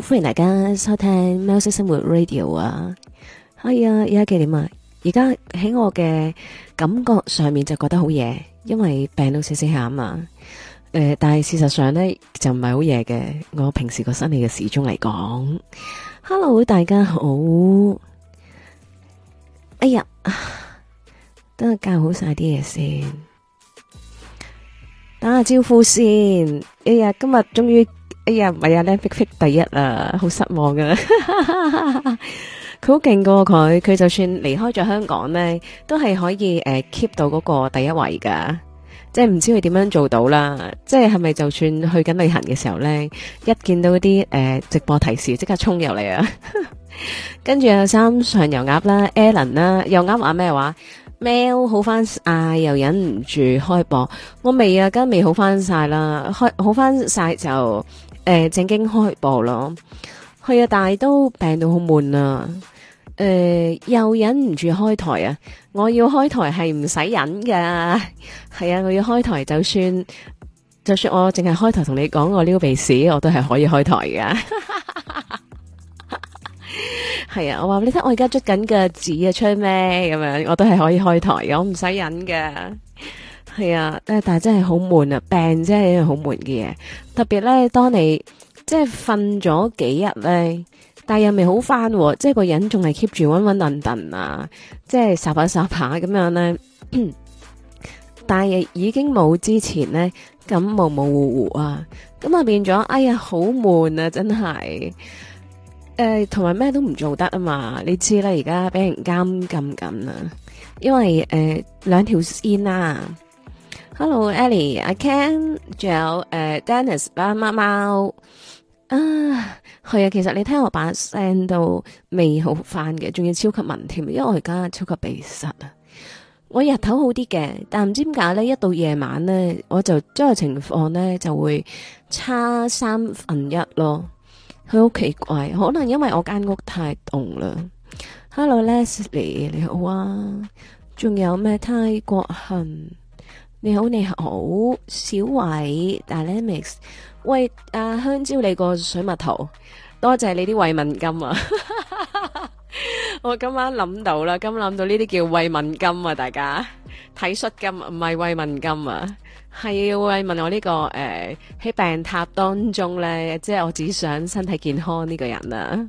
歡迎大家收聽喵式生活 radio 啊！係啊，而家幾點啊？而家喺我嘅感覺上面就覺得好夜，因為病到死死下啊嘛。誒、呃，但係事實上呢，就唔係好夜嘅。我平時個生理嘅時鐘嚟，講，hello 大家好。哎呀，等我教好晒啲嘢先，打下招呼先。哎呀，今日終於～哎呀，唔係啊，呢 fit fit 第一啊，好失望噶。 佢好勁過佢佢就算離開咗香港咧，都係可以誒 keep、呃、到嗰個第一位噶。即係唔知佢點樣做到啦。即係係咪就算去緊旅行嘅時候咧，一見到啲誒、呃、直播提示，即刻衝入嚟啊。跟住有三上油鴨啦，Allen 啦，又啱話咩話？喵好翻啊，又忍唔住開播。我未啊，跟未好翻晒啦，開好翻晒就。誒，正經開播咯，去阿、啊、大都病到好悶啊！誒，又忍唔住開台啊！我要開台係唔使忍噶，係啊！我要開台就算，就算我淨係開台同你講我呢個鼻屎，我都係可以開台嘅。係 啊，我話俾你聽我而家捉緊嘅紙啊，吹咩咁樣？我都係可以開台嘅，我唔使忍㗎。係啊、嗯，但真係好悶啊，病真係好悶嘅嘢。特別咧，當你即係瞓咗幾日咧，但又未好翻，即係個人仲係 keep 住暈暈頓頓啊，即係霎下霎下咁樣咧。但係已經冇之前咧咁模模糊糊啊，咁啊變咗哎呀，好悶啊，真係誒，同埋咩都唔做得啊嘛。你知啦，而家俾人監禁緊啊，因為誒兩條線啦、啊。Hello，Ellie，阿 Ken，仲有誒、uh，Dennis，啦，貓貓啊，係啊，其實你聽我把聲都未好返嘅，仲要超級文添，因為我而家超級鼻塞啊，我日頭好啲嘅，但唔知點解咧，一到夜晚咧，我就即個情況咧就會差三分一咯，佢好奇怪，可能因為我間屋太凍啦。Hello，Leslie，你好啊，仲有咩泰國行？你好，你好，小偉，Dynamics 喂，啊香蕉，你個水蜜桃，多謝你啲慰問金啊！ 我今晚諗到啦，今晚諗到呢啲叫慰問金啊，大家體恤金唔係慰問金啊，係慰問我呢、這個誒喺、欸、病榻當中咧，即係我只想身體健康呢個人啊，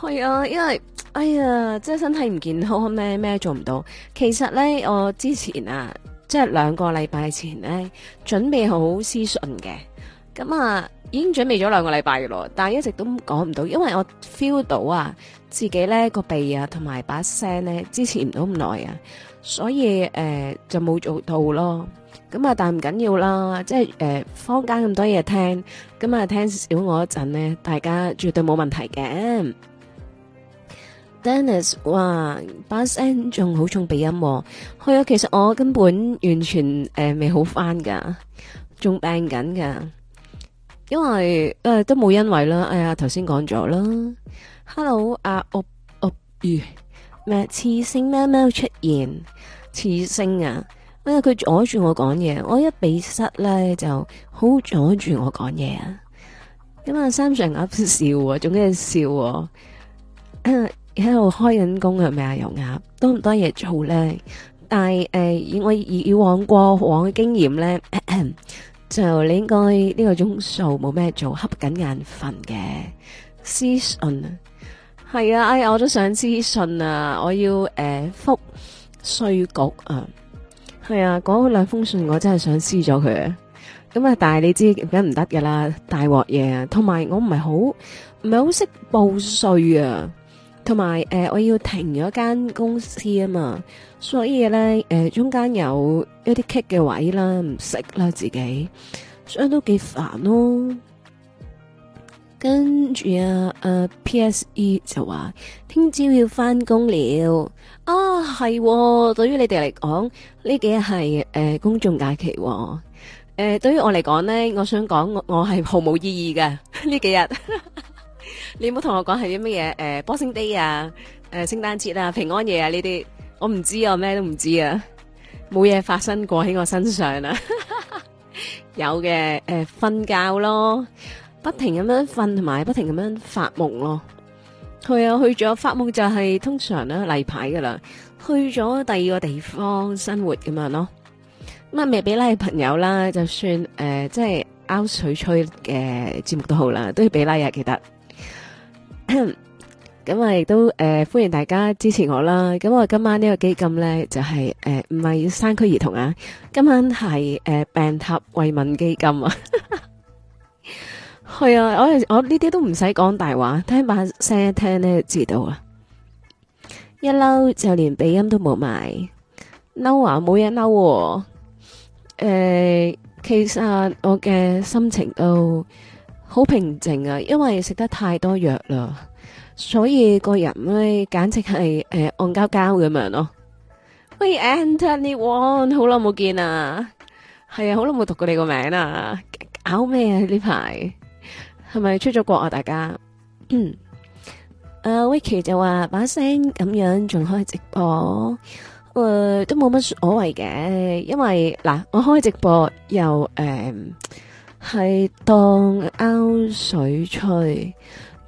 係啊，因為哎呀，即係身體唔健康咩咩做唔到。其實咧，我之前啊。即係兩個禮拜前呢，準備好私信嘅咁啊，已經準備咗兩個禮拜嘅咯，但係一直都講唔到，因為我 feel 到啊自己呢個鼻啊同埋把聲呢支持唔到咁耐啊，所以誒、呃、就冇做到咯。咁、嗯、啊，但唔緊要啦，即係誒、呃、坊間咁多嘢聽，咁、嗯、啊聽少我一陣呢，大家絕對冇問題嘅。Dennis，哇，把聲仲好重鼻音，係啊！其實我根本完全誒、呃、未好翻噶，仲病緊噶，因為誒、呃、都冇因為啦，哎呀，頭先講咗啦。Hello，阿、啊、哦，咦、啊，咩、啊呃呃呃？刺性喵喵出現，刺性啊！啊、呃，佢阻住我講嘢，我一鼻塞咧就好阻住我講嘢啊！咁、嗯、啊，三上鴨笑啊，仲咩笑啊？喺度開緊工啊，咪啊，油鴨多唔多嘢做咧？但係誒，呃、以我以往過往嘅經驗咧，就你應該呢個鐘數冇咩做，瞌緊眼瞓嘅私信？係啊，係啊，哎，我都想私信啊，我要誒覆、呃、稅局啊，係啊，嗰兩封信我的、啊，我真係想撕咗佢咁啊。但係你知梗唔得噶啦，大鑊嘢，同埋我唔係好唔係好識報稅啊。同埋，誒、呃，我要停咗間公司啊嘛，所以咧，誒、呃，中間有一啲棘嘅位啦，唔識啦自己，所以都幾煩咯。跟住啊，誒、呃、PSE 就話聽朝要翻工了啊，係、哦，對於你哋嚟講呢幾日係誒公眾假期、哦，誒、呃，對於我嚟講咧，我想講我係毫無意義嘅呢幾日。 你冇同我講係啲乜嘢？誒、呃，Boxing Day 啊，誒、呃，聖誕節啊，平安夜啊呢啲，我唔知，我知啊，咩都唔知啊，冇嘢發生過喺我身上啦、啊。 有嘅誒，瞓、呃、覺咯，不停咁樣瞓，同埋不停咁樣發夢咯。去啊，去咗發夢就係、是、通常啦例牌噶啦。去咗第二個地方生活咁樣咯。咁、嗯、啊，未俾 like 嘅朋友啦，就算誒、呃，即係拗水吹嘅節目都好啦，都要畀 like 呀。記得。咁我亦都誒、呃、歡迎大家支持我啦！咁我今晚呢個基金呢，就係誒唔係要山區兒童啊，今晚係誒、呃、病榻慰問基金啊！係 啊，我我呢啲都唔使講大話，聽把聲一聽咧知道啊！一嬲就連鼻音都冇埋，嬲啊冇嘢嬲，誒、啊呃、其實我嘅心情都～好平靜啊，因為食得太多藥啦，所以個人咧簡直係誒，戇鳩膠咁樣咯。喂，Anthony Won，好耐冇見啊，係啊，好耐冇讀過你個名啦，搞咩啊呢排？係咪出咗國啊？大家，嗯，阿 Vicky 就話把聲咁樣仲開直播，誒，都冇乜所謂嘅，因為嗱，我開直播又誒。係當拗水吹，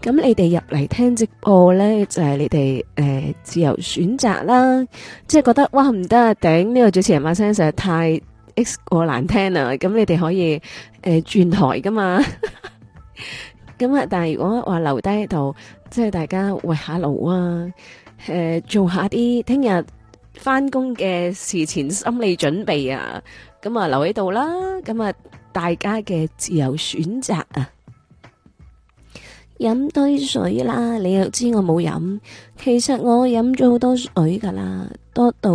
咁你哋入嚟聽直播咧，就係你哋誒自由選擇啦。即係覺得哇，唔得啊，頂，呢個主持人把聲實在太 X 過難聽啦。咁你哋可以誒轉台噶嘛。咁啊，但係如果話留低喺度，即係大家喂下勞啊，誒做下啲聽日翻工嘅事前心理準備啊。咁啊留喺度啦，咁啊。大家嘅自由選擇啊！飲多啲水啦，你又知我冇飲。其實我飲咗好多水㗎啦，多到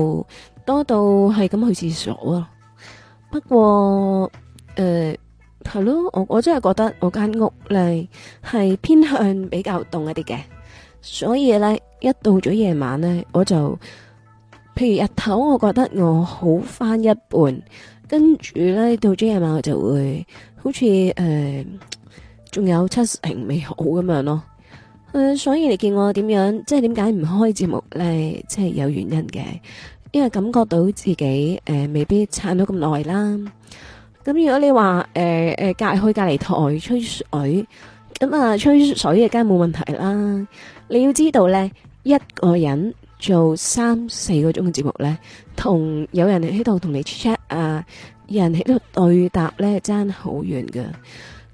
多到係咁去廁所。啊。不過誒，係、呃、咯，我我真係覺得我間屋呢係偏向比較凍一啲嘅，所以呢，一到咗夜晚呢，我就，譬如日頭我覺得我好返一半。跟住呢，到 J 啊嘛，就會好似誒，仲、呃、有七成未好咁樣咯。誒、呃，所以你見我點樣，即係點解唔開節目呢？即係有原因嘅，因為感覺到自己誒、呃、未必撐到咁耐啦。咁如果你話誒誒隔開隔離台吹水，咁啊吹水嘅梗係冇問題啦。你要知道呢，一個人，做三四個鐘嘅節目呢，同有人喺度同你 check 啊，有人喺度對答呢爭好遠㗎。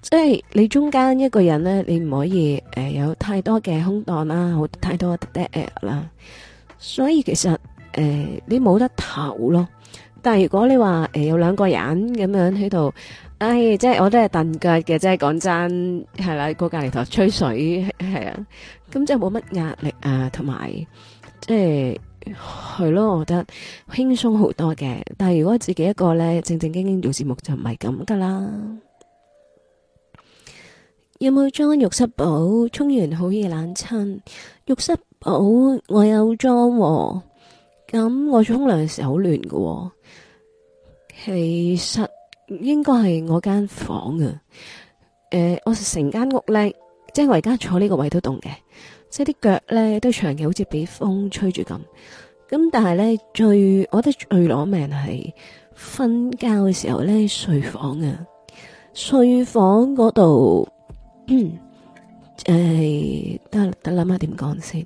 即係你中間一個人呢，你唔可以誒、呃、有太多嘅空檔啦，好太多 dead air 啦，所以其實誒、呃、你冇得唞咯。但係如果你話誒、呃、有兩個人咁樣喺度，唉，即係我都係頓腳嘅，即係講真，係啦，個隔離台吹水係啊，咁即係冇乜壓力啊，同埋。誒係咯，我覺得輕鬆好多嘅。但係如果自己一個呢，正正經經做節目就唔係咁噶啦。有冇裝浴室寶？沖完好易冷親。浴室寶我有裝、哦，咁我沖涼嘅時候好暖噶、哦。其實應該係我間房啊。誒、欸，我成間屋呢，即係我而家坐呢個位都凍嘅。即啲腳咧都長期好似俾風吹住咁，咁但係咧最，我覺得最攞命係瞓覺嘅時候咧，睡房啊，睡房嗰度誒，得得諗下點講先。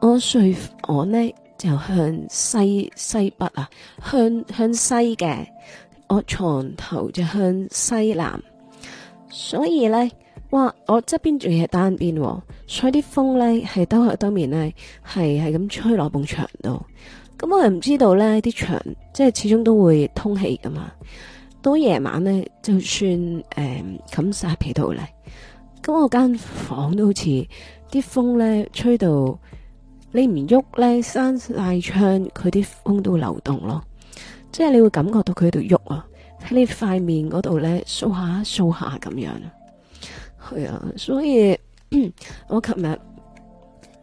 我睡房呢就向西西北啊，向向西嘅，我床頭就向西南，所以咧。哇！我側邊仲要係單邊，所以啲風呢，係兜口兜面呢係係咁吹落埲牆度。咁我又唔知道呢啲牆即係始終都會通氣噶嘛。到夜晚呢，就算誒冚曬被度呢，咁我間房都好似啲風呢吹到你唔喐呢，閂晒窗，佢啲風都會流動咯。即係你會感覺到佢喺度喐啊！喺你塊面嗰度呢，掃下掃下咁樣。係啊，所以 我琴日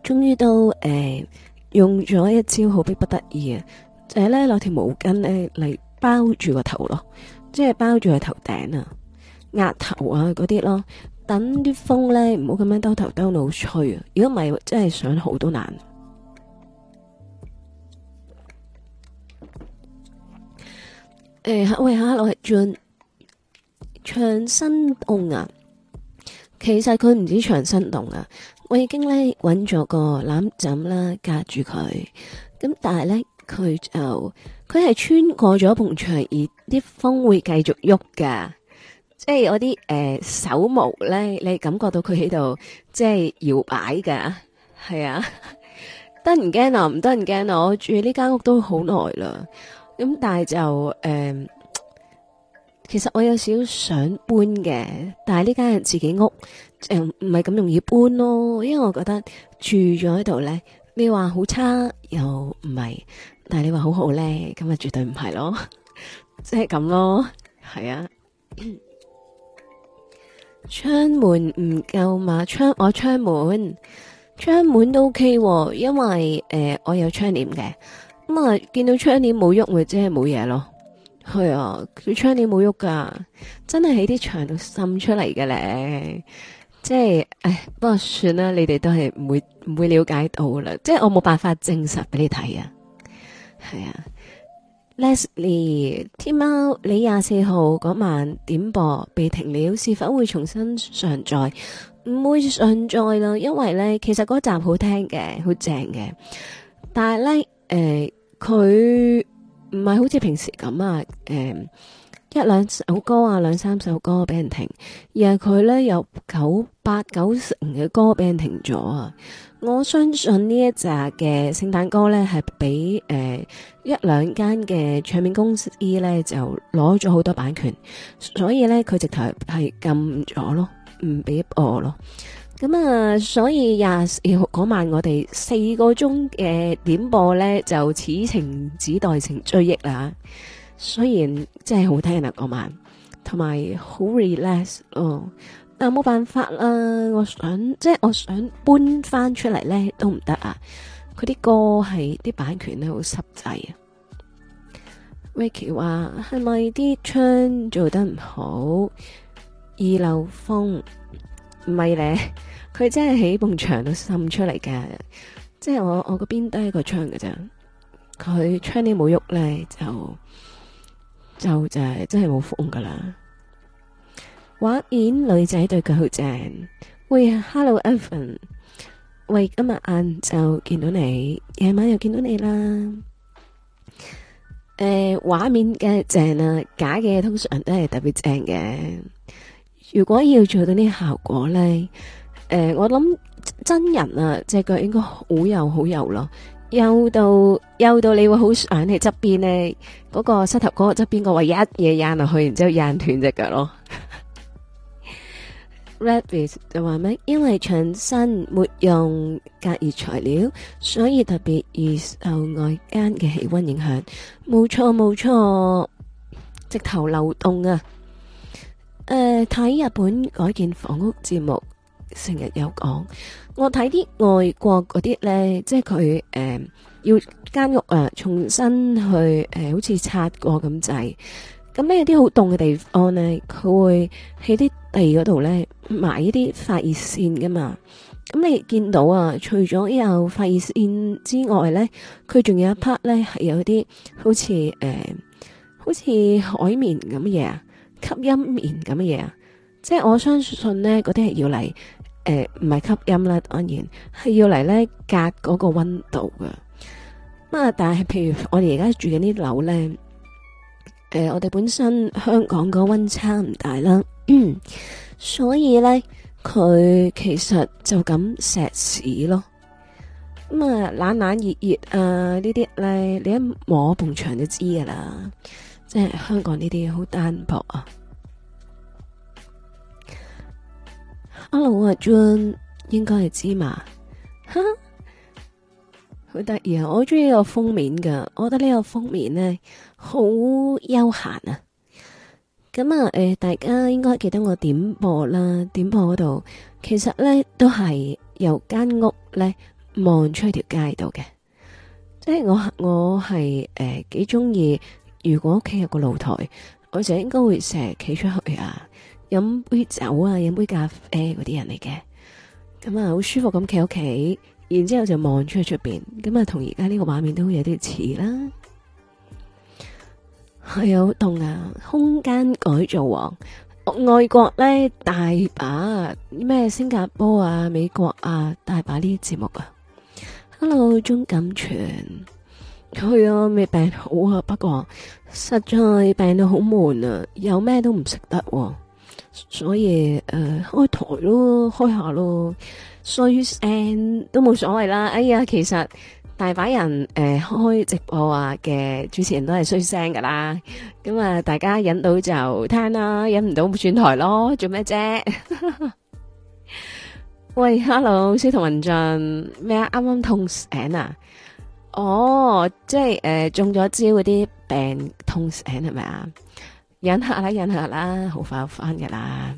終於都誒、呃、用咗一招好逼不得已啊，就係咧攞條毛巾咧嚟包住個頭咯，即係包住個頭頂啊、額頭啊嗰啲咯，等啲風咧唔好咁樣兜頭兜腦吹啊！如果唔係，真係想好都難，啊。誒、呃，喂下我係 June 長身凍啊！其實佢唔止牆身動啊，我已經咧揾咗個攬枕啦隔住佢，咁但係咧佢就佢係穿過咗埲牆，而啲風會繼續喐噶，即係我啲誒、呃、手毛咧，你感覺到佢喺度即係搖擺噶，係啊， 得人驚啊，唔得人驚啊，我住呢間屋都好耐啦，咁但係就誒。呃其實我有少少想搬嘅，但係呢間人自己屋唔係咁容易搬咯，因為我覺得住咗喺度咧，你話好差又唔係，但係你話好好咧，咁啊絕對唔係咯，即係咁咯，係啊 窗窗、哦，窗門唔夠嘛。窗，我窗門窗門都 ok，因為誒、呃、我有窗簾嘅，咁啊見到窗簾冇喐咪真係冇嘢咯。係啊，佢窗簾冇喐噶，真係喺啲牆度滲出嚟嘅咧，即係，唉，不過算啦，你哋都係唔會唔會了解到啦，即係我冇辦法證實俾你睇啊，係啊 ，Leslie，天喵你廿四號嗰晚點播被停了，是否會重新上載？唔會上載啦，因為咧，其實嗰集好聽嘅，好正嘅，但係咧，誒、呃，佢。唔係好似平時咁啊，誒、嗯，一兩首歌啊，兩三首歌俾人停，而係佢呢，有九八九成嘅歌俾人停咗啊！我相信呢一集嘅聖誕歌呢，係俾誒一兩間嘅唱片公司呢，就攞咗好多版權，所以呢，佢直頭係禁咗咯，唔俾播咯。咁啊，所以廿四號嗰晚我哋四個鐘嘅點播咧，就此情只待成追憶啦、啊、雖然真係好聽人啊嗰晚，同埋好 relax 咯。但、哦、冇、啊、辦法啦、啊，我想即係我想搬翻出嚟咧都唔得啊。佢啲歌係啲版權咧好濕滯啊。Vicky 話：係咪啲窗做得唔好，易漏風唔係咧？佢真係喺埲牆度滲出嚟嘅，即、就、係、是、我我嗰邊都係一個窗㗎。啫。佢窗簾冇喐咧，就就就真係冇風噶啦。畫面女仔對佢好正。喂，Hello，Evan。Hello, Evan, 喂，今日晏晝見到你，夜晚又見到你啦。誒、呃，畫面嘅正啊，假嘅通常都係特別正嘅。如果要做到呢個效果咧，誒、呃，我諗真人啊，隻腳應該好幼好幼咯，幼到幼到你會好想喺側邊呢嗰個膝頭哥側邊個位一嘢掹落去，然之後掹斷隻腳咯。 Rabbit 就話咩？因為牆身沒用隔熱材料，所以特別易受外間嘅氣溫影響。冇錯冇錯，沒錯直頭流動啊！誒、呃，睇日本改建房屋節目。成日有講，我睇啲外國嗰啲呢，即係佢誒要間屋啊，重新去誒、呃、好似拆過咁滯。咁呢有啲好凍嘅地方呢，佢會喺啲地嗰度呢埋依啲發熱線㗎嘛。咁你見到啊？除咗有發熱線之外呢，佢仲有一 part 呢係有啲好似誒、呃、好似海綿咁嘅嘢啊，吸音棉咁嘅嘢啊。即係我相信呢嗰啲係要嚟。誒，唔係、呃、吸音啦，當然係要嚟咧隔嗰個温度噶。咁啊，但係譬如我哋而家住緊啲樓咧，誒、呃，我哋本身香港個温差唔大啦，所以咧佢其實就咁石屎咯。咁、嗯、啊，冷冷熱熱啊呢啲咧，你一摸埲牆就知噶啦，即係香港呢啲好單薄啊。Hello 阿 John 應該係芝麻，好得意啊！我中意呢個封面噶，我覺得呢個封面咧好悠閒啊。咁啊，誒、呃，大家應該記得我點播啦，點播嗰度其實咧都係由間屋咧望出去條街度嘅。即係我我係誒幾中意，如果屋企有個露台，我就應該會成日企出去啊。飲杯酒啊，飲杯咖啡嗰啲人嚟嘅，咁啊好舒服咁企屋企，然之後就望出去出邊，咁啊同而家呢個畫面都有啲似啦。係、哎、啊，好凍啊！空間改造王、啊，外國咧大把、啊，咩新加坡啊、美國啊，大把呢啲節目啊。Hello，鍾錦祥，去啊，未病好啊，不過實在病到好悶啊，有咩都唔食得。所以誒、呃，開台咯，開下咯，衰聲、嗯、都冇所謂啦。哎呀，其實大把人誒、呃、開直播啊嘅主持人都係衰聲噶啦。咁、嗯、啊，大家忍到就聽啦，忍唔到咪轉台咯，做咩啫？ 喂，Hello，司徒文進咩啊？啱啱痛醒啊？哦，即係誒、呃、中咗招嗰啲病痛醒係咪啊？是忍下啦，忍下啦，好快翻嘅啦。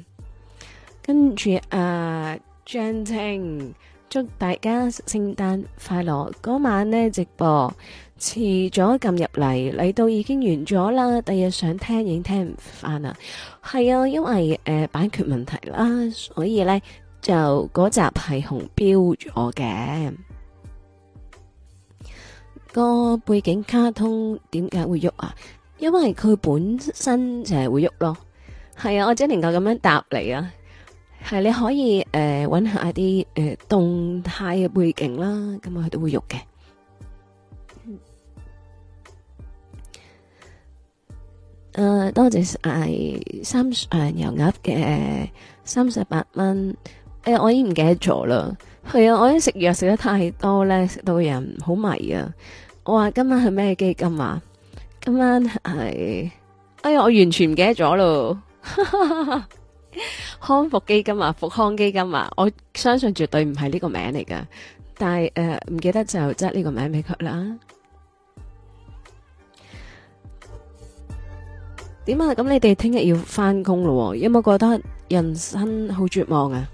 跟住啊，張青祝大家聖誕快樂。嗰晚呢，直播遲咗撳入嚟，嚟到已經完咗啦。第日想聽已經聽唔翻啦。係啊，因為誒、呃、版權問題啦，所以呢，就嗰集係紅標咗嘅。個背景卡通點解會喐啊？因為佢本身就係會喐咯，係啊，我只能夠咁樣答你啊，係你可以誒揾、呃、下一啲誒、呃、動態嘅背景啦，咁啊佢都會喐嘅。誒、嗯啊，多謝晒三誒油鴨嘅三十八蚊。誒、呃，我已經唔記得咗啦。係啊，我已經食藥食得太多咧，食到人好迷啊。我話今晚係咩基金啊？今晚係，哎呀，我完全唔記得咗咯。康復基金啊，復康基金啊，我相信絕對唔係呢個名嚟噶，但係誒唔記得就即係呢個名俾佢啦。點啊？咁你哋聽日要翻工咯，有冇覺得人生好絕望啊？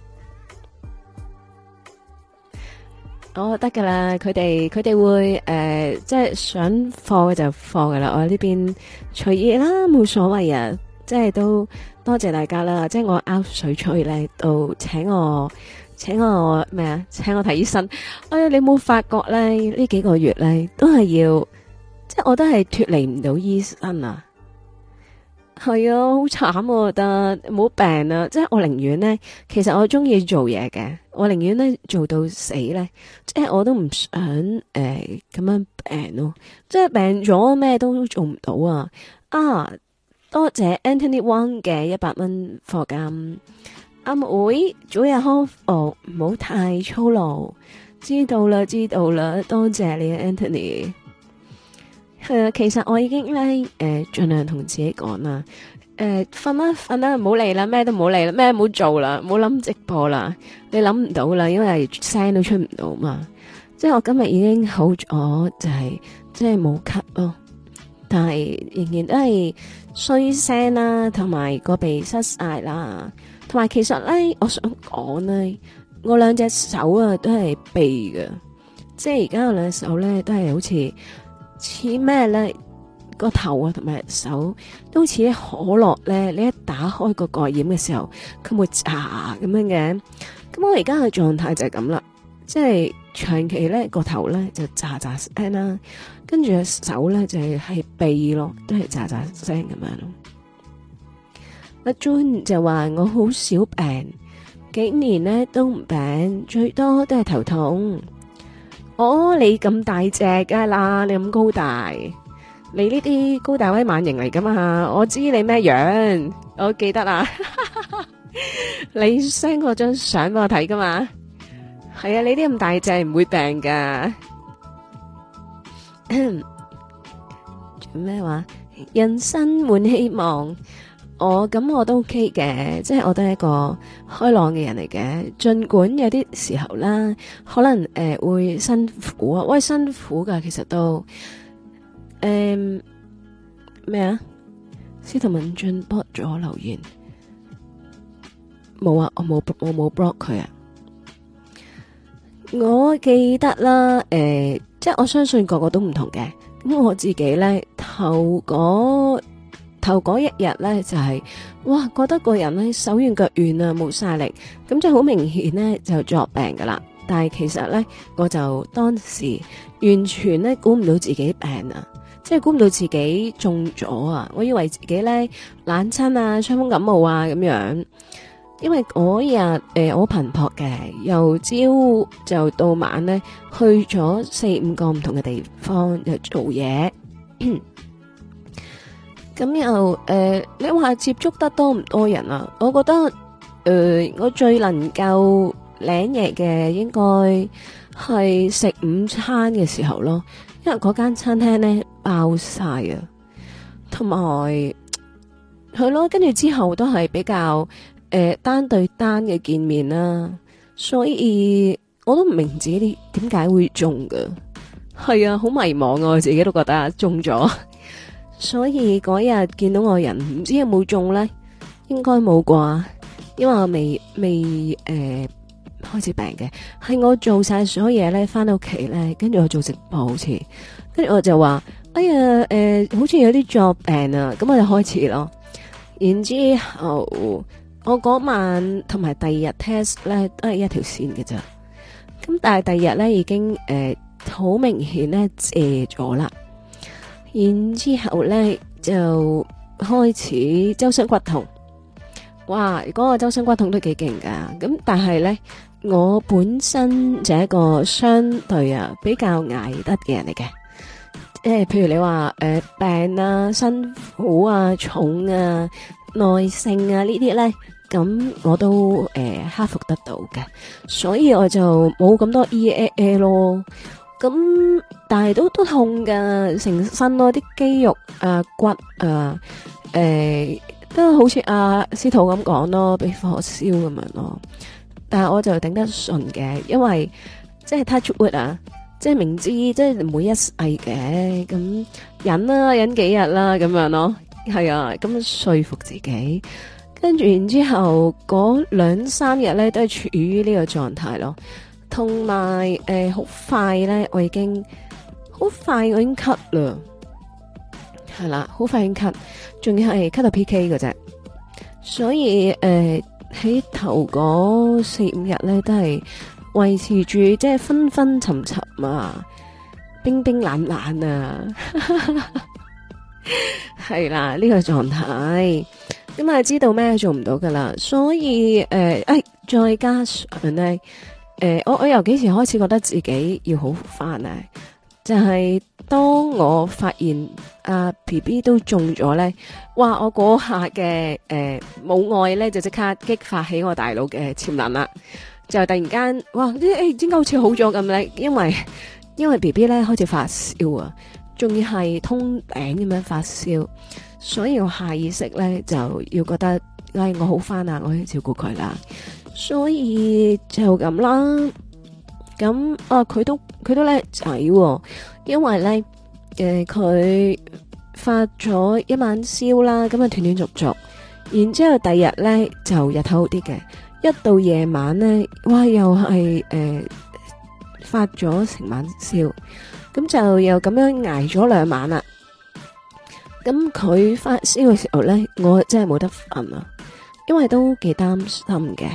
我得噶啦，佢哋佢哋會誒，uh, 即係想放嘅就放噶啦，我呢邊隨意啦，冇所謂啊！即係都多謝大家啦，即係我 out 水出去咧，都請我請我咩啊？請我睇醫生。哎呀，你冇發覺咧？呢幾個月咧都係要，即係我都係脫離唔到醫生啊！係啊，好慘、啊，但冇病啊！即係我寧願咧，其實我中意做嘢嘅，我寧願咧做到死咧，即係我都唔想誒咁、呃、樣病咯、啊，即係病咗咩都做唔到啊！啊，多謝 Anthony Wang 嘅一百蚊課金，阿、嗯、妹早日康復，唔、哦、好太操勞，知道啦，知道啦，多謝你、啊，Anthony。誒、呃，其實我已經咧誒，盡、呃、量同自己講啦。誒、呃，瞓啦，瞓啦，唔好嚟啦，咩都唔好嚟啦，咩唔好做啦，唔好諗直播啦。你諗唔到啦，因為聲都出唔到嘛。即係我今日已經好咗，就係、是、即係冇咳咯，但係仍然都係衰聲啦、啊，同埋個鼻塞晒啦。同埋其實咧，我想講咧，我兩隻手啊都係痹嘅，即係而家我兩隻手咧都係好似。似咩咧？個頭啊，同埋手都似啲可樂咧。你一打開個蓋掩嘅時候，佢會炸，咁樣嘅。咁我而家嘅狀態就係咁啦，即係長期咧個頭咧就炸炸聲啦，跟住手咧就係係痹咯，都係炸炸聲咁樣咯。阿 Jun 就話我好少病，幾年咧都唔病，最多都係頭痛。哦，你咁大隻噶啦，你咁高大，你呢啲高大威猛型嚟噶嘛？我知你咩樣，我記得啦。你 send 過張相俾我睇噶嘛？係啊，你啲咁大隻唔會病噶。做咩話？人生滿希望。我咁我都 OK 嘅，即係我都係一個開朗嘅人嚟嘅。儘管有啲時候啦，可能誒、呃、會辛苦啊，喂辛苦噶，其實都誒咩、呃、啊？司徒文進 block 咗留言，冇啊，我冇我冇 block 佢啊！我記得啦，誒、呃，即係我相信個個都唔同嘅。咁我自己咧頭嗰，頭那個後嗰一日呢，就係、是，哇，覺得個人呢，手軟腳軟啊，冇晒力，咁即係好明顯呢，就作病噶啦。但係其實呢，我就當時完全呢估唔到自己病啊，即係估唔到自己中咗啊。我以為自己呢，懶親啊，傷風感冒啊咁樣。因為嗰日誒我頻撲嘅，由朝就到晚呢，去咗四五個唔同嘅地方做嘢。咁又誒，你話接觸得多唔多人啊？我覺得誒、呃，我最能夠領嘢嘅應該係食午餐嘅時候咯，因為嗰間餐廳咧爆晒啊，同埋係咯，跟住之後都係比較誒、呃、單對單嘅見面啦，啊，所以我都唔明自己點解會中噶，係啊，好迷茫啊，我自己都覺得中咗。所以嗰日見到我人唔知有冇中咧，應該冇啩，因為我未未誒開始病嘅，係我做晒所有嘢咧，翻到屋企咧，跟住我做直播好似，跟住我就話哎呀誒、呃，好似有啲作病啊，咁我就開始咯。然之後我嗰晚同埋第二日 test 咧都係一條線嘅咋，咁但係第二日咧已經誒好、呃、明顯咧謝咗啦。然之後咧就開始周身骨痛，哇！嗰個周身骨痛都幾勁噶。咁但係咧，我本身就係一個相對啊比較捱得嘅人嚟嘅。誒，譬如你話誒病啊、辛苦啊、重啊、耐性啊呢啲咧，咁我都誒克服得到嘅。所以我就冇咁多 EAA 咯。咁，但係都都痛噶，成身咯，啲、啊、肌肉啊、骨啊、誒、欸，都好似阿、啊、司徒咁講咯，俾火燒咁樣咯。但係我就頂得順嘅，因為即係 touch wood 啊，即係明知即係每一世嘅咁、啊、忍啦、啊，忍幾日啦，咁樣咯，係啊，咁、啊、說服自己，跟住然之後嗰兩三日咧都係處於呢個狀態咯。同埋誒，好、呃、快咧，我已經好快我已經 cut 啦，係啦，好快已經 cut，仲要係 cut 到 PK 嗰隻。所以誒喺、呃、頭嗰四五日咧都係維持住即係昏昏沉沉啊，冰冰冷冷啊，係 啦，呢、這個狀態，咁啊知道咩做唔到噶啦，所以誒，誒、呃哎、再加上咧。誒、呃，我我由幾時開始覺得自己要好翻咧？就係、是、當我發現阿 B B 都中咗咧，哇！我嗰下嘅誒母愛咧就即刻激發起我大腦嘅潛能啦，就突然間哇！誒、欸，點、欸、解好似好咗咁咧？因為因為 B B 咧開始發燒啊，仲要係通頂咁樣發燒，所以我下意識咧就要覺得誒、哎，我好翻啦，我要照顧佢啦。所以就咁啦，咁啊，佢都佢都叻仔，因為咧，誒、呃，佢發咗一晚燒啦，咁啊斷斷續續，然之後第二日咧就日頭好啲嘅，一到夜晚咧，哇，又係誒、呃、發咗成晚燒，咁就又咁樣挨咗兩晚啦。咁佢發燒嘅時候咧，我真係冇得瞓啊，因為都幾擔心嘅。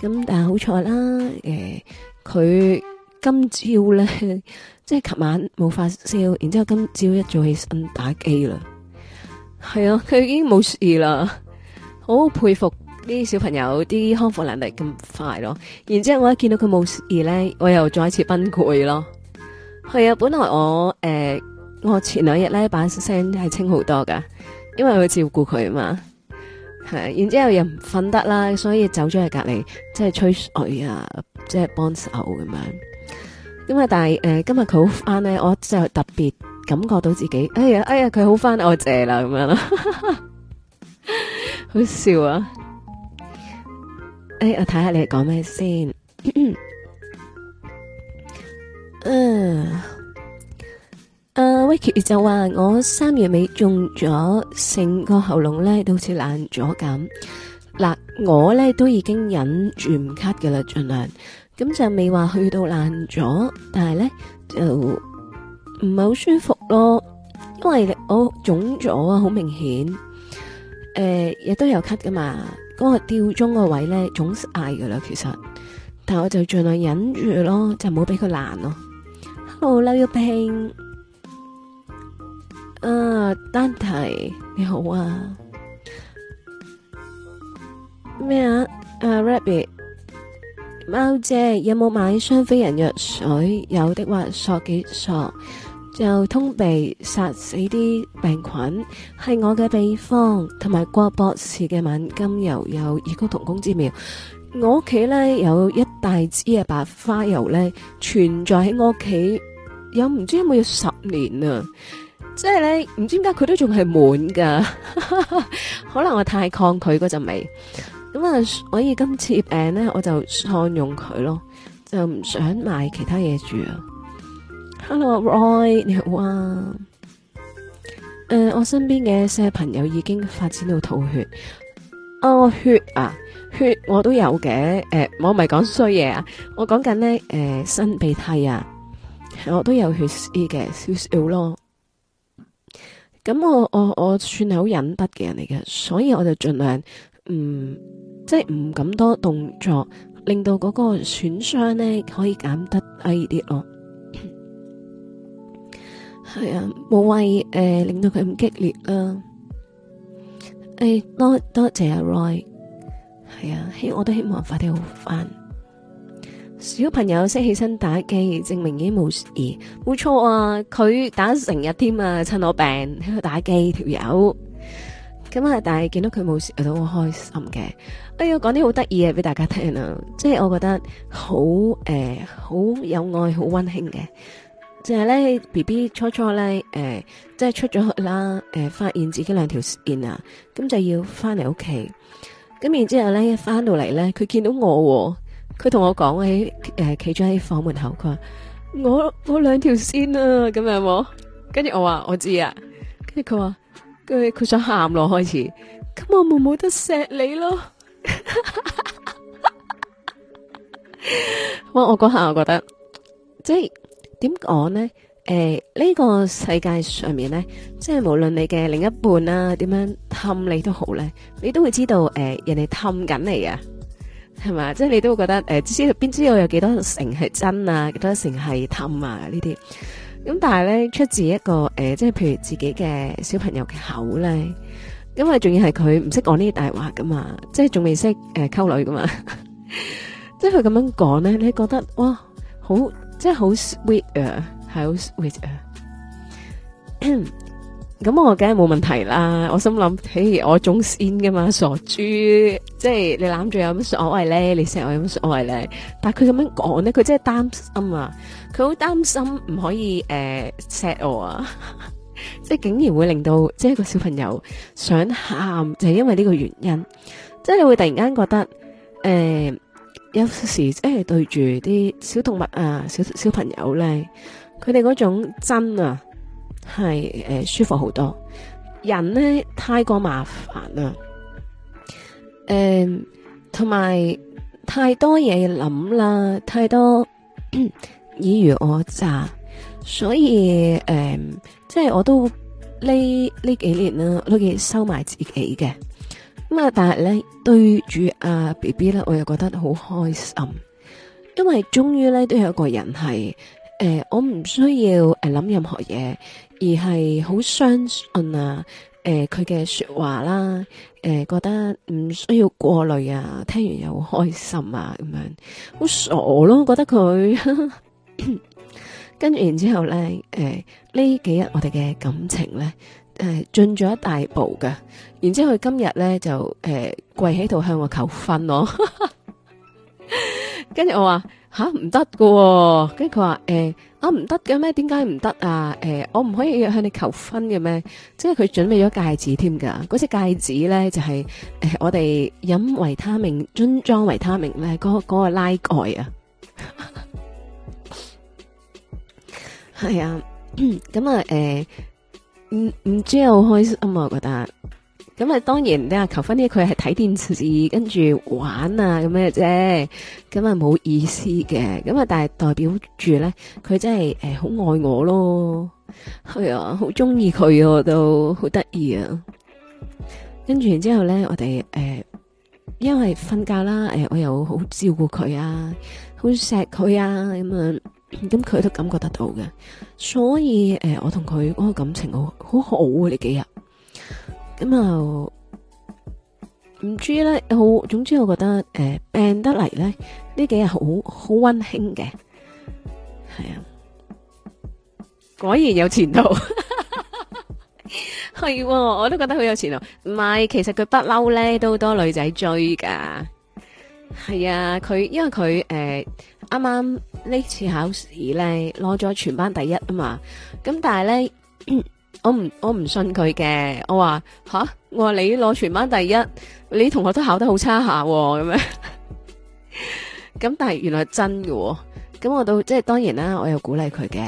咁但係好彩啦，誒、呃，佢今朝咧，即係琴晚冇發燒，然之後今朝一早起身打機啦，係啊，佢已經冇事啦，好佩服啲小朋友啲康復能力咁快咯。然之後我一見到佢冇事咧，我又再一次崩潰咯。係啊，本來我誒、呃，我前兩日咧把聲係清好多噶，因為我照顧佢啊嘛。係，然之後又唔瞓得啦，所以走咗去隔籬，即係吹水啊，即係幫手咁樣。咁啊但係誒、呃，今日佢好翻咧，我就特別感覺到自己，哎呀哎呀，佢好翻我借啦咁樣啦， 好笑啊！誒、哎，我睇下你哋講咩先，嗯。 呃誒、uh,，Vicky 就話我三月尾中咗，成個喉嚨咧都好似爛咗咁。嗱，我咧都已經忍住唔咳噶啦，盡量。咁就未話去到爛咗，但係咧就唔係好舒服咯。因為我腫咗啊，好明顯。誒、呃，亦都有咳噶嘛。嗰、那個吊鐘個位咧腫晒噶啦，其實。但係我就盡量忍住咯，就唔好俾佢爛咯。Hello，劉要拼啊，丹提你好啊，咩啊？啊，rabbit 貓姐有冇買雙飛人藥水？有的話索幾索就通鼻，殺死啲病菌，係我嘅秘方，同埋郭博士嘅萬金油有異曲同工之妙。我屋企咧有一大支嘅白花油咧，存在喺我屋企有唔知有冇要十年啊。即係咧，唔知點解佢都仲係滿噶， 可能我太抗拒嗰陣味咁啊。所以今次誒咧，我就善用佢咯，就唔想買其他嘢住啊。Hello，Roy 你好啊。誒、呃，我身邊嘅一些朋友已經發展到吐血啊、哦，血啊，血我都有嘅。誒、呃，我唔係講衰嘢啊，我講緊咧誒新鼻涕啊，我都有血絲嘅少少咯。咁我我我算係好忍得嘅人嚟嘅，所以我就盡量唔、嗯、即係唔咁多動作，令到嗰個損傷呢可以減得低啲咯。係 啊，冇謂、呃、令到佢咁激烈啦。誒、欸，多多謝阿、啊、Roy，係啊，希我都希望快啲好返。小朋友識起身打機，證明已經冇事，冇錯啊！佢打成日添啊，趁我病喺度打機，條友咁啊！但係見到佢冇事，我都好開心嘅。哎喲，講啲好得意嘅俾大家聽啊！即係我覺得好誒，好、呃、有愛，好溫馨嘅。即係咧，B B 初初咧誒、呃，即係出咗去啦，誒、呃，發現自己兩條線啊，咁就要翻嚟屋企。咁然之後咧，一翻到嚟咧，佢見到我、哦。佢同我講喺誒，企咗喺房門口，佢話我我兩條線啊，咁樣冇，跟住我話我知啊，跟住佢話佢佢想喊咯，開始，咁我咪冇得錫你咯。 哇我我嗰下我覺得，即係點講咧？誒，呢、呃呢個世界上面咧，即係無論你嘅另一半啊，點樣氹你都好咧，你都會知道誒、呃，人哋氹緊你啊。係嘛，即係你都會覺得誒，知、呃、邊知我有幾多成係真啊，幾多成係氹啊，這些但呢啲，咁但係咧，出自一個誒、呃，即係譬如自己嘅小朋友嘅口咧，因為仲要係佢唔識講呢啲大話噶嘛，即係仲未識誒溝女噶嘛， 即係佢咁樣講咧，你覺得哇，好即係好 sweet 啊，係好 sweet 啊。 咁我梗係冇問題啦，我心諗，嘿，我忠先噶嘛，傻豬，即係你攬住有乜所謂咧？你錫我有乜所謂咧？但係佢咁樣講咧，佢真係擔心啊，佢好擔心唔可以誒錫、呃、我啊， 即係竟然會令到即係個小朋友想喊，就係、是、因為呢個原因，即係你會突然間覺得誒、呃，有時即係對住啲小動物啊，小小朋友咧，佢哋嗰種真啊。係誒、呃，舒服好多。人咧，太過麻煩啦，誒、呃，同埋太多嘢諗啦，太多 爾虞我詐，所以誒、呃，即係我都呢呢幾年啦，都幾收埋自己嘅。咁啊，但係咧對住阿、啊、B B 咧，我又覺得好開心，因為終於咧都有一個人係。誒，我唔需要誒諗任何嘢，而係好相信啊，誒佢嘅說話啦，誒覺得唔需要過濾啊，聽完又好開心啊，咁樣好傻咯，覺得佢跟住然之後咧，誒呢幾日我哋嘅感情咧，誒進咗一大步嘅，然之後佢今日咧就誒跪喺度向我求婚咯。跟住我話吓唔得噶，跟住佢話誒，我唔得嘅咩？點解唔得啊？誒，我唔可以向你求婚嘅咩？即係佢準備咗戒指添噶，嗰隻戒指咧就係、是、誒、哎，我哋飲維他命樽裝維他命咧，嗰、那、嗰、個那個拉蓋啊，係 啊，咁啊，誒、嗯，唔、嗯、唔知有開心啊我覺得。咁啊，當然你話求婚咧，佢係睇電視跟住玩啊，咁咩啫？咁啊冇意思嘅，咁啊但係代表住咧，佢真係誒好愛我咯，係啊，好中意佢啊，我都好得意啊。跟住然之後咧，我哋誒、欸、因為瞓覺啦，誒、欸、我又好照顧佢啊，好錫佢啊，咁樣咁佢都感覺得到嘅。所以誒、欸，我同佢嗰個感情好好好啊，呢幾日。咁啊，唔、嗯、知咧，好總之我覺得誒，band、呃、得嚟咧呢幾日好好溫馨嘅，係啊，果然有前途，係、 啊，我都覺得好有前途。唔係，其實佢不嬲咧都好多女仔追噶，係啊，佢因為佢誒啱啱呢次考試咧攞咗全班第一啊嘛，咁但係咧。我唔我唔信佢嘅，我話吓，我話你攞全班第一，你同學都考得好差下、哦、咁樣，咁 但係原來真㗎喎、哦。咁我都即係當然啦，我又鼓勵佢嘅，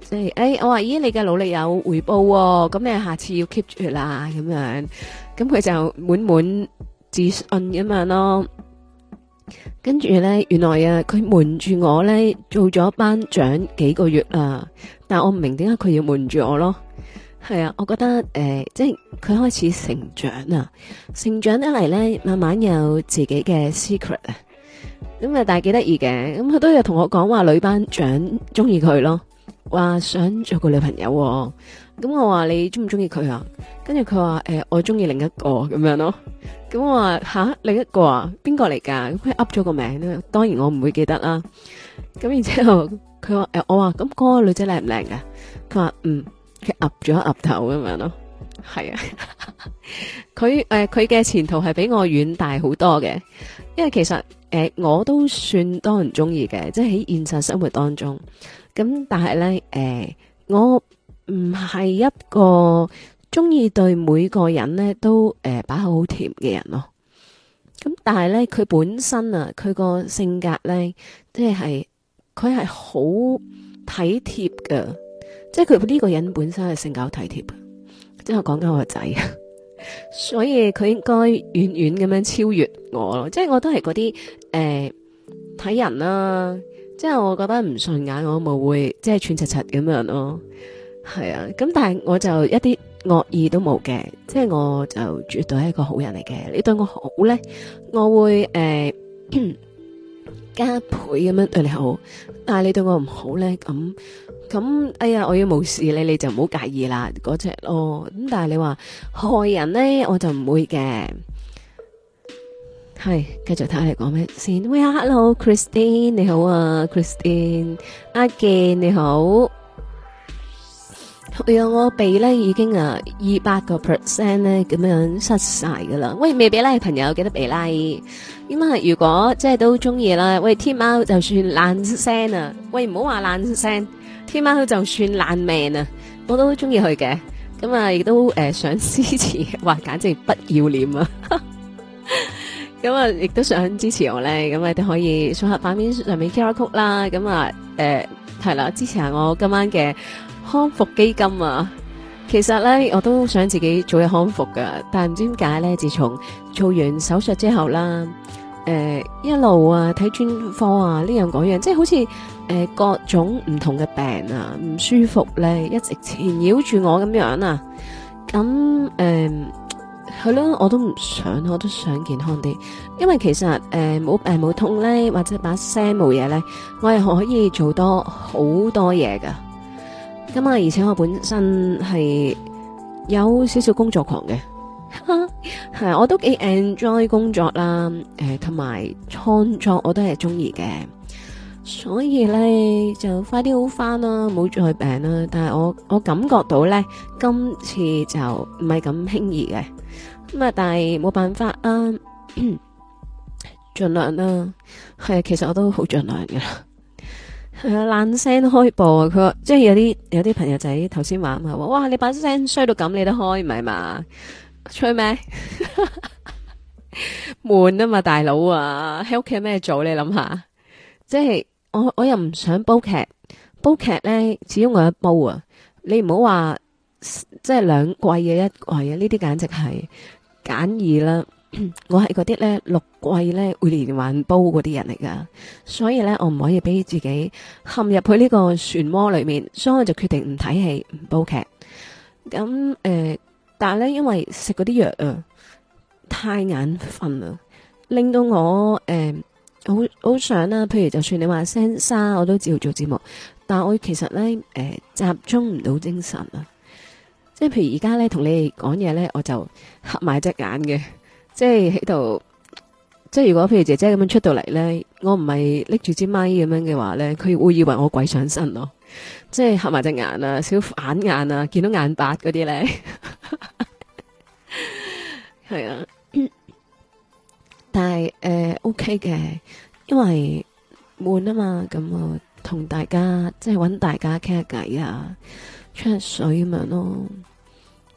即係誒，我話咦你嘅努力有回報喎、哦，咁你下次要 keep 住啦，咁樣，咁佢就滿滿自信咁樣咯。跟住呢，原來啊，佢瞞住我呢做咗班長幾個月啦。但我唔明點解佢要瞞住我咯。係啊，我覺得誒、呃，即係佢開始成長啦，成長一嚟呢，慢慢有自己嘅 secret 啊。咁、嗯、啊，但係幾得意嘅，咁、嗯、佢都有同我講話女班長中意佢咯，話想做個女朋友。咁、嗯、我話你中唔中意佢啊？跟住佢話誒，我中意另一個咁樣咯。咁我話吓另一個啊邊個嚟噶咁佢噏咗個名咧，當然我唔會記得啦、啊。咁然之後佢話誒我話咁嗰個女仔靚唔靚㗎？佢話嗯，佢噏咗噏頭咁樣咯，係啊。佢誒佢嘅前途係比我遠大好多嘅，因為其實誒、呃、我都算多人中意嘅，即係喺現實生活當中。咁但係咧誒我唔係一個。中意對每個人咧都誒、呃、把口好甜嘅人咯，咁但係咧佢本身啊，佢個性格咧即係佢係好體貼嘅，即係佢呢個人本身係性格好體貼，即係我講緊我個仔，所以佢應該遠遠咁樣超越我咯，即係我都係嗰啲誒睇人啦、啊，即係我覺得唔順眼我冇會即係寸柒柒咁樣咯，係啊，咁但係我就一啲。惡意都冇嘅，即係我就絕對係一個好人嚟嘅。你對我好咧，我會誒、欸、加倍咁樣對你好。但係你對我唔好咧，咁咁哎呀，我要冇事你你就唔好介意啦，嗰隻咯。咁但係你話害人咧，我就唔會嘅。係繼續睇你講咩先？喂，Hello，Christine，你好啊，Christine，阿健你好。我我鼻咧已經啊二百個 percent 咧咁樣塞晒噶啦！喂，未俾咧朋友記得俾啦。今晚如果即係都中意啦，喂，天喵就算爛聲啊！喂，唔好話爛聲，天喵就算爛命啊！我都中意佢嘅，咁啊亦都誒、呃、想支持，哇，簡直不要臉啊！咁啊亦都想支持我咧，咁啊都可以上下版面上面 QR code 啦，咁啊誒係啦，支持下我今晚嘅。康復基金啊，其實咧我都想自己做下康復㗎，但係唔知點解咧，自從做完手術之後啦，誒、呃、一路啊睇專科啊呢樣嗰樣，即係好似誒、呃、各種唔同嘅病啊唔舒服咧一直纏繞住我咁樣啊，咁誒係咯，我都唔想，我都想健康啲，因為其實誒冇、呃、病冇痛咧，或者把聲冇嘢咧，我係可以做多好多嘢噶。咁啊！而且我本身係有少少工作狂嘅，係 我都幾 enjoy 工作啦，誒同埋創作我都係中意嘅，所以咧就快啲好翻啦，冇再病啦。但係我我感覺到咧，今次就唔係咁輕易嘅，咁啊，但係冇辦法啊，盡 量啦。係啊，其實我都好盡量嘅。係啊，爛聲開播啊！佢話，即係有啲有啲朋友仔頭先話啊嘛，哇！你把聲衰到咁，你都開唔係嘛？吹咩？悶 啊嘛，大佬啊！喺屋企咩做？你諗下，即係我我又唔想煲劇，煲劇咧，始終我一煲啊！你唔好話即係兩季嘅一季啊，呢啲簡直係簡易啦。我係嗰啲咧六季咧會連環煲嗰啲人嚟噶，所以咧我唔可以俾自己陷入去呢個漩渦裏面，所以我就決定唔睇戲唔煲劇。咁誒、呃，但係咧，因為食嗰啲藥啊，太眼瞓啦，令到我誒好好想啦。譬如就算你話聲沙，我都照做節目，但係我其實咧誒、呃、集中唔到精神啊，即係譬如而家咧同你哋講嘢咧，我就合埋隻眼嘅。即係喺度，即係如果譬如姐姐咁樣出到嚟咧，我唔係拎住支咪咁樣嘅話咧，佢會以為我鬼上身咯。即係合埋隻眼啊，少反眼啊，見到眼白嗰啲咧，係 啊。嗯、但係誒、呃，OK 嘅，因為悶啊嘛，咁我同大家即係搵大家傾下偈啊，出下水咁樣咯。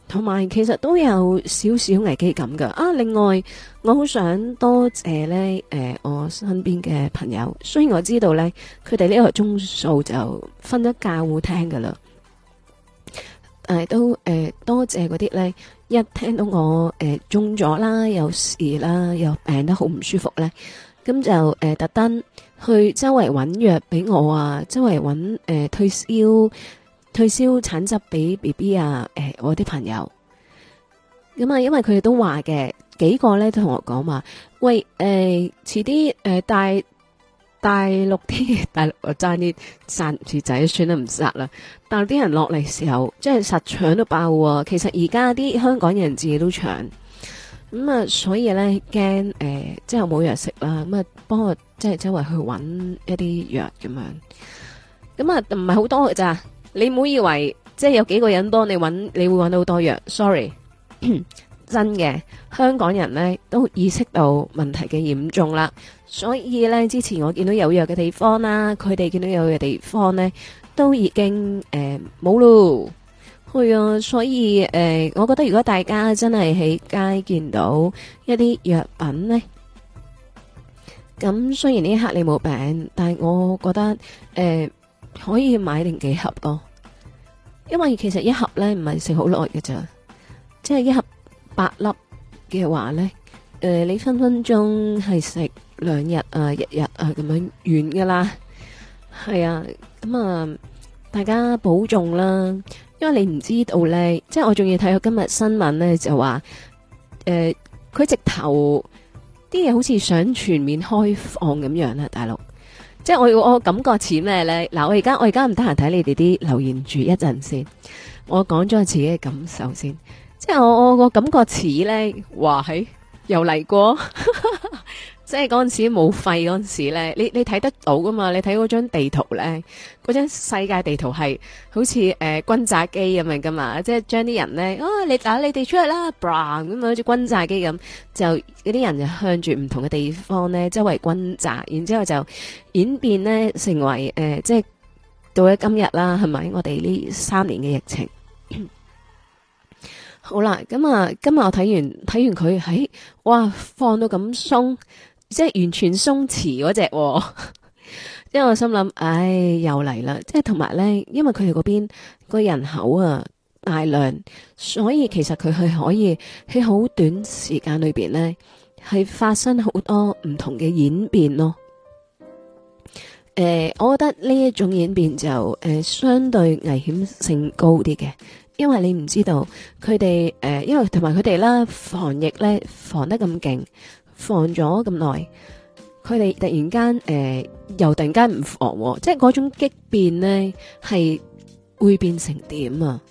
同埋，其實都有少少危機感噶。啊，另外，我好想多謝呢誒、呃，我身邊嘅朋友。雖然我知道呢，佢哋呢個鐘數就瞓咗覺會聽噶啦，但係都誒、呃、多謝嗰啲呢，一聽到我誒、呃、中咗啦，有事啦，又病得好唔舒服呢。咁就誒、呃、特登去周圍揾藥俾我啊，周圍揾誒、呃、退燒。退燒橙汁俾 B B 啊！誒、欸，我啲朋友咁啊、嗯，因為佢哋都話嘅幾個咧，都同我講嘛，喂誒、欸，遲啲誒、呃、大大陸啲大陸嘅炸裂殺住仔，算啦唔殺啦。但啲人落嚟時候，即係實搶都爆喎、啊。其實而家啲香港人自己都搶咁啊、嗯，所以咧驚誒，即係冇藥食啦。咁、嗯、啊，幫我即係周圍去揾一啲藥咁樣，咁、嗯、啊，唔係好多嘅咋。你唔好以為即係有幾個人幫你揾，你會揾到好多藥。Sorry， 真嘅，香港人呢都意識到問題嘅嚴重啦。所以呢，之前我見到有藥嘅地方啦，佢哋見到有藥嘅地方呢，都已經誒冇咯。係、呃、啊，所以誒、呃，我覺得如果大家真係喺街見到一啲藥品呢，咁雖然呢一刻你冇病，但係我覺得誒。呃可以買定幾盒咯，因為其實一盒咧唔係食好耐嘅咋，即係一盒八粒嘅話咧，誒、呃、你分分鐘係食兩日啊、日日啊咁樣完噶啦。係啊，咁、嗯、啊大家保重啦，因為你唔知道咧，即係我仲要睇到今日新聞咧就話，誒、呃、佢直頭啲嘢好似想全面開放咁樣啦，大陸。即係我我感覺似咩咧？嗱、啊，我而家我而家唔得閒睇你哋啲留言住一陣先，我講咗自己嘅感受先。即係我我個感覺似咧，話係又嚟過。 即係嗰陣時冇廢嗰陣時咧，你你睇得到噶嘛？你睇嗰張地圖咧，嗰張世界地圖係好似誒轟炸機咁樣噶嘛？即係將啲人咧，啊，你打你哋出去啦，咁啊好似轟炸機咁，就嗰啲人就向住唔同嘅地方咧周圍轟炸，然之後就演變咧成為誒，呃，即係到咗今日啦，係咪？我哋呢三年嘅疫情 好啦，咁啊今日我睇完睇完佢，嘿，哎，哇放到咁鬆。即係完全鬆弛嗰隻，因 為我心諗，唉，又嚟啦！即係同埋呢，因為佢哋嗰邊個人口啊大量，所以其實佢係可以喺好短時間裏邊呢，係發生好多唔同嘅演變咯。誒、呃，我覺得呢一種演變就誒、呃、相對危險性高啲嘅，因為你唔知道佢哋誒，因為同埋佢哋啦防疫呢，防得咁勁。放咗咁耐，佢哋突然間誒、呃，又突然間唔防，即係嗰種激變咧，係會變成點啊？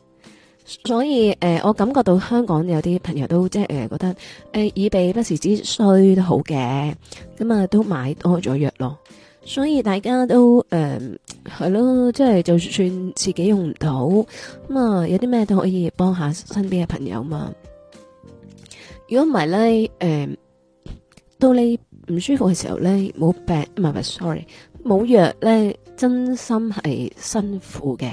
所以誒、呃，我感覺到香港有啲朋友都即係誒、呃，覺得誒，以、呃、備不時之需都好嘅，咁啊都買多咗藥咯。所以大家都誒係咯，即、呃、係、就是、就算自己用唔到，咁啊有啲咩都可以幫下身邊嘅朋友嘛。如果唔係咧，誒、呃。到你唔舒服嘅時候咧，冇病唔係唔係，sorry，冇藥咧，真心係辛苦嘅。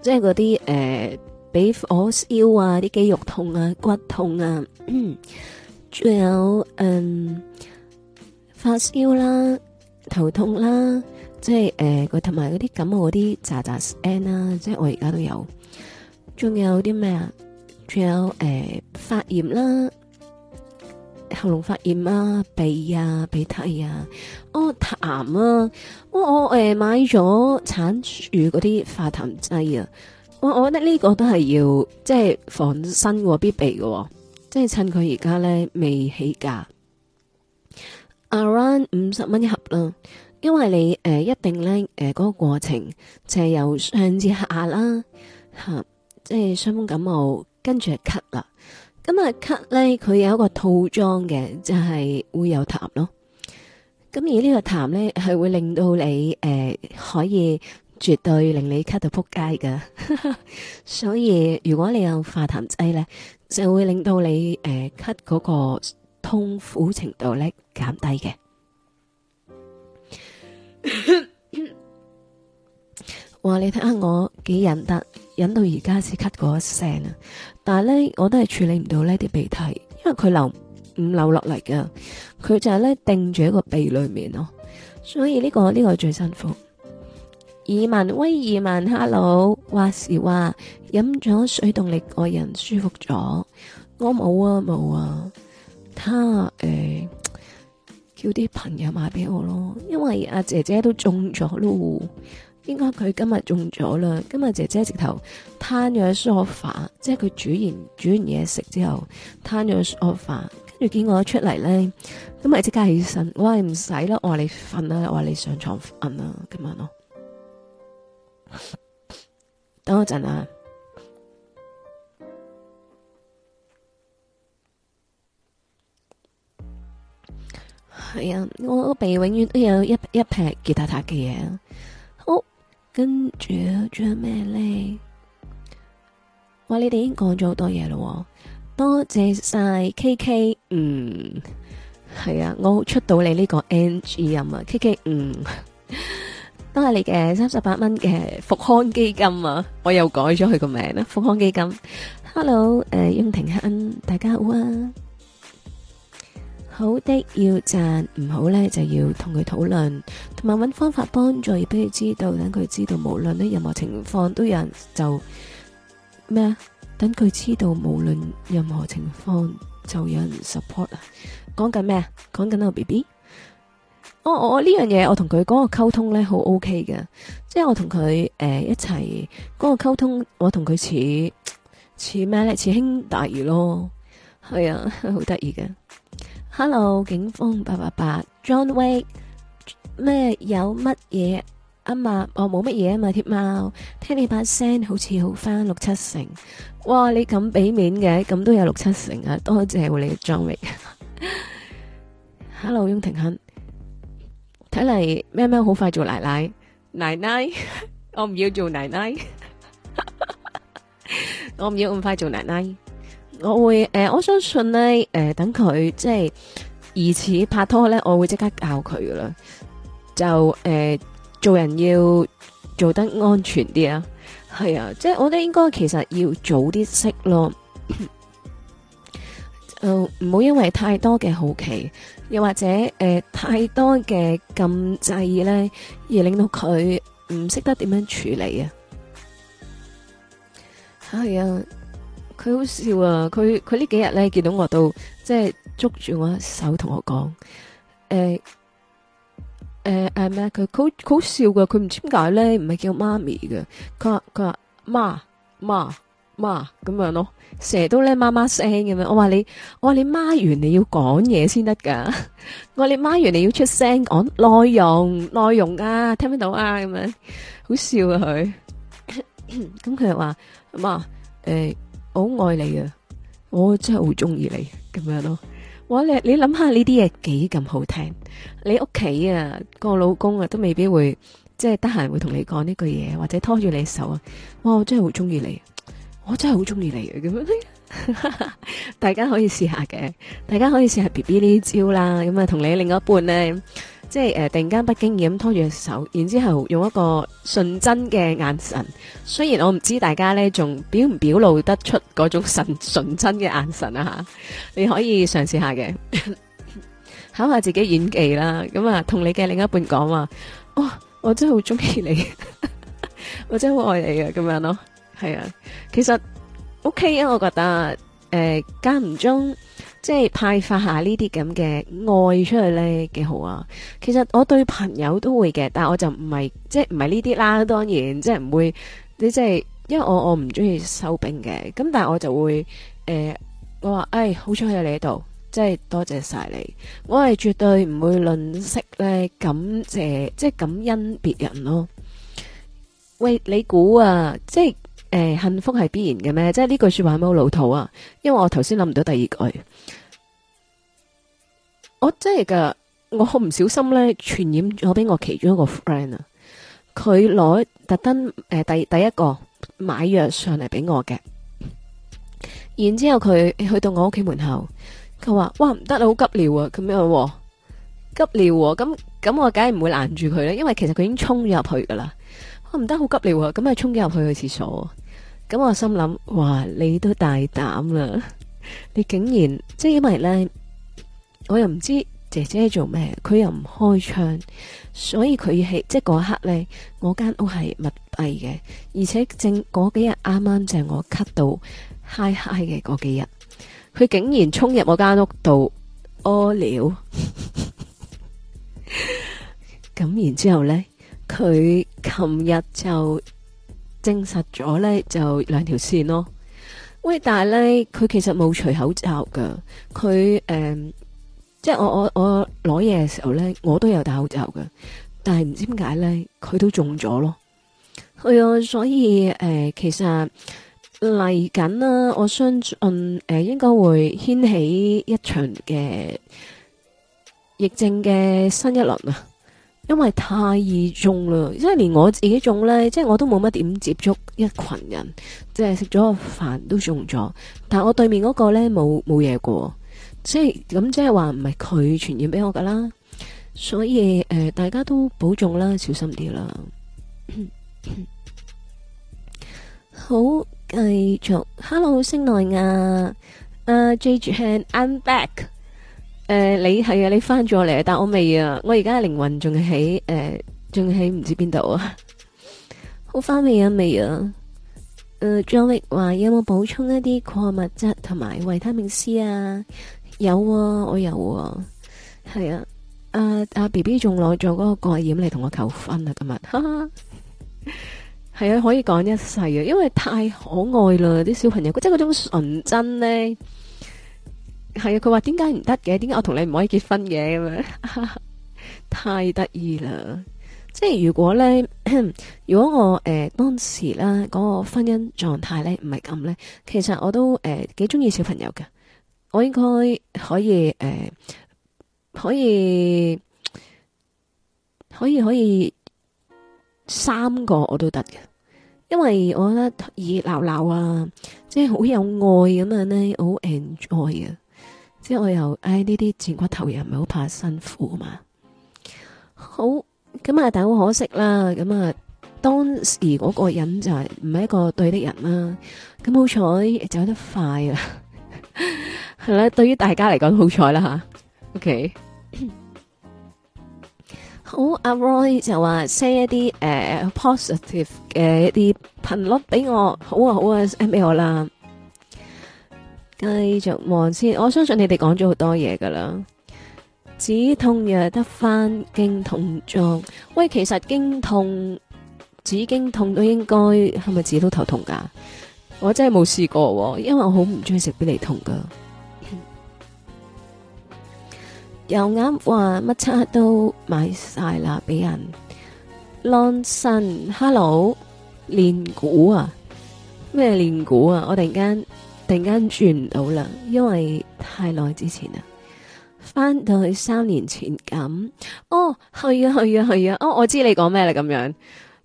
即係嗰啲誒，俾、呃、火燒啊，啲肌肉痛啊，骨痛啊，仲有誒、呃、發燒啦、啊，頭痛啦、啊，即係誒，佢同埋嗰啲感冒嗰啲咋咋聲啦，即係我而家都有。仲有啲咩啊？仲有誒、呃，發炎啦、啊。喉嚨發炎啊，鼻啊，鼻涕啊，安、oh, 痰啊，oh, 我我誒、呃、買咗產樹嗰啲化痰劑啊，我、oh, 我覺得呢個都係要即係、就是、防身必備嘅、哦，即、就、係、是、趁佢而家咧未起價，around 五十蚊一盒啦，因為你誒、呃、一定咧誒嗰個過程即係由上至下啦吓，即係傷風感冒跟住係咳啦。咁啊，咳咧、嗯，佢有一個套裝嘅，就係、是、會有痰咯。咁而呢個痰咧，係會令到你誒、呃，可以絕對令你咳到扑街噶。 所以如果你有化痰劑咧，就會令到你誒，咳、呃、嗰個痛苦程度咧減低嘅。 哇！你睇下我幾忍得，忍到而家先咳嗰聲啊！但係咧，我都係處理唔到呢啲鼻涕，因為佢流唔流落嚟嘅，佢就係咧定住喺個鼻裏面咯。所以呢、呢個呢、呢個係最辛苦。以文威以文，hello，話時話飲咗水動力，個人舒服咗。我冇啊冇啊，他誒、呃、叫啲朋友買俾我咯，因為阿、啊、姐姐都中咗咯。應該佢今日中咗啦，今日姐姐直頭攤咗喺沙發，即係佢煮完煮完嘢食之後，攤咗喺沙發，跟住見我出嚟咧，咁咪即刻起身，我話，唔使啦，我話你瞓啦，我話你上床瞓啦，今晚咯。等我一陣啊。係啊、 哎，我個鼻永遠都有一一劈，結結結嘅嘢。跟住仲有咩咧？話你哋已經講咗好多嘢咯，多謝晒 K K，嗯，係啊，我出到你呢個 N G 音啊，K K，嗯，都係你嘅三十八蚊嘅復康基金啊，我又改咗佢個名啦，復康基金，Hello，誒，雍庭欣，大家好啊。好的要讚，唔好呢，就要同佢討論，同埋搵方法幫助，而俾佢知道，等佢知道，無論咧任何情況都有人就咩啊？等佢知道，無論任何情況就有人 support 啊！講緊咩啊？講緊我 BB，我我呢樣嘢，我同佢嗰個溝通呢，好 O K 嘅，即係我同佢誒一齊嗰個溝通，我同佢似似咩呢？似兄弟咯，係啊，好得意嘅。Hello，景峰八八八，John Wake 咩有乜嘢啊嘛？我冇乜嘢啊嘛，天喵，聽你把聲好似好返六七成，哇！你咁俾面嘅，咁都有六七成啊，多謝你，John Wake。Hello，翁庭亨，睇嚟喵喵好快做奶奶，奶奶，我唔要做奶奶，我唔要咁快做奶奶。我會誒、呃，我相信咧誒、呃，等佢即係疑似拍拖咧，我會即刻教佢噶啦。就誒、呃，做人要做得安全啲啊，係啊，即係我覺得應該其實要早啲識咯。誒，唔 好因為太多嘅好奇，又或者誒、呃、太多嘅禁制咧，而令到佢唔識得點樣處理 啊。係啊。佢好笑啊！佢佢呢幾日咧見到我到，即係捉住我手我，同我講誒誒誒咩？佢、欸、好好笑噶，佢唔知點解咧，唔係叫媽咪噶，佢佢話媽媽媽咁樣咯，成日都咧媽媽聲咁樣。我話你，我話你媽 我話你，媽完你要講嘢先得噶。我話你，媽完你要出聲講內容內容啊，聽唔聽到啊？咁樣好笑啊！佢咁佢又話媽誒。 我好愛你啊！我真係好中意你咁樣咯。哇！你你諗下呢啲嘢幾咁好聽。你屋企啊，個老公啊，都未必會即係得閒會同你講呢句嘢，或者拖住你手啊。哇！我真係好中意你，我真係好中意你啊！咁樣 大。大家可以試下嘅，大家可以試下 B B 呢招啦。咁啊，同你另一半咧。即係誒、呃，突然間不經意咁拖住手，然之後用一個純真嘅眼神。雖然我唔知大家咧仲表唔表露得出嗰種純純真嘅眼神啊吓，你可以嘗試下嘅， 考下自己演技啦。咁、嗯、啊，同你嘅另一半講話，哇、哦，我真係好中意你， 我真係好愛你啊！咁樣咯，係啊，其實 O K 啊，okay, 我覺得誒、呃，間唔中。即係派發下呢啲咁嘅愛出去呢，幾好啊！其實我對朋友都會嘅，但係我就唔係即係唔係呢啲啦，當然即係唔會，你即係因為我我唔中意收兵嘅，咁但係我就會誒、呃，我話唉，哎、好彩有你喺度，即係多謝晒你，我係絕對唔會吝嗇咧感謝，即係感恩別人咯。喂，你估啊，即係。誒、哎，幸福係必然嘅咩？即係呢句說話係咪好老土啊？因為我頭先諗唔到第二句，我真係嘅，我好唔小心咧傳染咗俾我其中一個 friend 啊，佢攞特登誒、呃、第第一個買藥上嚟俾我嘅，然之後佢去、哎、到我屋企門口，佢話：，哇唔得你好急尿啊，咁樣急尿、啊，咁咁、嗯、我梗係唔會攔住佢啦，因為其實佢已經沖咗入去噶啦。我唔得好急尿，啊，咁啊衝咗入去個廁所，咁我心諗，哇你都大膽啦，你竟然即係因為呢，我又唔知姐姐做咩，佢又唔開窗，所以佢係即係嗰刻呢，我間屋係密閉嘅，而且正嗰幾日啱啱就係我咳到嗨嗨嘅嗰幾日，佢竟然衝入我間屋度屙尿，咁 然之後呢佢琴日就證實咗呢，就兩條線咯。喂，但係呢，佢其實冇除口罩噶。佢誒、嗯，即係我我我攞嘢嘅時候呢，我都有戴口罩噶。但係唔知點解呢，佢都中咗咯。係、嗯、啊，所以誒、呃，其實嚟緊啦，我相信誒、呃、應該會掀起一場嘅疫症嘅新一輪啊！因為太易中啦，即係連我自己中呢，即係我都冇乜點接觸一群人，即係食咗個飯都中咗，但係我對面嗰個呢，冇冇嘢過，即係咁即係話唔係佢傳染俾我噶啦，所以誒、呃、大家都保重啦，小心啲啦， 好繼續，Hello 星內啊誒 j n d I'm back。誒、呃，你係啊，你翻咗嚟，啊，但我未、呃、啊，我而家嘅靈魂仲喺誒，仲喺唔知邊度啊，好翻未啊，未啊，誒，張力話有冇補充一啲礦物質同埋維他命 C 啊？有啊，我有，係啊，阿阿 B B 仲攞咗嗰個蓋染嚟同我求婚啊，今日，哈哈，係 啊，可以講一世啊，因為太可愛啦，啲小朋友，即係嗰種純真咧。係啊，佢話點解唔得嘅？點解我同你唔可以結婚嘅咁樣？太得意啦！即係如果咧，如果我誒、呃、當時啦，嗰、嗰個婚姻狀態咧唔係咁咧，其實我都誒幾中意小朋友嘅。我應該可以誒、呃，可以可以可以三個我都得嘅，因為我覺得熱熱鬧鬧啊，即係好有愛咁樣咧，好 enjoy 啊！因為我又，哎呢啲賤骨頭又唔係好怕辛苦嘛，好咁啊，但係好可惜啦，咁啊，當時嗰個人就係唔係一個對的人啦，咁好彩走得快啊，係 啦，對於大家嚟講好彩啦吓，OK， 好，阿、啊、Roy 就話 send 一啲誒、uh, positive 嘅一啲頻率俾我，好啊好啊 send 俾我啦。繼續望先，我相信你哋講咗好多嘢噶啦。止痛藥得翻經痛狀，喂，其實經痛止經痛都應該係咪自己都頭痛噶？我真係冇試過喎，因為我好唔中意食必理痛噶。又啱話乜叉都買晒啦，俾人。Lonson，Hello 練鼓啊？咩練鼓啊？我突然間。突然間轉唔到啦，因為太耐之前啦，翻到去三年前咁。哦，係啊，係啊，係啊。哦，我知你講咩啦，咁樣。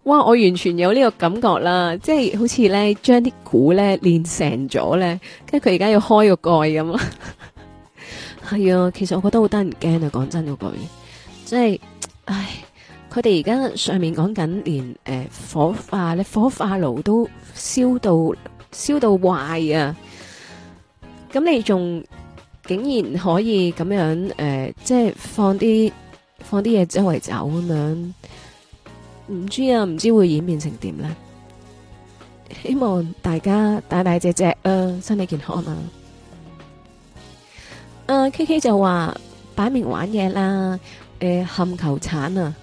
哇，我完全有呢個感覺啦，即係好似咧將啲鼓咧練成咗咧，跟住佢而家要開個蓋咁咯。係 啊，其實我覺得好得人驚啊，講真嗰句，即係，唉，佢哋而家上面講緊，連誒火化咧，火化爐都燒到燒到壞啊！咁你仲竟然可以咁樣誒、呃，即係放啲放啲嘢，周圍走咁樣。唔知啊，唔知會演變成點咧？希望大家大大只隻啊，身體健康啊，吧啊！KK 就話擺明玩嘢啦，誒、呃，冚球鏟啊，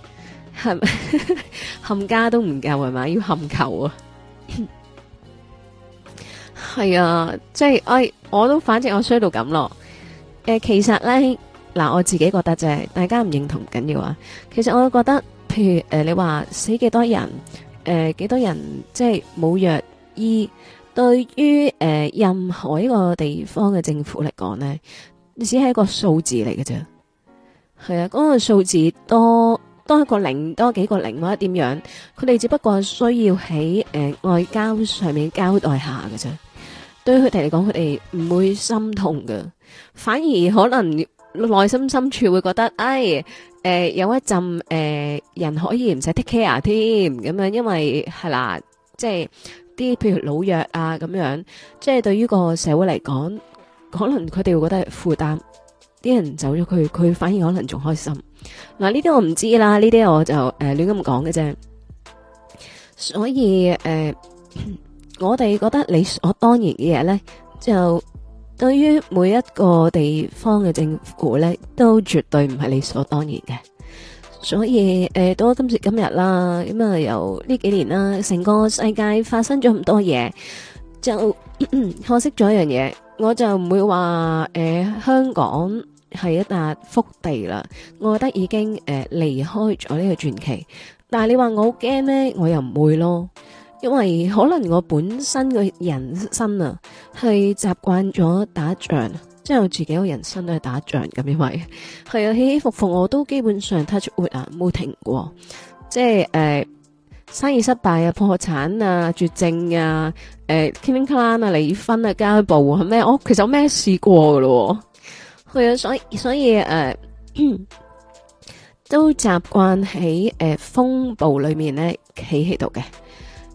冚冚 家都唔夠，係嘛？要冚球啊！ 係啊，即係我、哎、我都反正我衰到咁咯。誒、呃，其實呢，嗱，我自己覺得啫，大家唔認同唔緊要啊。其實我覺得，譬如誒、呃，你話死幾多人，誒、呃，幾多人即係冇藥醫，對於誒、呃、任何一個地方嘅政府嚟講呢，只係一個數字嚟嘅啫。係啊，嗰個數字多多一個零多幾個零或者點樣，佢哋只不過係需要喺誒、呃、外交上面交代下嘅啫。對佢哋嚟講，佢哋唔會心痛噶，反而可能內心深處會覺得，哎，誒、呃，有一陣誒、呃、人可以唔使 take care 添咁樣，因為係啦，即係啲譬如老弱啊咁樣，即係對於個社會嚟講，可能佢哋會覺得負擔，啲人走咗，佢佢反而可能仲開心。嗱、啊，呢啲我唔知啦，呢啲我就誒亂咁講嘅啫。所以誒。呃 我哋覺得理所當然嘅嘢咧，就對於每一個地方嘅政府咧，都絕對唔係理所當然嘅。所以誒，到今時今日啦，咁啊，又呢幾年啦，成個世界發生咗咁多嘢，就學識咗一樣嘢，我就唔會話誒，香港係一笪福地啦。我覺得已經誒離開咗呢個傳奇。但係你話我好驚咧，我又唔會咯。因為可能我本身嘅人生啊，係習慣咗打仗，即係我自己嘅人生都係打仗咁，因為係啊起起伏伏，我都基本上 touch wood 啊冇停過，即係誒、呃、生意失敗啊、破產啊、絕症啊、誒天崩啊、離婚啊、家暴啊咩，我、oh, 其實有咩試過噶咯，係、嗯、啊，所以所以誒、呃、都習慣喺誒、呃、風暴裏面咧企喺度嘅。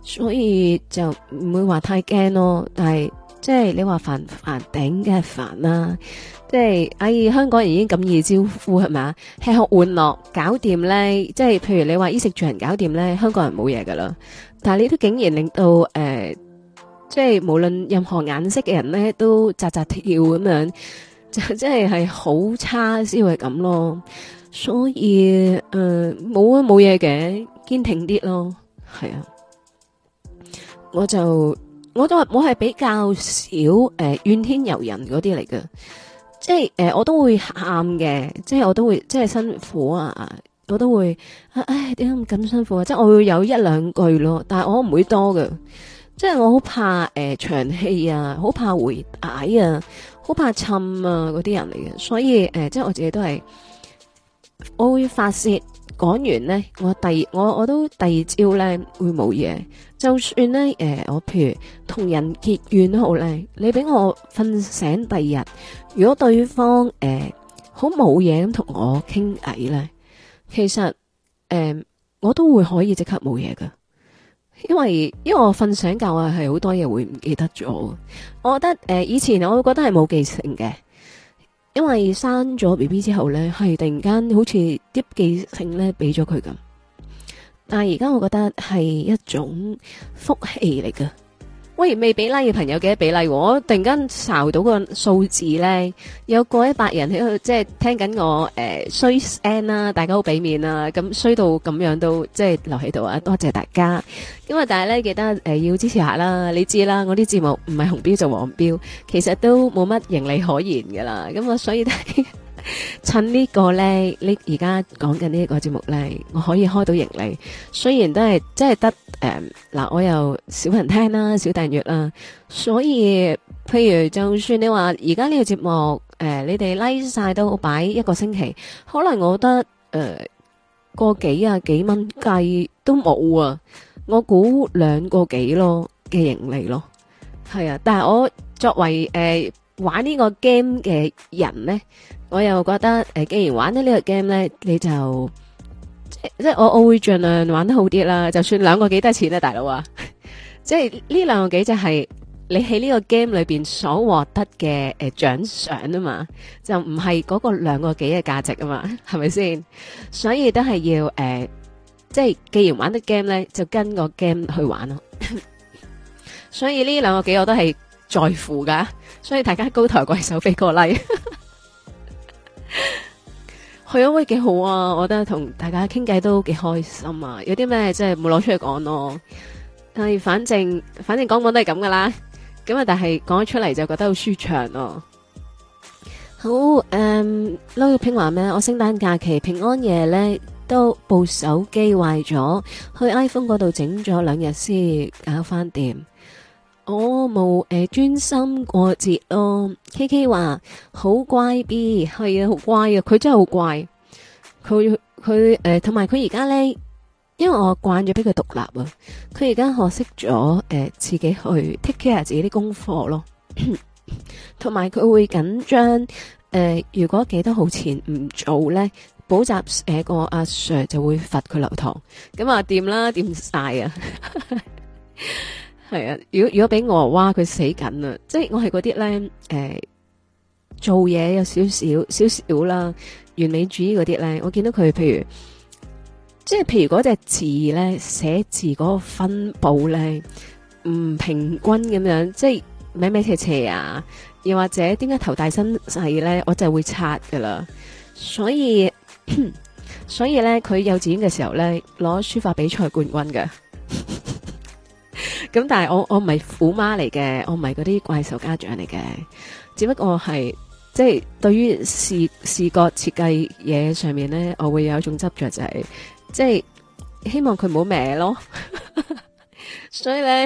所以就唔會話太驚咯，但係即係你話煩煩頂梗係煩啦，即係、啊、哎，香港人已經咁易招呼係嘛，吃喝玩樂搞掂咧，即係譬如你話衣食住行搞掂咧，香港人冇嘢噶啦。但係你都竟然令到誒、呃，即係無論任何顏色嘅人咧，都扎扎跳咁樣，就真係係好差先會咁咯。所以誒冇啊冇嘢嘅，堅、呃、挺啲咯，係啊。我就我都我係比較少誒、呃、怨天尤人嗰啲嚟嘅，即係誒、呃、我都會喊嘅，即係我都會即係辛苦啊，我都會唉，點解咁辛苦啊？即係我會有一兩句咯，但係我唔會多嘅，即係我好怕誒長氣啊，好怕回踩啊，好怕氹啊嗰啲人嚟嘅，所以誒、呃、即係我自己都係我會發洩。講完呢，我第我我都第二朝呢會冇嘢。就算呢，誒、呃，我譬如同人結怨都好呢，你俾我瞓醒第二日，如果對方誒好冇嘢咁同我傾偈呢，其實誒、呃、我都會可以即刻冇嘢㗎，因為因為我瞓醒覺啊係好多嘢會唔記得咗。我覺得誒、呃、以前我會覺得係冇記性嘅。因為生咗 BB 之後呢，係突然間好似啲記性呢俾咗佢咁，但係而家我覺得係一種福氣嚟㗎。我未俾拉嘅朋友幾多比例？我突然間查到個數字咧，有過一百人喺度，即係聽緊我誒、呃、衰聲啦、啊，大家好俾面啦、啊。咁衰到咁樣都即係留喺度啊！多謝大家。因為但係咧，記得、呃、要支持下啦。你知啦，我啲節目唔係紅標就黃標，其實都冇乜盈利可言㗎啦。咁、嗯、啊，所以。 趁呢個呢，呢而家講緊呢個節目呢，我可以開到盈利。雖然都係，即係得誒嗱、呃，我又少人聽啦，少訂閱啦，所以譬如就算你話而家呢個節目誒、呃，你哋拉晒都擺一個星期，可能我覺得誒個、呃、幾啊幾蚊計都冇啊。我估兩個幾咯嘅盈利咯，係啊。但係我作為誒、呃、玩呢個 game 嘅人呢。我又覺得誒，既然玩得呢個 game 咧，你就即即我我會盡量玩得好啲啦。就算兩個幾得錢啊，大佬啊，即呢兩個幾就係你喺呢個 game 裏邊所獲得嘅誒獎賞啊嘛，就唔係嗰個兩個幾嘅價值啊嘛，係咪先？所以都係要誒，即既然玩得 game 咧，就跟個 game 去玩咯。所以呢兩個幾我都係在乎噶，所以大家高抬貴手俾個 like。去啊，喂，幾好啊！我覺得同大家傾偈都幾開心啊。有啲咩即係冇攞出嚟講咯，但係反正反正講講都係咁噶啦。咁啊，但係講咗出嚟就覺得很舒暢、啊、好舒暢哦。好、嗯、誒，撈個平話咩？我聖誕假期平安夜呢都部手機壞咗，去 iPhone 嗰度整咗兩日先搞翻掂。我冇誒專心過節咯，K K 話好乖 B，係啊好乖啊，佢真係好乖，佢佢誒同埋佢而家咧，因為我慣咗俾佢獨立啊，佢而家學識咗誒自己去 take care 自己啲功課咯，同埋佢會緊張誒，如果幾多號前唔做咧，補習社個阿、啊、Sir 就會罰佢留堂，咁啊掂啦掂晒啊！ 係啊，如果如果俾我，哇，佢死緊啊！即係我係嗰啲咧，誒、欸，做嘢有少少少少啦，完美主義嗰啲咧，我見到佢譬如，即係譬如嗰隻字咧，寫字嗰個分布咧唔平均咁樣，即係歪歪斜斜啊，又或者點解頭大身細咧，我就會擦噶啦，所以所以咧，佢幼稚園嘅時候咧，攞書法比賽冠軍嘅。 咁但係我我唔係虎媽嚟嘅，我唔係嗰啲怪獸家長嚟嘅，只不過係即係對於視視覺設計嘢上面咧，我會有一種執着就係、是、即、就、係、是、希望佢唔好歪咯。 所以咧，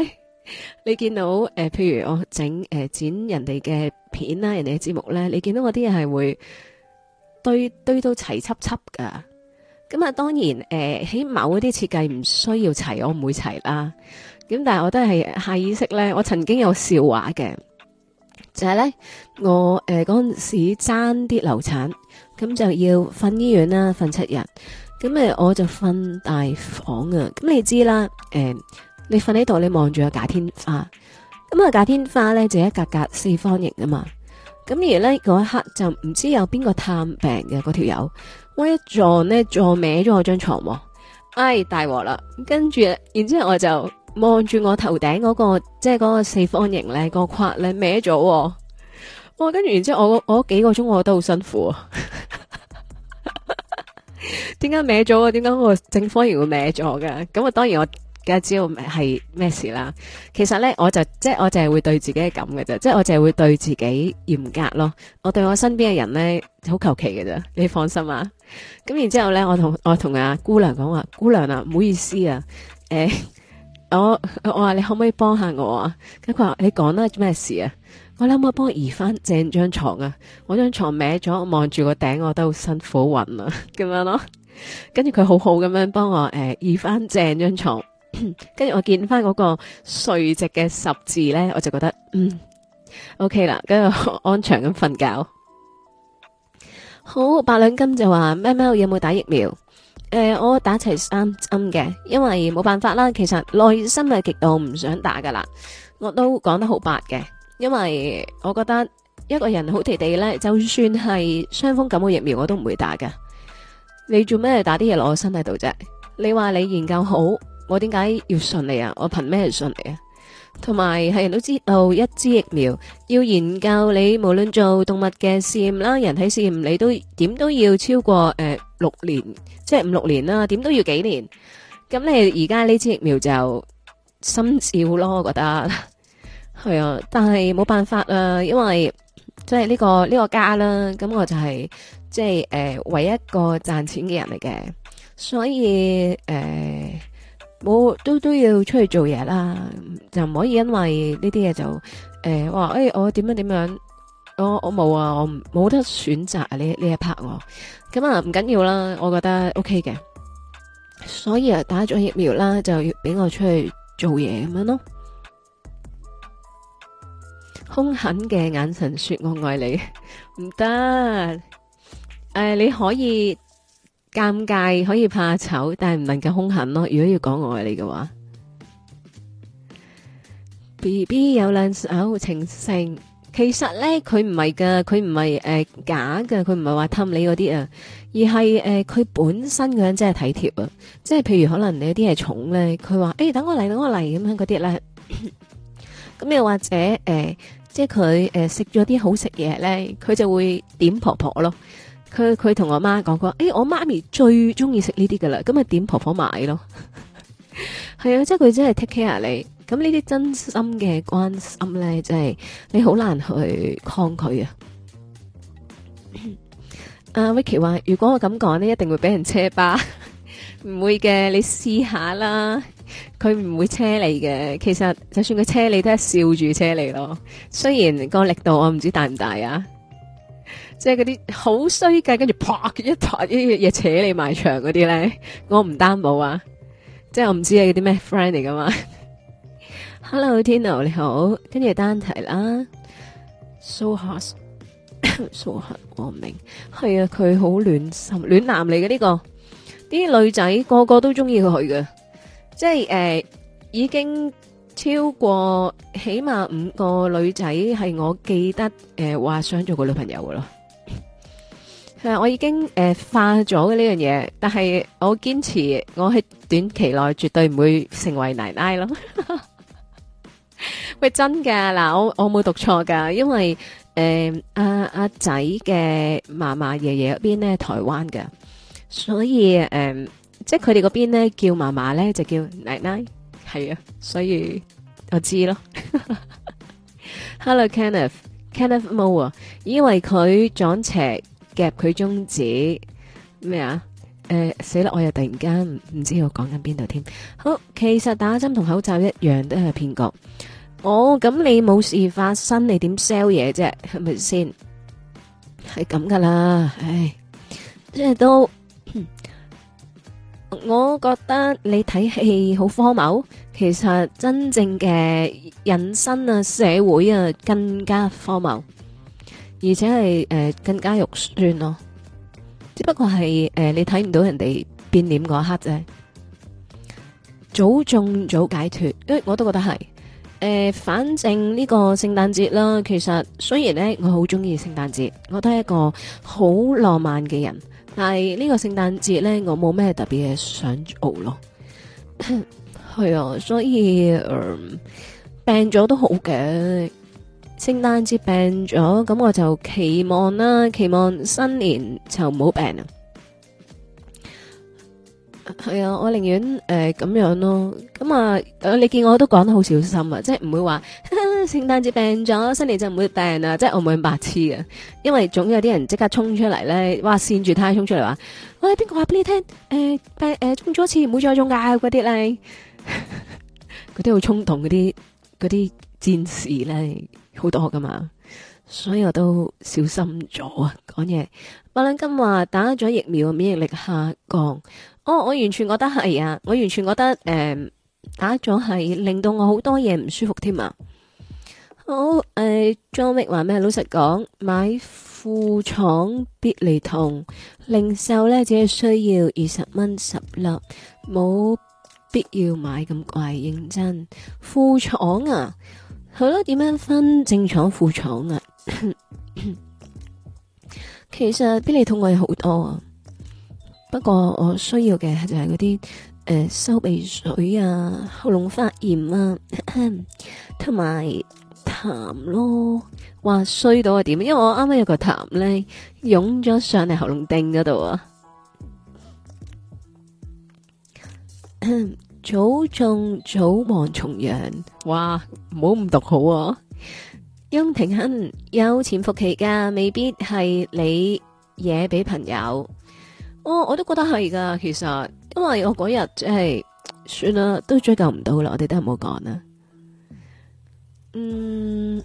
你見到誒，譬、呃、如我整誒、呃、剪人哋嘅片啦，人哋嘅節目咧，你見到我啲嘢係會堆堆到齊七七噶。咁啊，當然誒、起、呃、某一啲設計唔需要齊，我唔會齊啦。咁但係我都係下意識咧，我曾經有笑話嘅，就係、是、咧我誒嗰陣時爭啲流產，咁就要瞓醫院啦，瞓七日。咁誒，我就瞓大房啊。咁你知啦，誒、呃，你瞓喺度，你望住個假天花。咁啊，假天花咧就是、一格格四方形啊嘛。咁而咧嗰一刻就唔知有邊個探病嘅嗰條友。那個我一撞咧撞歪咗我張床喎，哎，大鑊啦！跟住，然之後我就望住我頭頂嗰個，即係嗰個四方形咧，嗰個框咧歪咗喎。跟住，然之後我我幾個鐘，我覺得好辛苦。點 解歪咗？點解個正方形會歪咗嘅？咁啊，當然我。而家知道係咩事啦？其實咧，我就即係我淨係會對自己係咁嘅啫，即係我淨係會對自己嚴格咯。我對我身邊嘅人咧，好求其嘅啫。你放心啊。咁然之後咧，我同我同阿、啊、姑娘講話，姑娘啊，唔好意思啊。誒、哎，我我話你可唔可以幫下我啊？跟住佢話：你講啦，咩事啊？我諗可唔可以幫我移翻正張床啊？我張床歪咗，我望住個頂，我都好辛苦暈啊。咁樣咯。跟住佢好好咁樣幫我誒、呃、移翻正張床。跟住 我見翻嗰個垂直嘅十字呢，我就覺得，嗯，OK 啦，跟住安詳咁瞓覺。好，八兩金就話，喵喵有冇打疫苗？誒、呃，我打齊三針嘅，因為冇辦法啦。其實內心係極度唔想打噶啦，我都講得好白嘅，因為我覺得一個人好地地呢，就算係傷風感冒疫苗，我都唔會打噶你做咩打啲嘢落我身喺度啫？你話你研究好，我點解要信你啊？我憑咩信你啊？同埋係人都知道，一支疫苗要研究你，無論做動物嘅試驗啦、人體試驗，你都點都要超過誒六、呃、年，即係五六年啦，點都要幾年？咁你而家呢支疫苗就心照咯，我覺得係 啊，但係冇辦法啦，因為即係呢個呢、呢個家啦，咁我就係即係誒，唯、就是呃、一個賺錢嘅人嚟嘅，所以誒。呃冇都都要出去做嘢啦，就唔可以因為呢啲嘢就誒話誒我點樣點樣，我我冇啊，我冇得選擇呢呢一 part 我、啊，咁啊唔緊要啦，我覺得 OK 嘅，所以啊打咗疫苗啦，就要俾我出去做嘢咁樣咯。凶狠嘅眼神說我愛你，唔 得，誒、呃、你可以。尷尬可以怕醜，但係唔能夠凶狠咯。如果要講我愛你嘅話，B B 有兩口情性，其實咧佢唔係噶，佢唔係誒假噶，佢唔係話氹你嗰啲啊，而係誒佢本身嘅人真係體貼啊，即係譬如可能你啲係重咧，佢話誒等我嚟等我嚟咁樣嗰啲咧，咁 又或者誒、呃，即係佢誒食咗啲好食嘢咧，佢就會點婆婆咯。佢佢同我媽講過，誒、哎，我媽咪最中意食呢啲噶啦，咁咪點婆婆買咯，係 啊，即係佢真係 take care 你，咁呢啲真心嘅關心咧，即係你好難去抗拒啊。阿 Vicky、uh, 話：如果我咁講呢，一定會俾人車巴，唔 會嘅，你試下啦，佢唔會車你嘅。其實就算佢車你，都係笑住車你咯。雖然個力度我唔知大唔大啊。即係嗰啲好衰嘅，跟住啪一台嘢扯你埋牆嗰啲咧，我唔擔保啊！即係我唔知係嗰啲咩 friend 嚟噶嘛？Hello，天喵你好，跟住單題啦。So hot，so hot，我唔明，係啊，佢好暖心暖男嚟嘅呢個，啲女仔個個都中意佢去嘅，即係誒、呃，已經超過起碼五個女仔係我記得誒話、呃、想做佢女朋友嘅咯。誒，我已經誒化咗嘅呢樣嘢，但係我堅持，我喺短期內絕對唔會成為奶奶咯。喂， 真㗎，嗱，我我冇讀錯㗎，因為誒阿阿仔嘅嫲嫲爺爺嗰邊咧，台灣㗎，所以誒、呃，即係佢哋嗰邊咧叫嫲嫲咧就叫奶奶，係啊，所以我知咯。 Hello Kenneth，Kenneth 冇啊，以為佢撞邪。夾佢中指咩啊？誒死啦！我又突然間唔知我講緊邊度添。好，其實打針同口罩一樣，都係騙局。哦，咁你冇事發生，你點 sell 嘢啫？係咪先？係咁噶啦，唉，即係都， 我覺得你睇戲好荒謬。其實真正嘅人生啊，社會啊，更加荒謬。而且係誒、呃、更加肉酸咯，只不過係誒、呃、你睇唔到人哋變臉嗰一刻啫。早中早解脫，誒我都覺得係誒、呃，反正呢個聖誕節啦，其實雖然咧我好中意聖誕節，我都係一個好浪漫嘅人，但係呢個聖誕節咧我冇咩特別嘅想做咯。係啊、 哦，所以誒、呃、病咗都好嘅。聖誕節病咗，咁我就期望啦，期望新年就唔好病啊。係、哎、啊，我寧願誒咁樣咯。咁啊，你見我都講得好小心啊，即係唔會話聖誕節病咗，新年就唔會病啊。即係我唔會白痴啊，因為總有啲人即刻衝出嚟咧，哇，扇住胎衝出嚟話我係邊個啊？俾、哎、你聽誒，誒、呃呃，中咗一次，唔會再中噶嗰啲咧，嗰啲好衝動嗰啲嗰啲戰士咧。好多噶嘛，所以我都小心咗啊，講嘢。白蘭金話打咗疫苗免疫力下降，我、哦、我完全覺得係啊，我完全覺得誒、呃、打咗係令到我好多嘢唔舒服添啊。好誒，張力話咩？老實講，買副廠必理痛零售呢只係需要二十蚊十粒，冇必要買咁貴，認真副廠啊。好咯，點樣分正廠副廠啊？其實比嚟，痛我好多啊，不過我需要嘅就係嗰啲誒，收鼻水啊，喉嚨發炎啊，同埋痰咯。話，衰到係點？因為我啱啱有個痰咧，湧咗上嚟，喉嚨頂嗰度啊。早種早忘重陽，哇！唔好咁讀好啊。雍庭亨有潛伏期噶，未必係你嘢俾朋友。我、哦、我都覺得係噶，其實因為我嗰日即係算啦，都追究唔到啦，我哋都係冇講啦。嗯。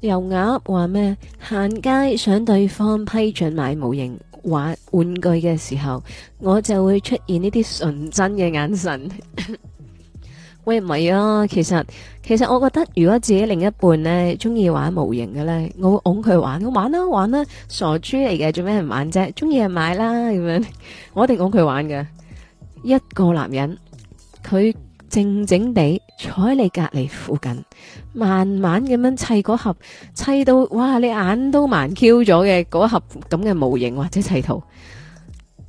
油鴨話咩？行街想對方批准買模型玩玩具嘅時候，我就會出現呢啲純真嘅眼神。 喂，唔係啊，其實其實我覺得如果自己另一半呢中意玩模型嘅呢，我會哄佢玩，我玩啦、啊、玩啦、啊啊，傻豬嚟嘅，做咩唔玩啫？中意就買啦，咁樣我一定哄佢玩嘅。一個男人，佢靜靜地坐喺你隔籬附近。慢慢咁樣砌嗰盒砌到，哇！你眼都盲 Q 咗嘅嗰盒咁嘅模型或者砌圖，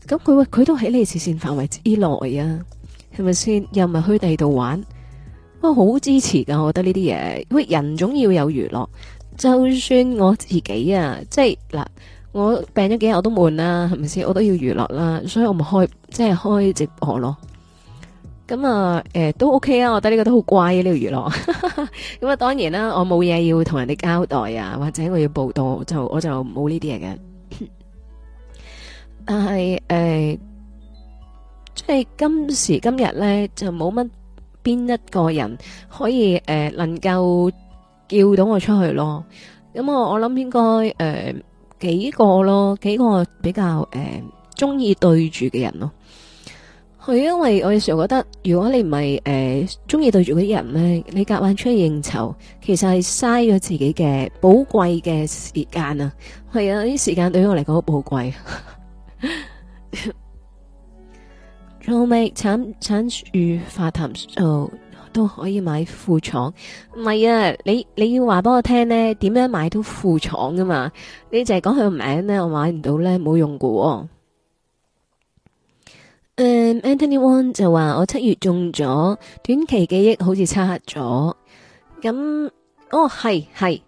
咁佢話佢都喺呢條線範圍之內啊，係咪先？又唔係去第二度玩，我好支持噶，我覺得呢啲嘢，喂，人總要有娛樂，就算我自己啊，即係嗱，我病咗幾日我都悶啦，係咪先？我都要娛樂啦，所以我咪開即係開直播咯。咁啊，誒、嗯嗯，都 OK 啊，我覺得呢個都好乖呢、這個娛樂。咁 啊、嗯，當然啦，我冇嘢要同人哋交代啊，或者我要報道，就我就冇呢啲嘢嘅。 但係誒、即、嗯、係、就是、今時今日咧，就冇乜邊一個人可以誒、呃，能夠叫到我出去咯。咁、嗯、我我諗應該誒、呃、幾個咯，幾個比較誒鍾意對住嘅人咯。係，因為我有時候覺得，如果你唔係誒中意對住嗰啲人咧，你夾硬出去應酬，其實係嘥咗自己嘅寶貴嘅時間啊！係啊，啲時間對於我嚟講好寶貴。做咩？產產樹發談就都可以買副廠？唔係啊，你你要話俾我聽咧，點樣買到副廠噶嘛？你淨係講佢個名咧，我買唔到咧，冇用噶。誒、um，Anthony One 就話我七月中咗短期記憶好似差咗，咁哦，係系，誒、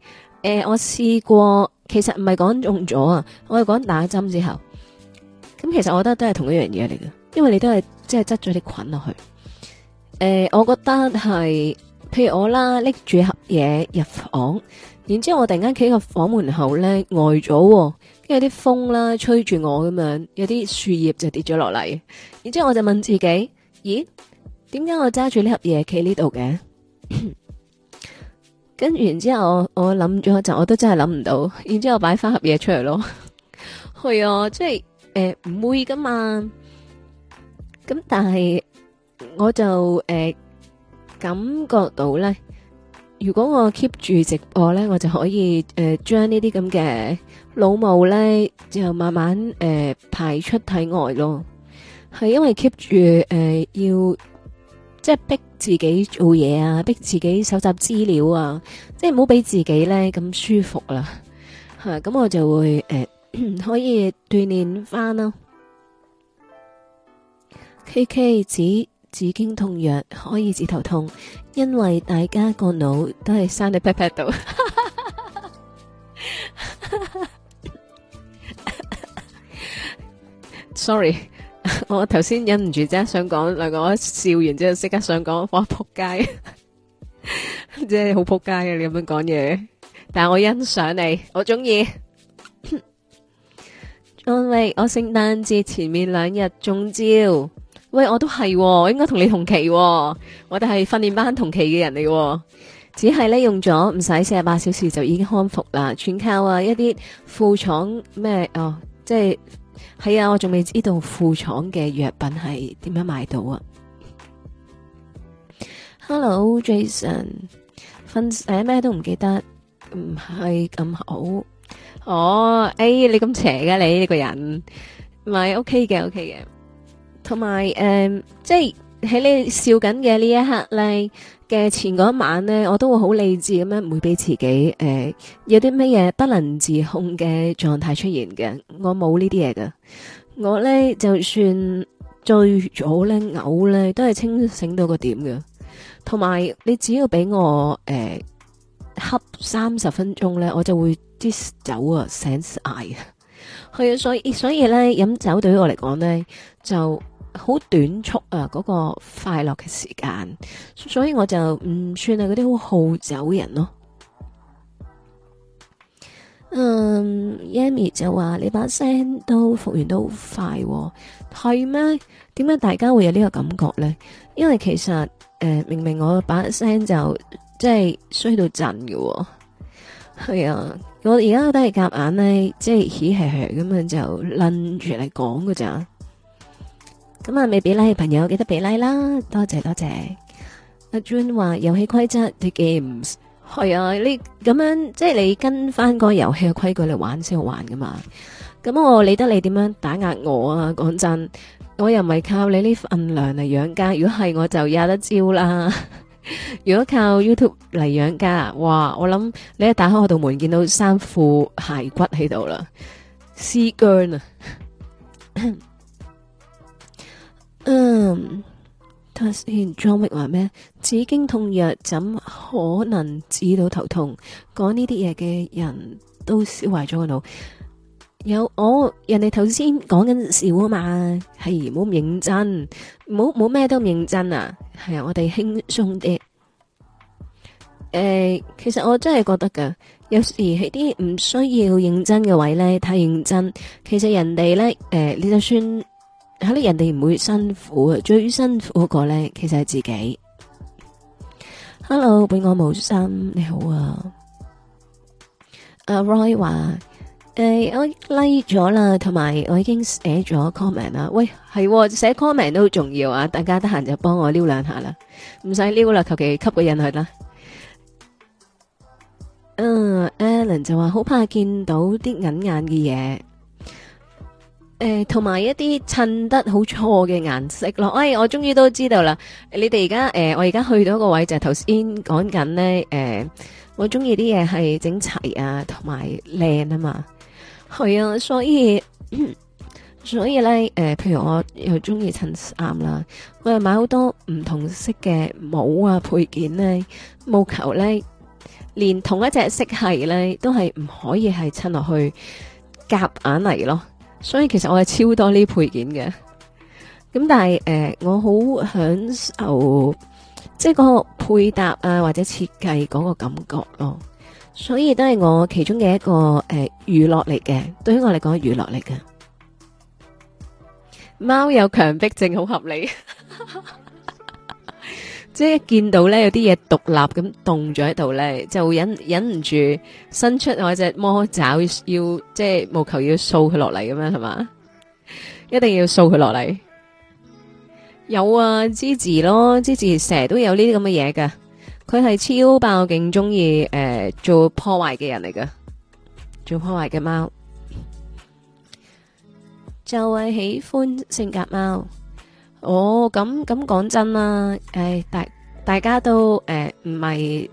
呃、我試過，其實唔係講中咗啊，我係講打針之後，咁其實我覺得都係同一樣嘢嚟嘅，因為你都係即係執咗啲菌落去，誒、呃、我覺得係，譬如我啦拎住盒嘢入房，然之後我突然間企喺個房門口咧呆咗。有啲風啦，吹住我咁樣，有啲樹葉就跌咗落嚟。然之後我就問自己：咦，點解我揸住呢盒嘢企呢度嘅？跟住 然之後我，我我諗咗一陣，我都真係諗唔到。然之後擺翻盒嘢出嚟咯。係 啊，即係誒唔會噶嘛。咁但係我就誒、呃、感覺到咧。如果我 keep 住直播咧，我就可以誒將呢啲咁嘅腦霧咧，就慢慢誒、呃、排出體外咯。係因為 keep 住誒要即係逼自己做嘢啊，逼自己搜集資料啊，即係唔好俾自己咧咁舒服啦。吓，咁我就會誒、呃、可以鍛煉翻囉。K K 子。止經痛藥可以止頭痛，因為大家個腦都係生喺 pat pat 度。Sorry，我頭先忍唔住啫，想講兩個笑完之後，即刻想講我扑街，即係好扑街嘅你咁樣講嘢。但係我欣賞你，我中意。安利我聖誕節前面兩日中招。喂，我都係、喎，我應該同你同期、喎，我哋係訓練班同期嘅人嚟、喎，只係咧用咗唔使四十八小時就已經康復啦，全靠啊一啲副廠咩哦，即係係啊，我仲未知道副廠嘅藥品係點樣買到啊。Hello，Jason，瞓，咩、哎、咩都唔記得，唔係咁好。哦，哎，你咁邪噶你呢、這個人，唔係 OK 嘅 OK 嘅。同埋誒，即係喺你笑緊嘅呢一刻咧嘅前嗰晚咧，我都會好理智咁樣唔會俾自己誒、呃、有啲咩嘢不能自控嘅狀態出現嘅。我冇呢啲嘢噶，我咧就算最早咧嘔咧都係清醒到個點㗎。同埋你只要俾我誒恰三十分鐘咧，我就會啲酒啊醒晒啊。係啊 sense eye  所以所以咧飲酒對於我嚟講咧就。好短促啊！嗰、那個快樂嘅時間，所以我就唔算係嗰啲好好走人咯。嗯、um，Yami 就話你把聲都復原都好快，哦，係咩？點解大家會有呢個感覺呢？因為其實誒、呃，明明我把聲就即係衰到震嘅，哦，係啊！我而家都係夾硬呢，即係嘻嘻咁樣就掄住嚟講噶咋。咁啊，未俾 like 嘅朋友記得俾 like 啦！多謝多謝。阿 Jun 話遊戲規則，the games 係啊，呢咁樣即係你跟翻個遊戲嘅規矩嚟玩先好玩噶嘛？咁我理得你點樣打壓我啊？講真，我又唔係靠你呢份糧嚟養家，如果係我就有得招啦。 如果靠 YouTube 嚟養家，哇！我諗你一打開我度門，見到三副骸骨喺度啦，屍僵啊！ 嗯，頭先張威話咩？止經痛藥怎可能止到頭痛？講呢啲嘢嘅人都燒壞咗個腦。有我、哦、人哋頭先講緊笑啊嘛，係唔好咁認真，冇冇咩都唔認真啊。係啊，我哋輕鬆啲。誒、呃，其實我真係覺得噶，有時喺啲唔需要認真嘅位咧，太認真。其實人哋咧，誒、呃，你就算。吓你人哋唔會辛苦啊，最辛苦嗰個咧，其實係自己。Hello，本我無心你好啊。阿、uh, Roy 話：誒、欸，我 like 咗啦，同埋我已經寫咗 comment 啦。喂，係寫、啊、comment 都好重要啊！大家得閒就幫我撩兩下啦，唔使撩啦，求其吸個印去啦。嗯、uh,，Alan 就話好怕見到啲銀眼嘅嘢。誒，同埋、呃、一啲襯得好錯嘅顏色咯。哎，我終於都知道啦。你哋而家誒，我而家去到個位就係頭先講緊呢。誒、呃，我中意啲嘢係整齊啊，同埋靚啊嘛。係啊，所以、嗯、所以咧，誒、呃，譬如我又中意襯衫啦，我又買好多唔同色嘅帽啊配件咧、啊，務求咧，連同一隻色系咧都係唔可以係襯落去夾硬嚟咯。所以其實我係超多呢配件嘅，咁但係誒、呃、我好享受即係個配搭啊或者設計嗰個感覺咯，所以都係我其中嘅一個誒、呃、娛樂嚟嘅，對於我嚟講係娛樂嚟嘅。貓有強迫症好合理。 即係一見到咧有啲嘢獨立咁凍咗喺度咧，就忍忍唔住伸出我隻魔爪，要即係務求要掃佢落嚟咁樣，係嘛？一定要掃佢落嚟。有啊，芝士咯，芝士成日都有呢啲咁嘅嘢噶。佢係超爆勁，中意誒做破壞嘅人嚟噶，做破壞嘅貓就係、是、喜歡性格貓。哦，咁咁講真啦，誒，大大家都誒唔係，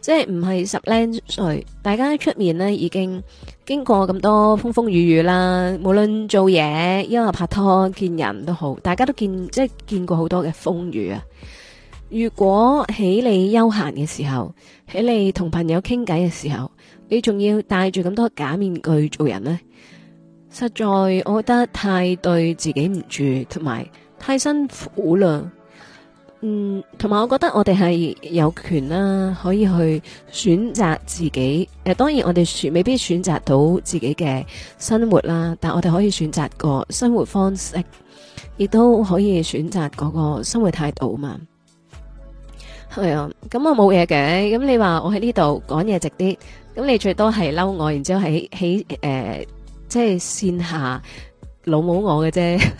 即係唔係十零歲，大家出面呢已經經過咁多風風雨雨啦。無論做嘢，因為拍拖見人都好，大家都見即係見過好多嘅風雨啊。如果喺你休閒嘅時候，喺你同朋友傾偈嘅時候，你仲要帶住咁多假面具做人呢？實在我覺得太對自己唔住，同埋。太辛苦啦，嗯，同埋我覺得我哋係有權啦，可以去選擇自己。誒，當然我哋選未必選擇到自己嘅生活啦，但我哋可以選擇個生活方式，亦都可以選擇嗰個生活態度嘛。係啊，咁我冇嘢嘅，咁你話我喺呢度講嘢直啲，咁你最多係嬲我，然之後喺喺誒，即係線下老母我嘅啫。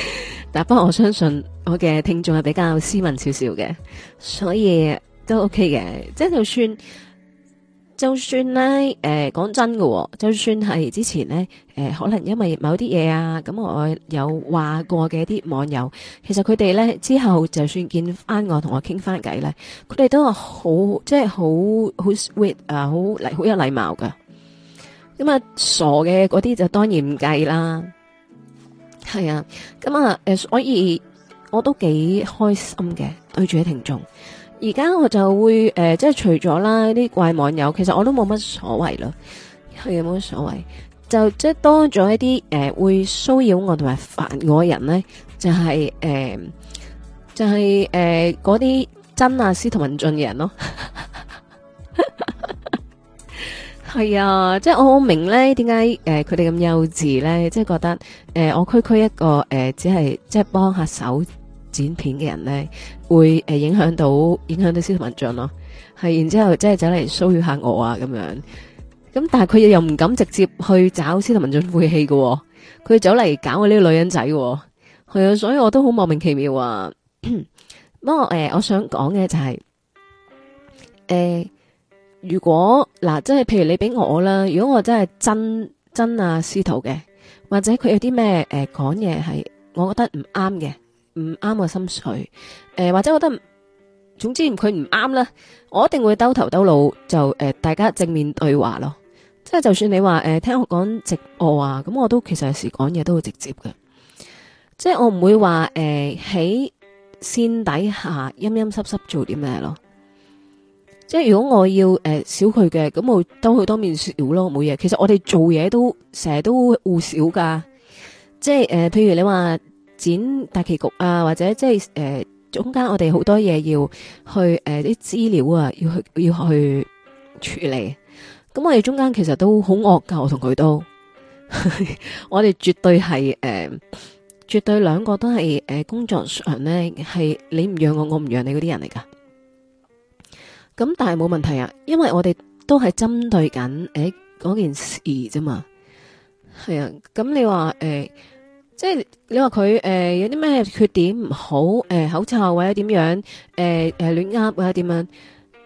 但不過我相信我嘅聽眾係比較斯文少少嘅，所以都 OK 嘅。即係就算就算咧，誒，講真嘅，就算係、呃、之前咧，誒、呃，可能因為某啲嘢啊，咁我有話過嘅啲網友，其實佢哋咧之後就算見翻我同我傾翻偈咧，佢哋都係好即係好好 sweet 啊，好好有禮貌噶。咁啊，傻嘅嗰啲就當然唔計啦。係啊，咁啊，所以我都幾開心嘅對住啲聽眾。而家我就會誒、呃，即係除咗啦啲怪網友，其實我都冇乜所謂咯，係冇乜所謂。就即係多咗一啲誒、呃、會騷擾我同埋煩我嘅人咧，就係、是、誒、呃，就係誒嗰啲真啊，司徒文進嘅人咯。係啊，即係我好明咧，點解誒佢哋咁幼稚咧？即係覺得誒、呃，我區區一個誒、呃，只係即係幫下手剪片嘅人咧，會誒、呃、影響到影響到司徒文進咯，啊。係，然之後即係走嚟騷擾下我啊，咁樣。咁但係佢又唔敢直接去找司徒文進晦氣嘅，佢走嚟搞我呢個女人仔，啊。係啊，所以我都好莫名其妙啊。不過誒，我想講嘅就係、是、誒。呃如果嗱，即係譬如你俾我啦，如果我真係真真啊師徒嘅，或者佢有啲咩誒講嘢係我覺得唔啱嘅，唔啱我心水誒、呃，或者我覺得總之佢唔啱啦，我一定會兜頭兜腦就誒、呃、大家正面對話咯。即係就算你話誒、呃、聽我講直播啊，咁我都其實有時講嘢都會直接嘅，即係我唔會話誒喺綫底下陰陰濕濕做啲咩咯。即係如果我要誒、呃、少佢嘅，咁我都去當面少咯，冇嘢。其實我哋做嘢都成日都互少噶，即係誒、呃，譬如你話剪大旗局啊，或者即係誒、呃、中間，我哋好多嘢要去誒啲、呃、資料啊，要去要去處理。咁我哋中間其實都好惡噶，我同佢都， 我哋絕對係誒、呃，絕對兩個都係誒、呃、工作上咧係你唔讓我，我唔讓你嗰啲人嚟噶。咁但係冇問題啊，因為我哋都係針對緊誒嗰件事啫嘛。係啊，咁你話誒、欸，即係你話佢誒有啲咩缺點唔好誒、欸，口臭或者點樣誒誒，亂噏或者點樣？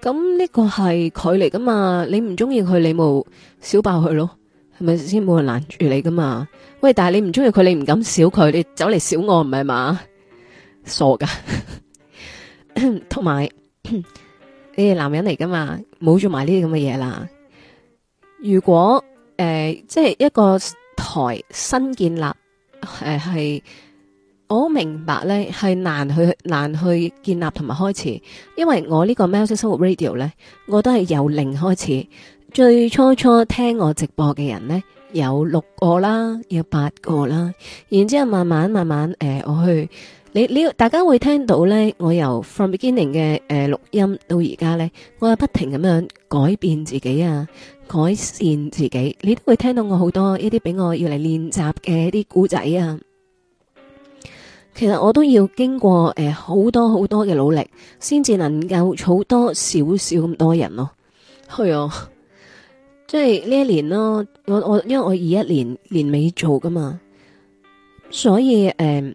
咁、欸、呢個係佢嚟噶嘛。你唔中意佢，你冇笑爆佢咯，係咪先冇人攔住你噶嘛？喂，但係你唔中意佢，你唔敢笑佢，你走嚟笑我唔係嘛？傻噶， 同埋.。 你哋男人嚟噶嘛，冇做埋呢啲咁嘅嘢啦。如果誒、呃，即係一個台新建立誒，係、呃、我明白呢係難去難去建立同埋開始，因為我呢個 m e l o d 生活 radio 呢，我都係由零開始，最初初聽我直播嘅人呢，有六個啦，有八個啦，然之後慢慢慢慢誒、呃，我去。你你大家會聽到咧，我由 from beginning 嘅誒、呃、錄音到而家咧，我又不停咁樣改變自己啊，改善自己。你都會聽到我好多一啲俾我要嚟練習嘅一啲古仔啊。其實我都要經過誒好、呃、多好多嘅努力，先至能夠儲多少少咁多人咯。係啊，即係呢一年咯，我我因為我二一年年尾做㗎嘛，所以誒。呃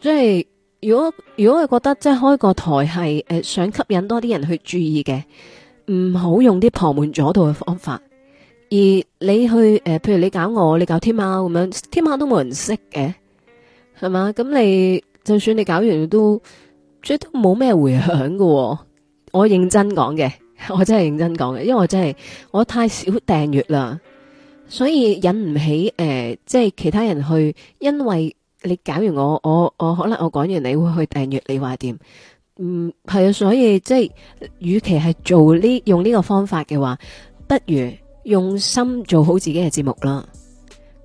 即係如果如果你覺得即係開個台係誒、呃、想吸引多啲人去注意嘅，唔好用啲旁門左道嘅方法。而你去誒、呃，譬如你搞我，你搞天喵咁樣，天喵都冇人識嘅，係嘛？咁你就算你搞完都即係都冇咩回響喎、哦。我認真講嘅，我真係認真講嘅，因為我真係我太少訂閱啦，所以引唔起誒、呃，即係其他人去，因為。你搞完我，我我可能我講完你會去訂閱你，你話掂？嗯，係啊，所以即係，與其係做呢用呢個方法嘅話，不如用心做好自己嘅節目啦。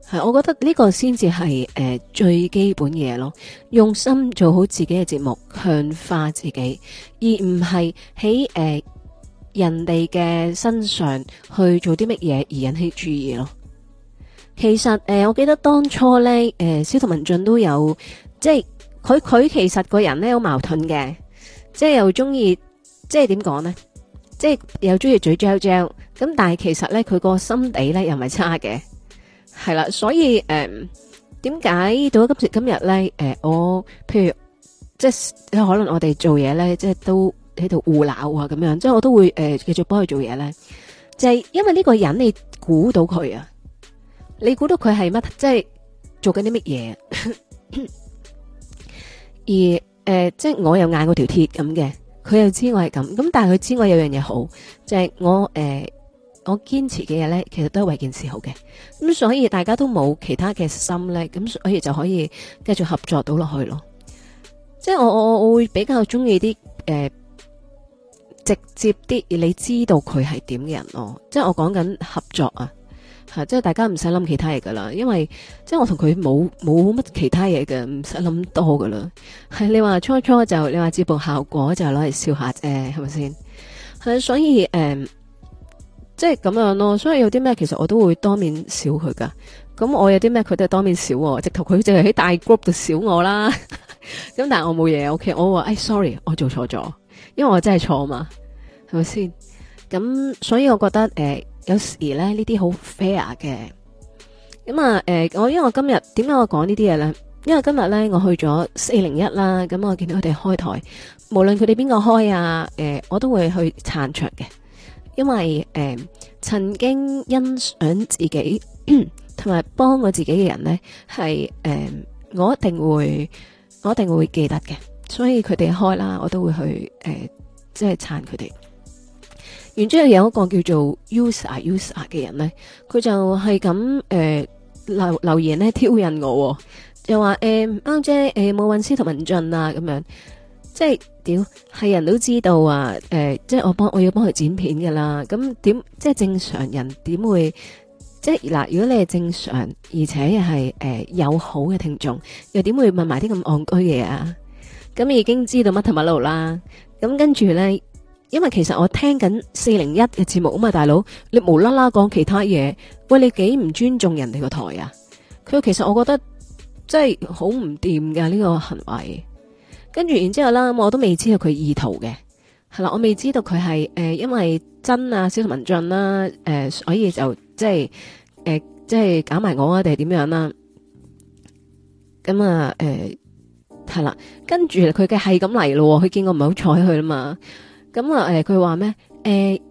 係，我覺得呢個先至係誒最基本嘢咯。用心做好自己嘅節目，強化自己，而唔係喺誒人哋嘅身上去做啲乜嘢，而引起注意咯。其實誒、呃，我記得當初咧，誒、呃，司徒文進都有即係佢佢其實個人咧好矛盾嘅，即係又中意即係點講咧，即係又中意嘴嚼嚼咁，但係其實咧佢個心底咧又唔係差嘅，係啦，所以誒，點、呃、解到今時今日咧，誒、呃，我譬如即係可能我哋做嘢咧，即係都喺度互鬧啊咁樣，即係我都會誒、呃、繼續幫佢做嘢咧，就係因為呢個人你估到佢啊。你估到佢係乜？即係做緊啲乜嘢？而誒、呃，即係我又嗌過條鐵咁嘅，佢又知我係咁。咁但係佢知我有知我樣嘢好，就係、是、我誒、呃，我堅持嘅嘢咧，其實都係為件事好嘅。咁所以大家都冇其他嘅心咧，咁所以就可以繼續合作到落去咯。即係我我我會比較中意啲誒直接啲，你知道佢係點嘅人咯。即係我講緊合作啊。即係大家唔使諗其他嘢噶啦，因為即係我同佢冇冇乜其他嘢嘅，唔使諗多噶啦。係你話初初就你話接報效果就攞嚟笑下啫，係咪先？係所以誒、嗯，即係咁樣咯。所以有啲咩其實我都會當面少佢噶。咁我有啲咩佢都係當面少，直頭佢淨係喺大 group 度少我啦。咁 但係我冇嘢，O K，我話哎，sorry，我做錯咗，因為我真係錯嘛，係咪先？咁所以我覺得誒。哎有時咧，呢啲好 fair 嘅。咁啊，誒、呃，我因為我今日點解我講呢啲嘢呢？因為今日呢，我去咗四零一啦。咁我見到佢哋開台，無論佢哋邊個開啊，誒、呃，我都會去撐場嘅。因為誒、呃，曾經欣賞自己同埋幫過自己嘅人呢，係誒、呃，我一定會，我一定會記得嘅。所以佢哋開啦，我都會去誒、呃，即係撐佢哋。然之後有一個叫做 User User 嘅人咧，佢就係咁誒留留言咧挑釁我、哦，又話誒啱 n 姐誒冇揾司徒文進啊咁樣，即係屌係人都知道啊誒、呃，即係我幫我要幫佢剪片噶啦，咁點即係正常人點會即係嗱、呃？如果你係正常而且又係誒有好嘅聽眾，又點會問埋啲咁戇居嘢啊？咁已經知道乜頭乜路啦，咁跟住咧。因為其實我聽緊四零一嘅節目啊嘛，大佬你無啦啦講其他嘢，喂你幾唔尊重人哋個台啊？佢其實我覺得即係好唔掂噶呢個行為，跟住然之後啦，我都未知道佢意圖嘅，係啦，我未知道佢係誒因為真啊，司徒文進啦、啊，誒、呃、所以就即係誒、呃、即係搞埋我啊，定係點樣啦、啊？咁啊誒係啦，跟住佢嘅係咁嚟咯，佢見我唔係好睬佢啦嘛。咁啊！誒、嗯，佢話咩？誒、欸、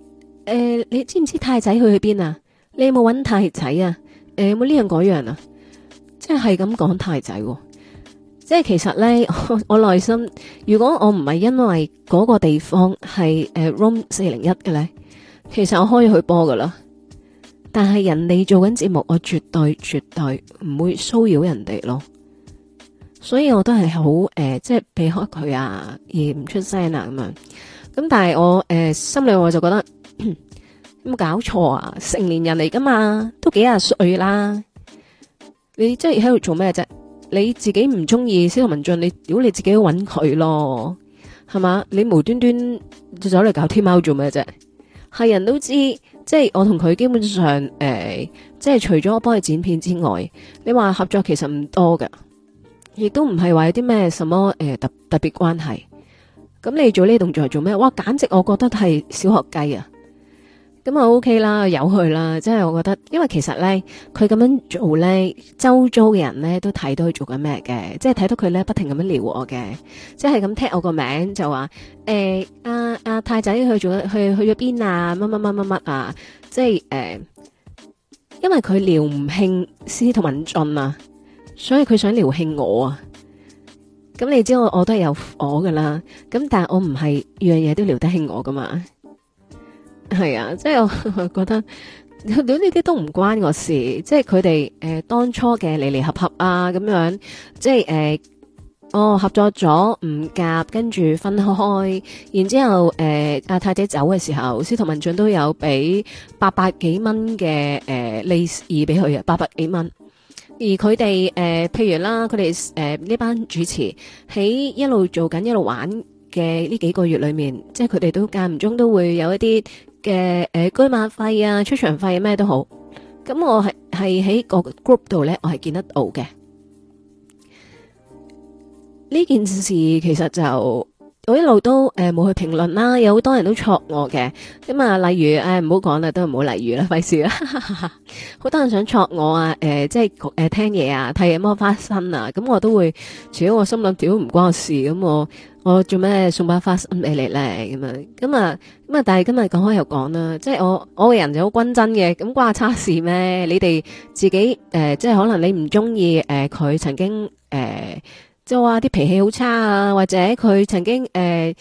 誒、欸，你知唔知太仔去去邊啊？你有冇搵太、欸、太仔啊？誒，有冇呢樣嗰樣啊？即係咁講太仔，即係其實咧，我我內心如果我唔係因為嗰個地方係誒 room 四零一嘅咧，其實我可以去播噶啦。但係人哋做緊節目，我絕對絕對唔會騷擾人哋咯。所以我都係好誒，即係避開佢啊，而唔出聲啊，咁樣。咁但係我誒、呃、心裏我就覺得有冇搞錯啊？成年人嚟噶嘛，都幾廿歲啦！你即係喺度做咩啫？你自己唔中意司徒文進，你如果你自己去搵佢咯，係嘛？你無端端就走嚟搞天喵做咩啫？係人都知，即係我同佢基本上誒、呃，即係除咗我幫佢剪片之外，你話合作其實唔多㗎，亦都唔係話有啲咩什麼誒、呃、特特別關係。咁你做呢動作係做咩？哇，簡直我覺得係小學雞啊！咁啊 OK 啦，由佢啦，即係我覺得，因為其實咧，佢咁樣做咧，周遭嘅人咧都睇到佢做緊咩嘅，即係睇到佢咧不停咁樣撩我嘅，即係咁 tag 我個名就話誒阿阿太仔去咗去去咗邊啊？乜乜乜乜乜啊？即係誒、欸，因為佢撩唔興司徒文俊啊，所以佢想撩興我啊！咁你知道我我都係有我噶啦，咁但係我唔係樣嘢都撩得起我噶嘛，係啊，即係我，我覺得，聊呢啲都唔關我事，即係佢哋誒當初嘅離離合合啊，咁樣，即係誒、呃，哦合作咗唔夾，跟住分開，然之後誒阿、呃、太姐走嘅時候，司徒文進都有俾八百幾蚊嘅誒利是俾佢啊，八百幾蚊。而佢哋誒，譬如啦，佢哋誒呢班主持喺一路做緊一路玩嘅呢幾個月裏面，即係佢哋都間唔中都會有一啲嘅誒居馬費啊、出場費啊咩都好。咁我係係喺個 group 度咧，我係見得到嘅。呢件事其實就。我一路都誒冇、呃、去評論啦，有好多人都戳我嘅，咁、嗯、啊，例如誒唔好講啦，都唔好例如啦，費事啦，好哈哈多人想戳我啊，誒、呃，即係誒、呃、聽嘢啊，睇嘢摸花生啊，咁我都會，除咗我心諗，屌唔關我事，咁我我做咩送把花生俾你呢咁啊，咁、嗯、啊，咁、嗯、啊，但係今日講開又講啦，即係我我個人就好均真嘅，咁關我差事咩？你哋自己誒、呃，即係可能你唔中意誒，佢、呃、曾經誒。呃啲脾氣好差啊，或者佢曾經誒誒、呃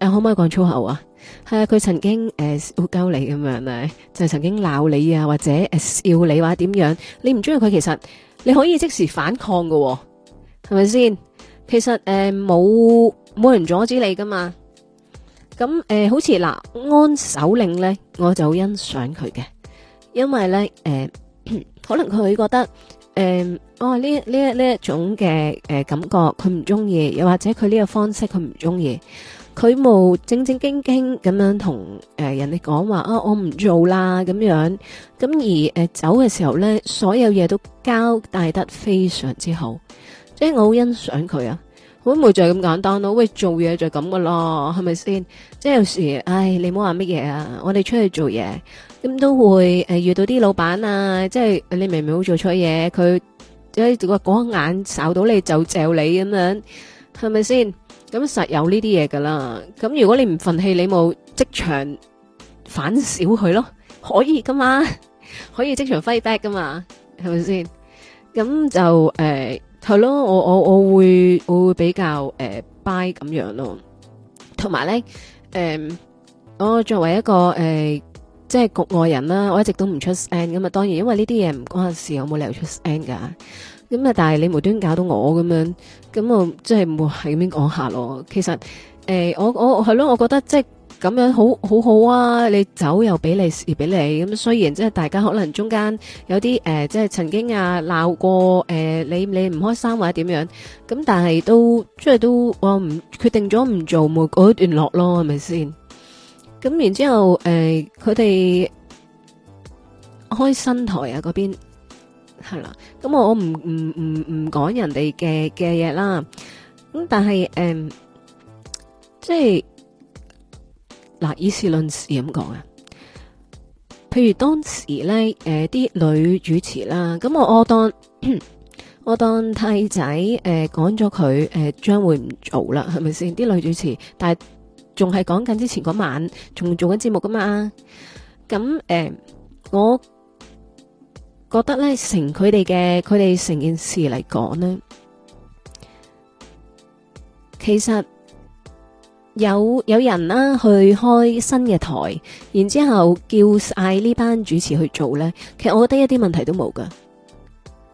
啊，可唔可以講粗口啊？係啊，佢曾經誒，會、呃、鳩你咁樣啊，就係、是、曾經鬧你啊，或者誒笑你或者點樣，你唔中意佢，其實你可以即時反抗噶，係咪先？其實誒，冇、呃、冇人阻止你噶嘛。咁誒、呃，好似嗱安守令咧，我就好欣賞佢嘅，因為咧誒、呃，可能佢會覺得。誒，我話呢呢一呢一,一種嘅誒感覺，佢唔中意，又或者佢呢個方式佢唔中意，佢冇正正經經咁樣同誒人哋講話啊，我唔做啦咁樣，咁而誒、呃、走嘅時候咧，所有嘢都交代得非常之好，即係我好欣賞佢啊，好唔好就係咁簡單咯，啊？喂，做嘢就咁噶咯，係咪先？即係有時，唉、哎，你唔好話乜嘢啊，我哋出去做嘢。咁都會誒遇到啲老闆啊，即係你明明好做錯嘢，佢即係個眼掃到你就嚼你咁樣，係咪先？咁實有呢啲嘢噶啦。咁如果你唔憤氣，你冇即場反小佢咯，可以噶嘛？可以即場 fight back 噶嘛？係咪先？咁就誒係、呃、咯，我我我會我會比較誒、呃、buy 咁樣咯。同埋咧誒，我作為一個誒。呃即係局外人啦，我一直都唔出聲咁啊。當然，因為呢啲嘢唔關事，我冇理由出聲噶。咁啊，但係你無端搞到我咁樣，咁我即係冇喺樣講下咯。其實、欸、我我係咯，我覺得即係咁樣好好好啊。你走又俾你，俾你咁。雖然即係大家可能中間有啲、呃、即係曾經啊鬧過、呃、你你唔開心或者點樣咁，但係都即係都我唔決定咗唔做，冇嗰一段落咯，係咪先？咁然之後，誒、呃，佢哋開新台啊，嗰邊係啦。咁、嗯、我唔唔唔唔講人哋嘅嘅嘢啦。咁、嗯、但係誒、嗯，即係嗱，以事論事咁講啊。譬如當時咧，誒、呃，啲女主持啦，咁、嗯、我我當 我當太仔，誒、呃，講咗佢，誒、呃，將會唔做啦，係咪先？啲女主持，但係。仲係講緊之前嗰晚，仲做緊節目噶嘛？咁，誒，我覺得咧，成佢哋嘅佢哋成件事嚟講咧，其實有有人啦去開新嘅台，然之後叫晒呢班主持去做咧，其實我覺得一啲問題都冇噶，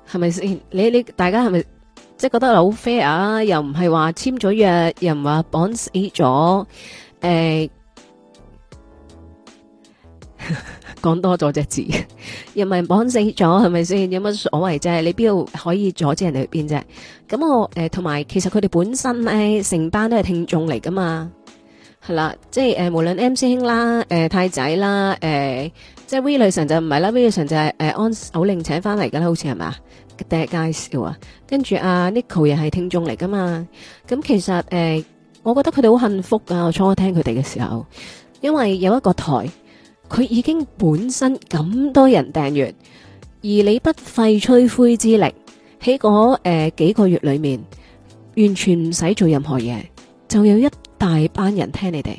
係咪先？你你大家係咪？即係覺得好 fair 啊，又唔係話簽咗約，又唔話綁死咗。誒、欸，講 多咗隻字，又唔係綁死咗，係咪先？有乜所謂啫？你邊度可以阻止人哋去邊啫？咁我誒，同、欸、埋其實佢哋本身誒，成班都係聽眾嚟噶嘛，係啦。即係誒，無論 M 師兄啦，誒、呃，太仔啦，誒、呃，即係 We 女神就唔係啦，We 女神就係誒安首令請翻嚟噶啦，好似係咪？介紹啊，跟住阿 Nicole 又係聽眾嚟噶嘛？咁其實誒，我覺得佢哋好幸福㗎！我初聽佢哋嘅時候，因為有一個台，佢已經本身咁多人訂閱，而你不費吹灰之力，喺嗰誒幾個月裏面，完全唔使做任何嘢，就有一大班人聽你哋。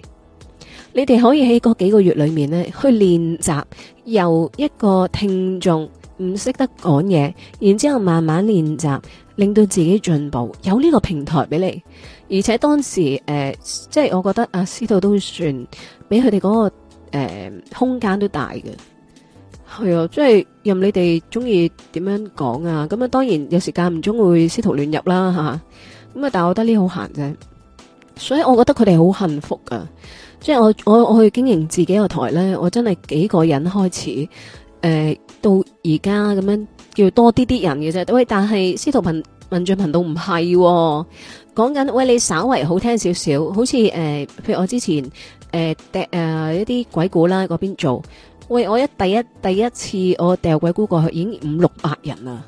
你哋可以喺嗰幾個月裏面呢，去練習由一個聽眾。唔識得講嘢，然之後慢慢練習，令到自己進步。有呢個平台俾你，而且當時誒、呃，即係我覺得阿司徒都算俾佢哋嗰個誒、呃、空間都大嘅。係啊，即係任你哋中意點樣講啊。咁啊，當然有時間唔中會司徒亂入啦，吓咁啊。但係我覺得呢好閒啫。所以我覺得佢哋好幸福噶。即係我我我去經營自己個台呢，我真係幾個人開始。誒、呃，到而家咁樣叫多啲啲人嘅啫。喂，但係司徒文進頻道唔係、哦，講緊喂你稍微好聽少少，好似誒、呃，譬如我之前誒誒、呃呃、一啲鬼故啦嗰邊做，喂，我一第一第一次我掉鬼故過去已經五六百人啦，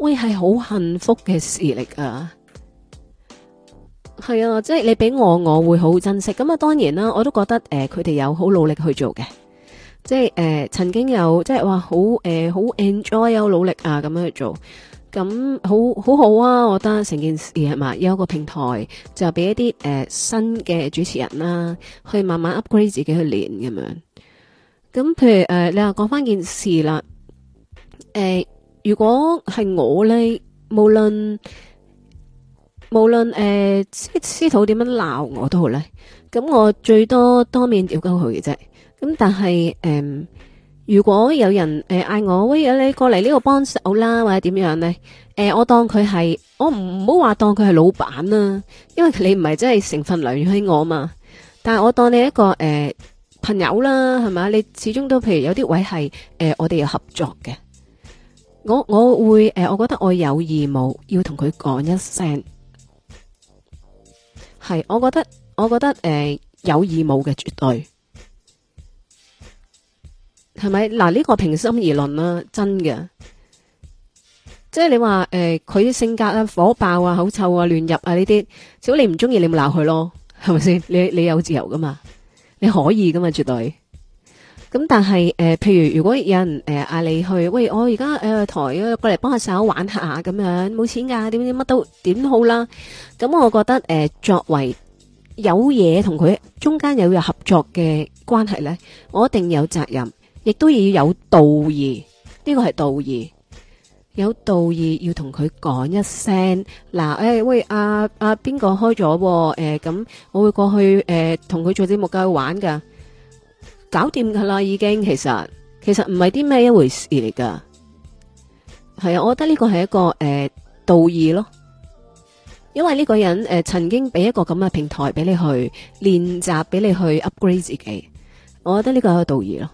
喂，係好幸福嘅事嚟㗎，係啊，即係你俾我我會好好珍惜咁啊。當然啦，我都覺得誒，佢、呃、哋有好努力去做嘅。即係誒、呃，曾經有即係話好誒，好、呃、enjoy 有努力啊，咁樣去做，咁好好好啊！我覺得成件事係嘛，有一個平台就俾一啲誒、呃、新嘅主持人啦、啊，去慢慢 upgrade 自己去練咁樣。咁譬如誒、呃，你話講翻件事啦，誒、呃，如果係我咧，無論無論誒師師徒點樣鬧我都好咧，咁我最多多面屌鳩佢嘅啫。咁但係，誒、嗯，如果有人誒嗌、呃、我，喂，你過嚟呢個幫手啦，或者點樣呢？誒、呃，我當佢係，我唔好話當佢係老闆啦，因為你唔係真係成分來源喺我嘛。但係我當你一個誒、呃、朋友啦，係咪？你始終都譬如有啲位係誒、呃，我哋有合作嘅。我我會誒、呃，我覺得我有義務要同佢講一聲，係，我覺得，我覺得誒、呃、有義務嘅絕對。係咪嗱？呢、呢個平心而論啦，真嘅，即係你話誒，佢、呃、性格啊火爆啊，口臭啊，亂入啊呢啲，只要你唔中意，你咪鬧佢咯，係咪先？你你有自由噶嘛？你可以噶嘛？絕對咁。但係誒、呃，譬如如果有人誒嗌、呃、你去喂，我而家誒台過嚟幫下手玩下咁樣，冇錢噶，點點乜都點好啦。咁我覺得誒、呃，作為有嘢同佢中間有有合作嘅關係咧，我一定有責任。亦都要有道義，呢個係道義。有道義要同佢講一聲嗱，誒喂，阿啊邊、啊、個開咗？誒、啊、咁，我會過去誒同佢做啲節目去玩噶，搞掂噶啦。已經其實其實唔係啲咩一回事嚟噶，係啊。我覺得呢個係一個誒、啊、道義咯，因為呢個人誒、啊、曾經俾一個咁嘅平台俾你去練習，俾你去 upgrade 自己。我覺得呢個係個道義咯。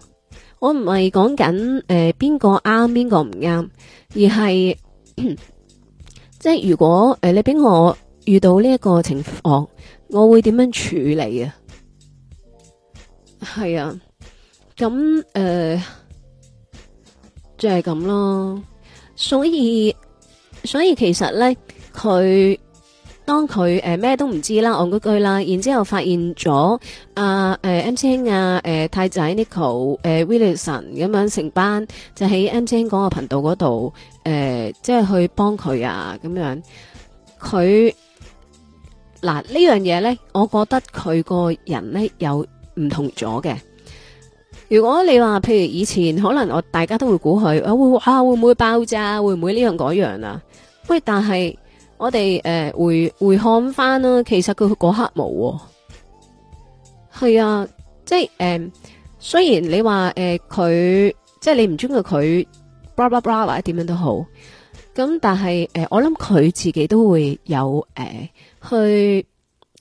我唔係講緊誒邊個啱邊個唔啱，而係即係如果誒你俾我遇到呢一個情況，我會點樣處理啊？係啊，咁、呃、誒，就係、是、咁咯。所以所以其實咧佢。當佢誒咩都唔知啦，戇、嗯、嗰句啦，然之後發現咗阿誒 MC 兄阿誒、啊呃、太仔 Nicole 誒 Williamson 咁樣成班就喺 MC 兄個頻道嗰度誒，即係去幫佢啊咁樣。佢嗱呢樣嘢咧，我覺得佢個人咧有唔同咗嘅。如果你話譬如以前可能我大家都會估佢，我會哇會唔會爆炸，會唔會呢樣嗰樣啦、啊？喂，但係。我哋誒、呃、回回看翻啦，其實佢嗰刻冇、哦，係啊，即係誒、呃，雖然你話誒佢，即係你唔中意佢，blah blah blah 或者點樣都好，咁但係誒、呃，我諗佢自己都會有誒、呃、去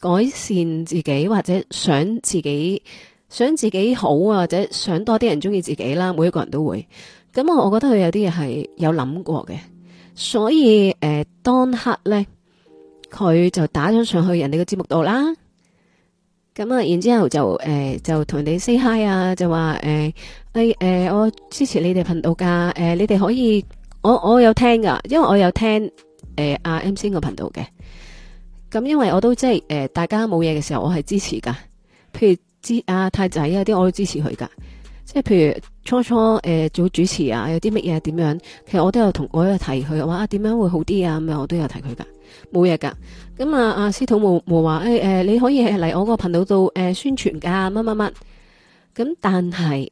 改善自己，或者想自己想自己好，或者想多啲人中意自己啦，每一個人都會，咁我我覺得佢有啲嘢係有諗過嘅。所以誒、呃，當刻咧，佢就打咗上去人哋嘅節目度啦。咁啊，然之後就誒、呃，就同人哋 say hi 啊，就話誒，誒、呃、誒、哎呃，我支持你哋頻道噶，誒、呃，你哋可以，我我有聽噶，因為我有聽誒阿、呃、MC 個頻道嘅。咁因為我都即係誒，大家冇嘢嘅時候，我係支持噶。譬如支阿、啊、太仔啊啲，我都支持佢噶。即係譬如初初誒、呃、做主持啊，有啲乜嘢點樣？其實我都有同我有提佢話啊，點樣會好啲啊？咁樣我都有提佢噶，冇嘢噶。咁啊啊司徒冇冇話誒誒，你可以嚟我個頻道度誒、呃、宣傳噶乜乜乜。咁但係誒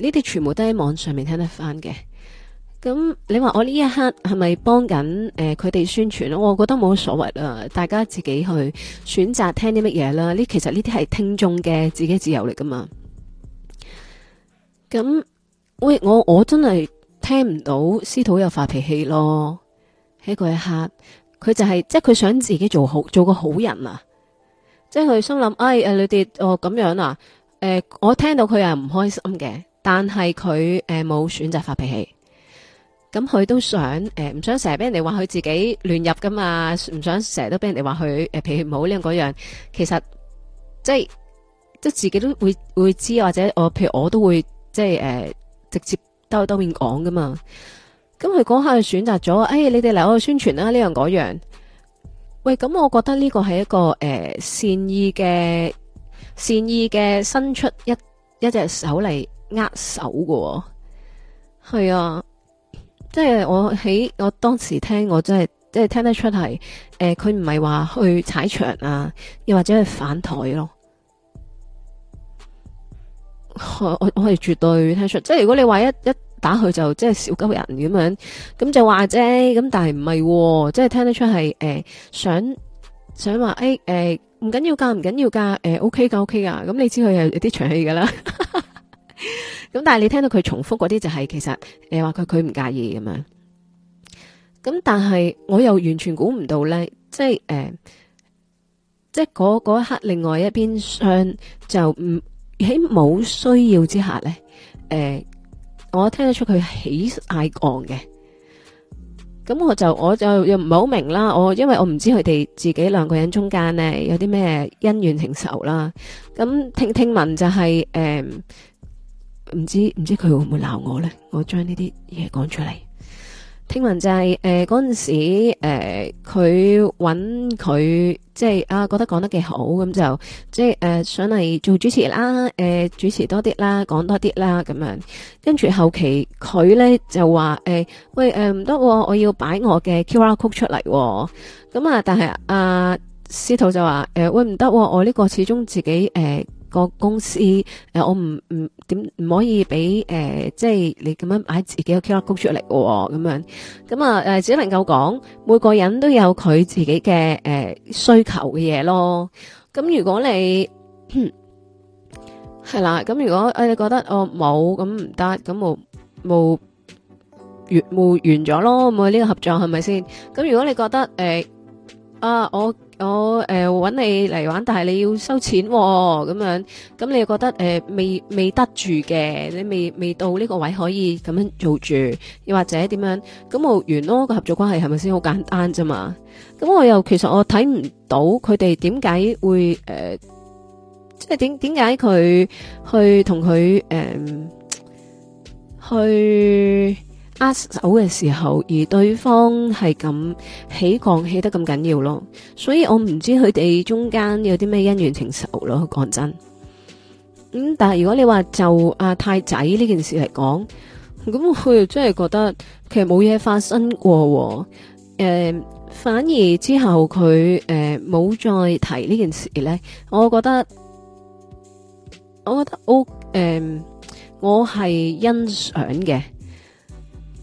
呢啲全部都喺網上面聽得翻嘅。咁你話我呢一刻係咪幫緊誒佢哋宣傳？我覺得冇所謂啦，大家自己去選擇聽啲乜嘢啦。呢其實呢啲係聽眾嘅自己自由嚟噶嘛。咁喂，我我真係聽唔到司徒又發脾氣咯。喺嗰一刻，佢就係即係佢想自己做好做個好人啊。即係佢心諗，哎誒，你哋哦咁樣啊。誒，我聽到佢係唔開心嘅，但係佢誒冇選擇發脾氣。咁佢都想誒，唔想成日俾人哋話佢自己亂入噶嘛，唔想成日都俾人哋話佢誒，脾氣唔好呢樣嗰樣。其實即係即係自己都會會知，或者我譬如我都會。即係誒、呃，直接兜兜面講噶嘛？咁佢嗰刻就選擇咗，誒、哎，你哋嚟我度宣傳啦，呢樣嗰樣。喂，咁我覺得呢個係一個誒、呃、善意嘅善意嘅伸出一一隻手嚟握手噶、哦。係啊，即係我喺我當時聽，我真係即係聽得出係，誒、呃，佢唔係話去踩場啊，又或者去反台咯。我我我係絕對聽出，即係如果你話一一打佢就即係小鳩人咁樣，咁就話啫，咁但係唔係，即係聽得出係誒、呃、想想話誒誒唔緊要噶，唔緊要噶，誒、呃呃、OK 噶 OK 噶，咁你知佢係有啲長氣噶啦。咁但係你聽到佢重複嗰啲就係、是、其實你話佢佢唔介意咁樣，咁但係我又完全估唔到咧，即係誒、呃，即係嗰一刻另外一邊雙就唔。喺冇需要之下呢，誒，我聽得出佢起嗌槓嘅，咁我就我就又唔係好明啦，我因為我唔知佢哋自己兩個人中間呢有啲咩恩怨情仇啦，咁聽聽聞就係誒，唔知唔知佢會唔會鬧我呢，我將呢啲嘢講出嚟。聽聞就係誒嗰陣時誒佢搵佢即係啊覺得講得幾好咁，就即係誒想嚟做主持啦誒、呃、主持多啲啦講多啲啦，咁樣跟住後期佢咧就話誒、呃、喂誒唔得，我要擺我嘅 QR Code 出嚟，咁、哦、啊但係阿、啊、司徒就話誒、呃、喂唔得、哦、我呢個始終自己誒。呃個公司誒、呃，我唔唔點唔可以俾誒、呃，即係你咁樣擺自己個 QR Code 出嚟嘅喎，咁樣咁啊誒，只能夠講每個人都有佢自己嘅誒、呃、需求嘅嘢咯。咁如果你係啦，咁如果、哎、你哋覺得我冇咁唔得，咁冇冇完冇完咗咯，冇、這、呢個合作係咪先？咁如果你覺得誒、呃、啊我。我呃搵你嚟玩，但係你要收錢喎，咁樣咁你又覺得呃未未得住嘅，你未未到呢個位可以咁樣做住，又或者點樣咁我完咯，個合作關係係咪先好簡單啫嘛？咁我又其實我睇唔到佢哋點解會呃，即係點點解佢去同佢呃去。握手嘅時候，而對方係咁起降起得咁緊要咯，所以我唔知佢哋中間有啲咩恩怨情仇咯。講真，咁、嗯、但係如果你話就阿、啊、太仔呢件事嚟講，咁佢真係覺得其實冇嘢發生過，誒、呃，反而之後佢誒冇再提呢件事咧，我覺得我覺得 O、ok，誒、呃，我係欣賞嘅。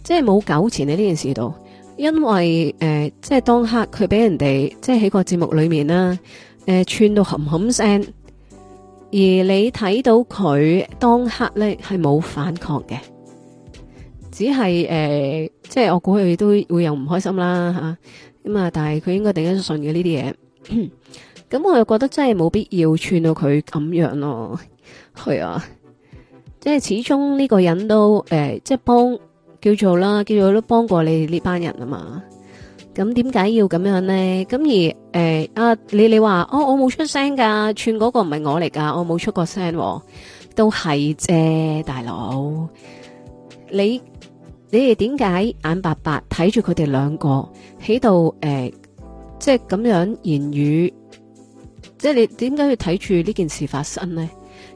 即係冇糾纏喺呢件事度，因為誒、呃，即係當刻佢俾人哋即係喺個節目裏面啦，誒、呃，串到冚冚聲，而你睇到佢當刻咧係冇反抗嘅，只係誒、呃，即係我估佢都會有唔開心啦吓，咁啊，但係佢應該頂得順嘅呢啲嘢，咁我又覺得真係冇必要串到佢咁樣咯，係啊，即係始終呢個人都誒、呃，即係幫。叫做啦，叫做都幫過你呢班人啊嘛。咁點解要咁樣呢？咁而誒啊，你你話哦，我冇出聲噶，串嗰個唔係我嚟噶，我冇出過聲，都係啫，大佬。你你哋點解眼白白睇住佢哋兩個喺度誒，即係咁樣言語，即係你點解要睇住呢件事發生呢？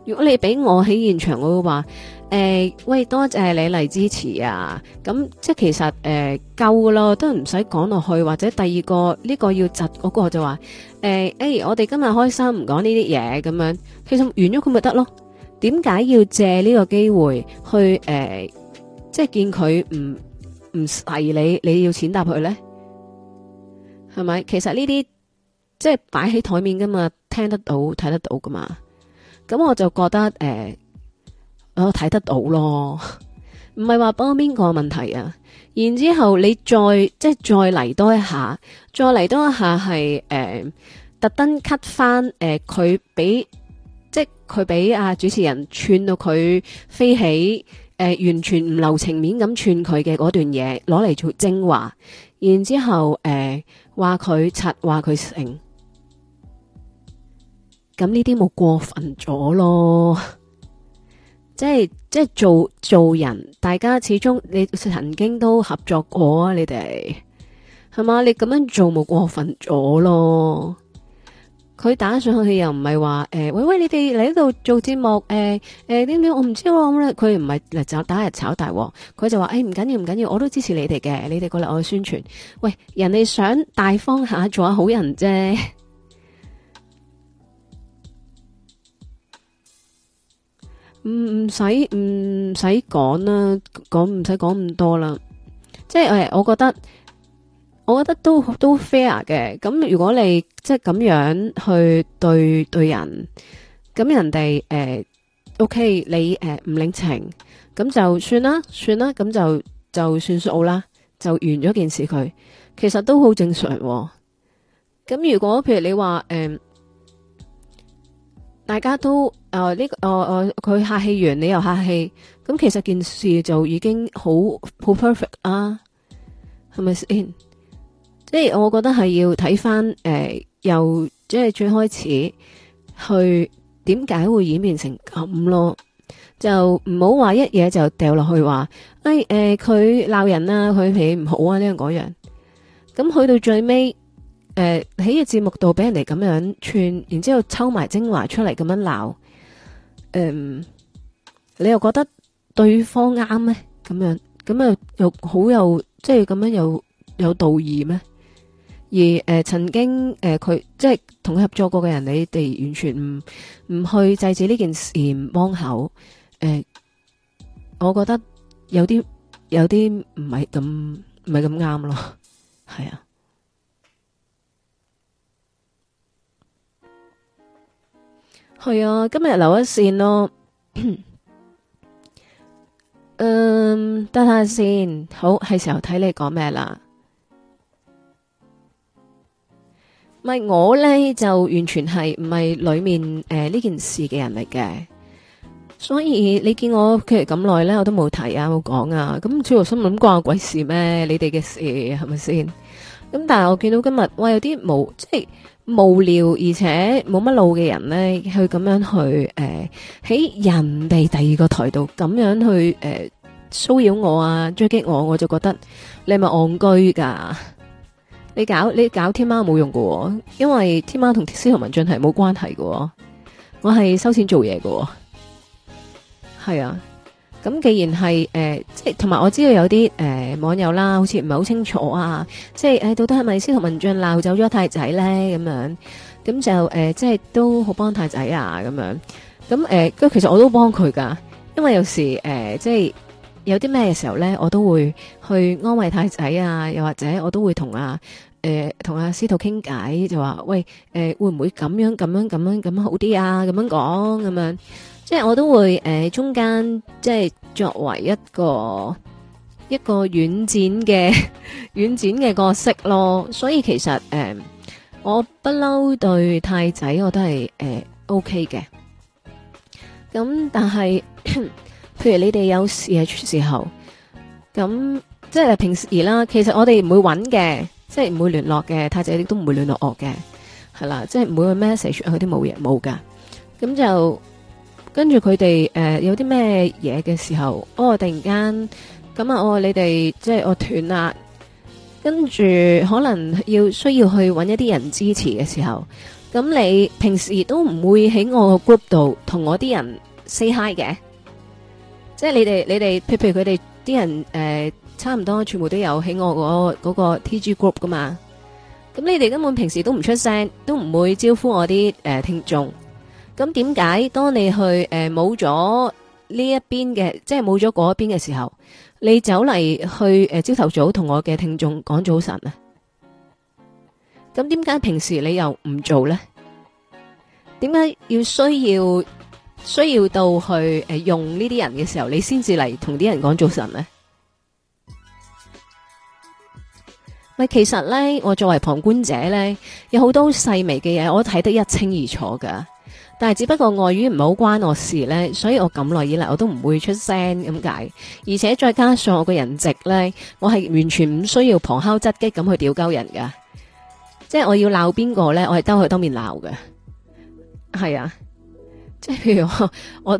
如果你俾我喺現場，我會話。誒、欸，喂，多謝你嚟支持啊！咁即係其實誒，夠咯，都唔使講落去，或者第二個呢個要窒嗰個就話，誒、欸，誒、欸，我哋今日開心，唔講呢啲嘢咁樣。其實完咗佢咪得咯？點解要借呢個機會去誒、欸，即係見佢唔唔係你，你要踐踏佢咧？係咪？其實呢啲即係擺喺台面噶嘛，聽得到、睇得到噶嘛。咁我就覺得誒。欸我睇得到咯，唔係話幫邊個問題啊？然之後你再即係再嚟多一下，再嚟多一下係誒、呃、特登 cut 翻誒佢俾即係佢俾啊主持人串到佢飛起誒、呃，完全唔留情面咁串佢嘅嗰段嘢攞嚟做精華，然之後誒話佢柒話佢成咁呢啲冇過分咗咯。即係即係做做人，大家始終你曾經都合作過啊，你哋係嘛？你咁樣做冇過分咗咯？佢打上去又唔係話誒，喂、哎、喂，你哋嚟呢度做節目誒誒點點，我唔知咁佢唔係就打日炒大鑊，佢就話誒唔緊要唔緊要，我都支持你哋嘅，你哋過嚟我宣傳。喂，人哋想大方下做下好人啫。唔唔使唔使講啦，講唔使講咁多啦。即係誒，我覺得我覺得都都 fair 嘅。咁如果你即係咁樣去對對人，咁人哋誒、呃、，OK，你誒唔、呃、領情，咁就算啦，算啦，咁就就算數啦，就完咗件事佢，其實都好正常、哦。咁如果譬如你話誒。呃大家都，誒、呃、呢、這個，誒、呃、誒，佢、呃、客氣完，你又客氣，咁其實件事就已經好好 perfect 啊，係咪先？即係我覺得係要睇翻，誒、呃，由即係最開始去點解會演變成咁咯，就唔好話一嘢就掉落去話，誒、哎、誒，佢、呃、鬧人啊，佢脾氣唔好啊，呢樣嗰樣，咁去到最尾。誒，喺個、呃、節目度俾人哋咁樣串，然之後抽埋精華出嚟咁樣鬧，嗯、呃，你又覺得對方啱咩？咁樣咁啊，樣又好有即係咁樣有有道義咩？而誒、呃，曾經誒，佢、呃、即係同佢合作過嘅人，你哋完全唔唔去制止呢件事，唔幫口，誒、呃，我覺得有啲有啲唔係咁唔係咁啱咯，係啊。係啊，今日留一線咯。 嗯，等下先，好係時候睇你講咩啦。咪我咧就完全係唔係裏面誒呢、呃、件事嘅人嚟嘅，所以你見我其實咁耐咧，我都冇提啊，冇講啊。咁最後心諗關我鬼事咩？你哋嘅事係咪先？咁但係我見到今日，喂，有啲冇即係。無聊而且冇乜路嘅人咧，去咁樣去誒喺、呃、人哋第二個台度咁樣去誒騷擾我啊，追擊我，我就覺得你係咪戇居噶？你搞你搞天喵冇用噶、哦，因為天喵同司徒文進係冇關係噶、哦，我係收錢做嘢噶、哦，係啊。咁既然係誒、呃，即係同埋我知道有啲誒、呃、網友啦，好似唔係好清楚啊，即係誒、呃、到底係咪司徒文進鬧走咗太仔咧咁樣，咁就誒即係都好幫太仔啊咁樣，咁誒、呃啊，其實我都幫佢噶，因為有時誒、呃、即係有啲咩嘅時候咧，我都會去安慰太仔啊，又或者我都會同啊誒同阿司徒傾偈，就話喂誒、呃、會唔會咁樣咁樣咁樣咁好啲啊，咁樣講咁樣。即係我都會誒，中間即係作為一個一個軟剪嘅軟剪嘅角色咯，所以其實誒，我不嬲對太仔我都係誒 O K 嘅。咁但係，譬如你哋有事嘅時候，咁即係平時啦。其實我哋唔會搵嘅，即係唔會聯絡嘅。太仔亦都唔會聯絡我嘅，係啦，即係唔會去 message 啊，佢都冇嘢冇噶。咁就。跟住佢哋誒，有啲咩嘢嘅時候，哦，突然間咁啊、嗯，哦，你哋即係我斷啦，跟住可能要需要去搵一啲人支持嘅時候，咁、嗯、你平時都唔會喺我個 group 度同我啲人 say hi 嘅，即係你哋你哋譬如佢哋啲人誒，差唔多全部都有喺我嗰、那個 TG group 㗎嘛，咁、嗯、你哋根本平時都唔出聲，都唔會招呼我啲誒、呃、聽眾。咁點解當你去誒冇咗呢一邊嘅，即係冇咗嗰一邊嘅時候，你走嚟去誒朝頭早同我嘅聽眾講早晨啊？咁點解平時你又唔做呢？點解要需要需要到去誒、呃、用呢啲人嘅時候，你先至嚟同啲人講早晨呢？其實呢，我作為旁觀者呢，有好多細微嘅嘢，我睇得一清二楚噶。但係只不過礙於唔好關我事咧，所以我咁耐以嚟我都唔會出聲咁解。而且再加上我個人直咧，我係完全唔需要旁敲側擊咁去屌鳩人噶。即係我要鬧邊個咧，我係兜佢當面鬧㗎。係啊。即係譬如我我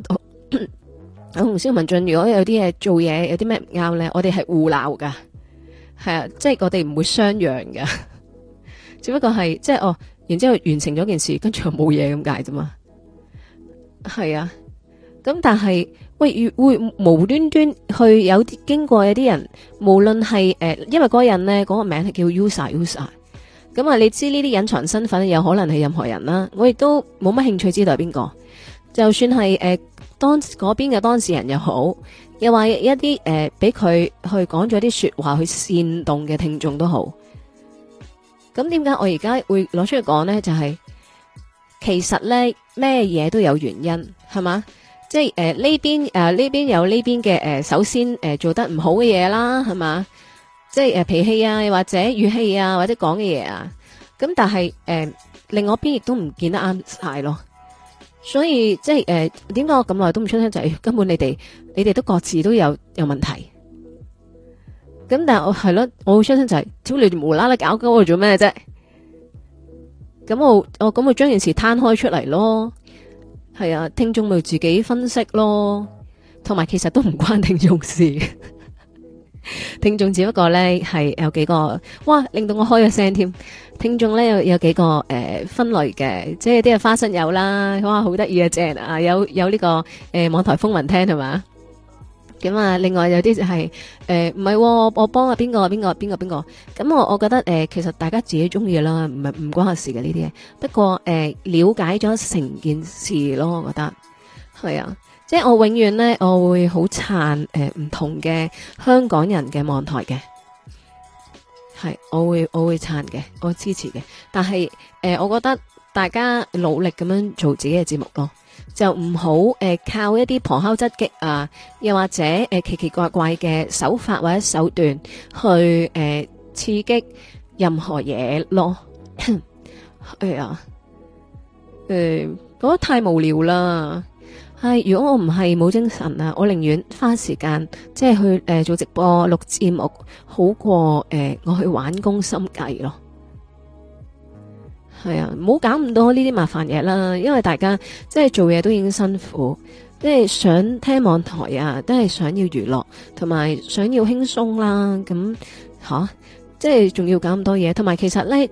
同蕭文俊，如果有啲嘢做嘢有啲咩唔啱咧，我哋係互鬧噶，係啊，即係我哋唔會相讓噶。只不過係即係哦，然之後完成咗件事，跟住又冇嘢咁解啫嘛。係啊，咁但係喂，會無端端去有啲經過有啲人，無論係誒，因為嗰個人呢嗰、嗰個名係叫 User User，咁、嗯、啊，你知呢啲隱藏身份有可能係任何人啦。我亦都冇乜興趣知道係邊個，就算係誒、呃、當嗰邊嘅當事人又好，又或一啲誒俾佢去講咗啲說話去煽動嘅聽眾都好。咁點解我而家會攞出嚟講呢？就係、是。其實咧咩嘢都有原因，係嘛？即係誒呢邊誒呢、呃、邊有呢邊嘅誒、呃，首先誒、呃、做得唔好嘅嘢啦，係嘛？即係誒、呃、脾氣啊，或者語氣啊，或者講嘅嘢啊，咁但係誒、呃、另外邊亦都唔見得啱晒咯。所以即係誒，點、呃、解我咁耐都唔出聲？就係根本你哋你哋都各自都有有問題。咁但係我係咯，我好相信就係、是，咁你哋無啦啦搞鳩我做咩啫？咁我我咁我將件事攤開出嚟咯，係啊，聽眾咪自己分析咯，同埋其實都唔關聽眾事。 聽眾只不過咧係有幾個哇令到我開咗聲添。聽眾咧有有幾個、呃、分類嘅，即係啲啊花生友啦，哇好得意啊正啊，有有呢、呢個誒、呃、網台風雲聽係嘛？咁啊！另外有啲就係、是、誒，唔、呃、係、哦、我幫我幫下邊個邊個邊個邊個，咁我我覺得誒、呃，其實大家自己中意嘅啦，唔係唔關事嘅呢啲嘢。不過誒、呃，了解咗成件事咯，我覺得係啊，即係我永遠呢，我會好撐誒、唔、呃、同嘅香港人嘅網台嘅係，我會我會撐嘅，我支持嘅。但係誒、呃，我覺得大家努力咁樣做自己嘅節目咯。就唔好誒，靠一啲旁敲側擊啊，又或者誒奇奇怪怪嘅手法或者手段去誒刺激任何嘢咯。哎呀，誒，我覺得太無聊啦。係如果我唔係冇精神啊，我寧願花時間即係去誒做直播錄節目，好過誒我去玩攻心計咯。係啊，唔好搞咁多呢啲麻煩嘢啦，因為大家即係做嘢都已經辛苦，即係想聽網台啊，都係想要娛樂，同埋想要輕鬆啦，咁吓、啊？即係仲要搞咁多嘢。同埋其實呢，誒、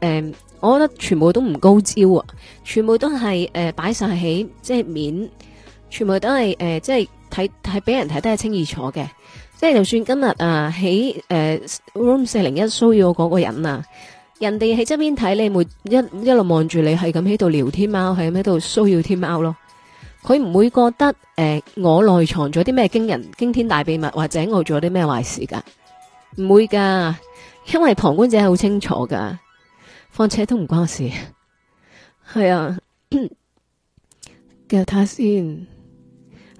呃，我覺得全部都唔高招、啊，全部都係、呃、擺晒起，即係面，全部都係即係睇係俾人睇得一清二楚嘅。即係就算今日啊，喺誒、呃、room 四零一騷擾我嗰個人啊！人哋喺側邊睇你，一一路望住你，係咁喺度聊天貓，係咁喺度騷擾天貓咯。佢唔會覺得誒、呃，我內藏咗啲咩驚人驚天大秘密，或者我做咗啲咩壞事噶？唔會噶，因為旁觀者好清楚噶，況且都唔關我事。係啊，叫他先。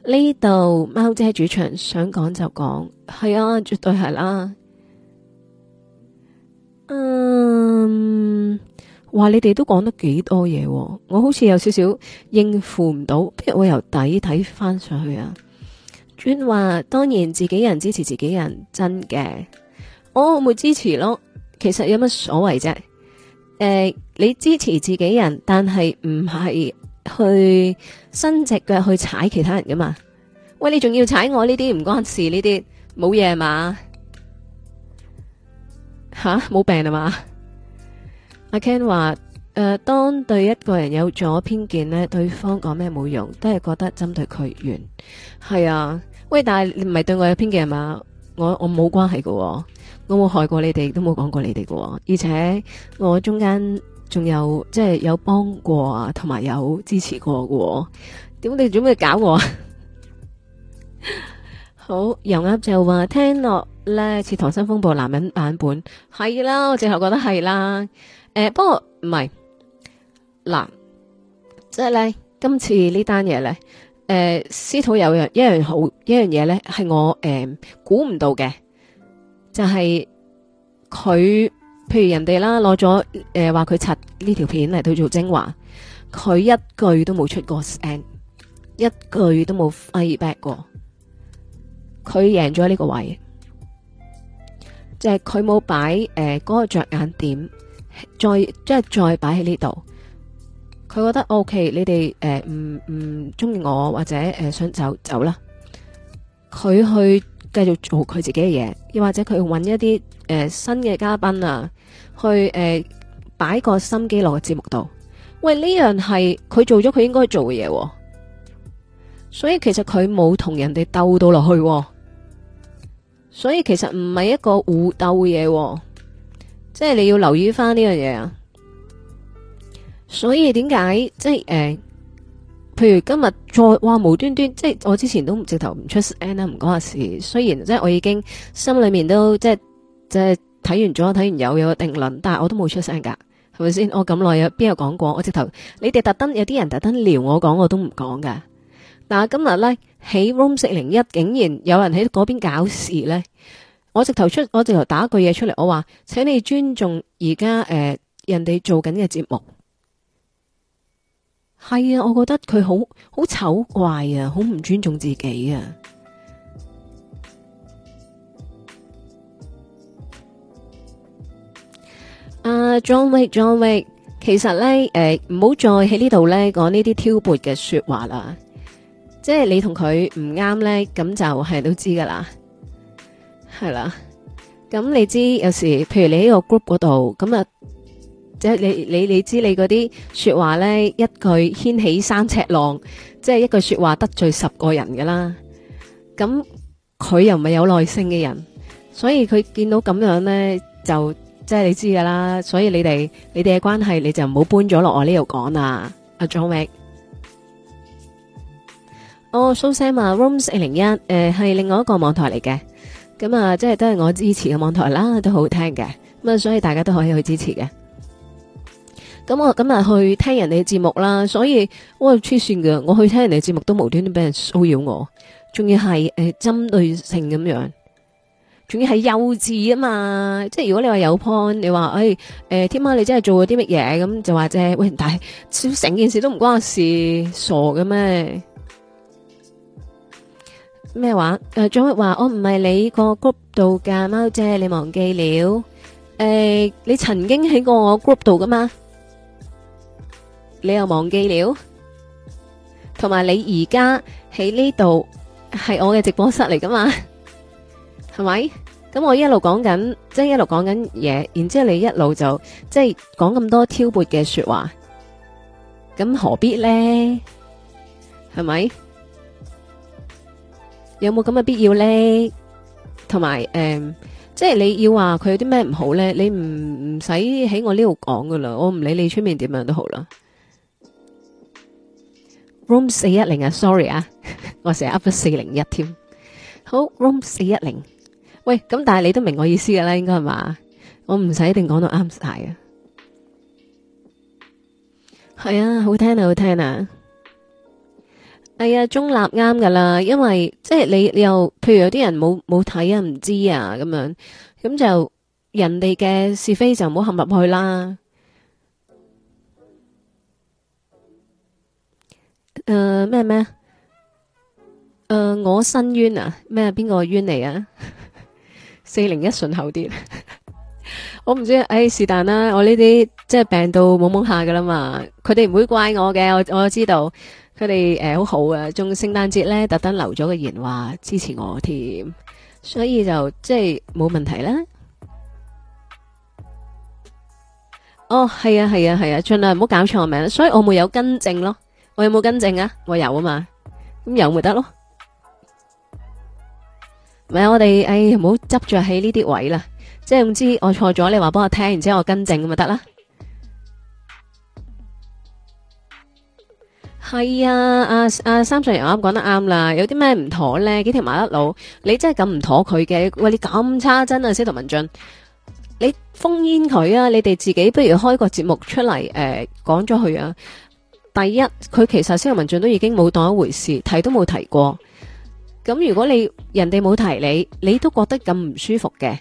呢度貓姐主場，想講就講，係啊，絕對係啦。嗯，um, 你話你哋都講得幾多嘢，我好似有少少應付唔到，邊我由底睇翻上去啊？轉 話當然自己人支持自己人，真嘅，哦，我會支持咯。其實有乜所謂啫？誒、呃，你支持自己人，但係唔係去伸隻腳去踩其他人噶嘛？喂，你仲要踩我呢啲唔關事，呢啲冇嘢嘛？吓，冇病啊嘛！阿 Ken 話誒、呃，當對一個人有咗偏見呢，對方講咩冇用，都係覺得針對佢完。係啊，喂，但係你唔係對我有偏見係嘛？我我冇關係噶，我冇、哦、害過你哋，都冇講過你哋噶、哦，而且我中間仲有即係有幫過啊，同埋有支持過噶、哦。點你做咩搞我啊？ 好，油鴨就話聽落。咧似《溏心風暴》男人版本係啦，我最後覺得係啦。誒、呃，不過唔係嗱，即係咧今次呢單嘢咧，誒、呃，司徒有樣一樣好一樣嘢咧，係我誒、呃、估唔到嘅，就係、是、佢，譬如人哋啦，攞咗誒話佢拆呢條片嚟去做精華，佢一句都冇出過聲，一句都冇 feedback 過，佢贏咗呢個位。就係佢冇擺誒嗰個着眼點，再即係再擺喺呢度，佢覺得 OK，你哋誒唔唔中意我或者誒、呃、想走走啦，佢去繼續做佢自己嘅嘢，又或者佢搵一啲誒、呃、新嘅嘉賓啊，去誒擺、呃、個心機落個節目度，喂呢樣係佢做咗佢應該做嘅嘢、哦，所以其實佢冇同人哋鬥到落去、哦。所以其實唔係一個互鬥嘅嘢，即係你要留意翻呢樣嘢啊！所以點解即係誒、呃？譬如今日再哇無端端，即係我之前都唔直頭唔出聲啦，唔講下事。雖然即係我已經心裏面都即係即係睇完咗，睇完有有個定論，但係我都冇出聲噶，係咪先？我咁耐有邊有講過？我直頭你哋特登有啲人特登撩我講，我都唔講噶。嗱，但今日呢喺 room 401，竟然有人喺嗰邊搞事呢。我直頭出，我直頭打一句嘢出嚟，我話，請你尊重而、呃、家誒人哋做緊嘅節目。係啊，我覺得佢好好醜怪啊，好唔尊重自己啊。啊 Johny，Johny，w w 其實呢誒，唔、呃、好再喺呢度咧講呢啲挑撥嘅說話啦。即係你同佢唔啱咧，咁就係都知噶啦，係啦。咁你知有時，譬如你喺個 group 嗰度，咁啊，即係你你你知你嗰啲說話咧，一句掀起三尺浪，即係一句說話得罪十個人噶啦。咁佢又唔係有耐性嘅人，所以佢見到咁樣咧，就即係你知噶啦。所以你哋你哋嘅關係，你就唔好搬咗落我呢度講啦，阿張偉。我蘇生啊，Rooms 2零一誒係另外一個網台嚟嘅，咁啊即係都係我支持嘅網台啦，都好聽嘅咁啊，所以大家都可以去支持嘅。咁我今日去聽人哋嘅節目啦，所以我黐線。噶。我去聽人哋節目都無端端俾人騷擾我，仲要係誒針對性咁樣，仲要係幼稚啊嘛。即係如果你話有 point，你話誒誒，天喵，你真係做咗啲乜嘢咁，就話啫。喂，但係成件事都唔關我事，傻嘅咩？咩話？誒，張乜話？我唔係你個 group 度嘅貓姐，你忘記了？誒，你曾經喺過我 group 度噶嘛？你又忘記了？同埋你而家喺呢度係我嘅直播室嚟噶嘛？係咪？咁我一路講緊，即係一路講緊嘢，然之後你一路就即係講咁多挑撥嘅說話，咁何必呢？係咪？有冇咁嘅必要咧？同埋誒，即係你要話佢有啲咩唔好咧？你唔唔使喺我呢度講噶啦，我唔理你出面點樣都好啦。Room 四一零啊，sorry 啊，我成日 up 咗四零一添。好，Room 四一零。喂，咁但係你都明我意思噶啦，應該係嘛？我唔使一定講到啱晒啊。係啊，好聽啊，好聽啊。係啊、哎，中立啱噶啦，因為即係你你又譬如有啲人冇冇睇啊，唔知啊咁樣，咁就人哋嘅是非就唔好陷入去啦。誒咩咩？誒、uh, 我伸冤啊咩？邊個冤嚟啊？四零一順口啲，我唔知。誒是但啦，我呢啲即係病到懵懵下噶啦嘛，佢哋唔會怪我嘅，我我知道。佢哋、欸、很好好啊，仲聖誕節特登留咗個言話支持我所以就即係冇問題啦。哦，係啊係啊係啊，盡、啊啊、量唔好搞錯我名，所以我冇有更正咯。我有冇更正啊？我有啊嘛，咁有咪得咯？唔係我哋誒唔好執着喺呢啲位啦，即係唔知我錯咗你話幫我聽，然後我更正就咪得啦。係啊，阿、啊、阿、啊、三歲人啱，講得啱啦，有啲咩唔妥呢？幾條麻甩佬，你真係咁唔妥佢嘅？喂，你咁差真啊，司徒文進，你封煙佢啊！你哋自己不如開個節目出嚟，誒、呃，講咗佢啊！第一，佢其實司徒文進都已經冇當一回事，提都冇提過。咁如果你人哋冇提你，你都覺得咁唔舒服嘅，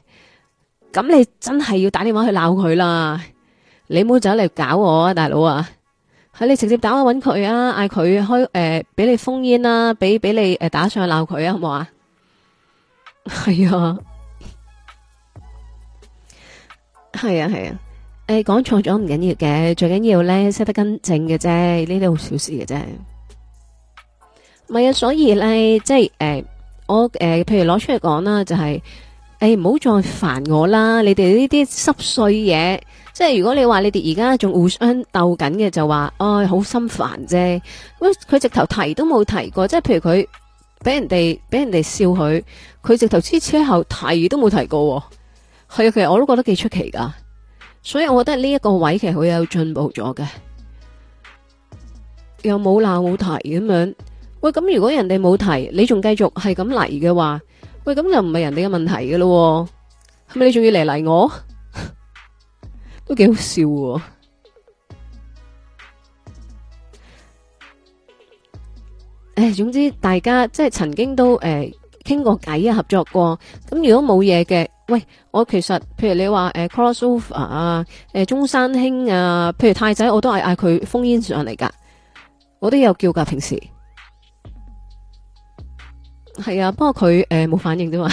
咁你真係要打電話去鬧佢啦！你唔好走嚟搞我啊，大佬啊！係、啊、你直接打去搵佢啊！嗌佢開誒，俾、呃、你封煙啦、啊，俾俾你誒、呃、打上去鬧佢啊，好唔好啊？係 啊，係啊，係、欸、啊！誒，講錯咗唔緊要嘅，最緊要咧識得跟正嘅啫，呢啲好小事嘅啫。唔係啊，所以咧即係誒、欸，我誒、欸，譬如攞出嚟講啦，就係、是、誒，唔、欸、好再煩我啦！你哋呢啲濕碎嘢。即係如果你話你哋而家仲互相鬥緊嘅，就話，哦、哎，好心煩啫。咁佢直頭提都冇提過，即係譬如佢俾人哋俾人哋笑佢，佢直頭之車後提都冇提過、哦。係啊，其實我都覺得幾出奇噶。所以我覺得呢一個位其實好有進步咗嘅，又冇鬧冇提咁樣。喂，咁如果人哋冇提，你仲繼續係咁嚟嘅話，喂，咁就唔係人哋嘅問題噶咯、哦？係咪你仲要嚟嚟我？都幾好笑喎！誒、哎，總之大家即係曾經都誒傾、呃、過偈啊，合作過。咁如果冇嘢嘅，喂，我其實譬如你話誒、呃、cross over 啊，誒、呃、中山興啊，譬如太仔，我都係嗌佢烽煙上嚟噶，我都有叫噶平時。係啊，不過佢誒冇反應啫嘛。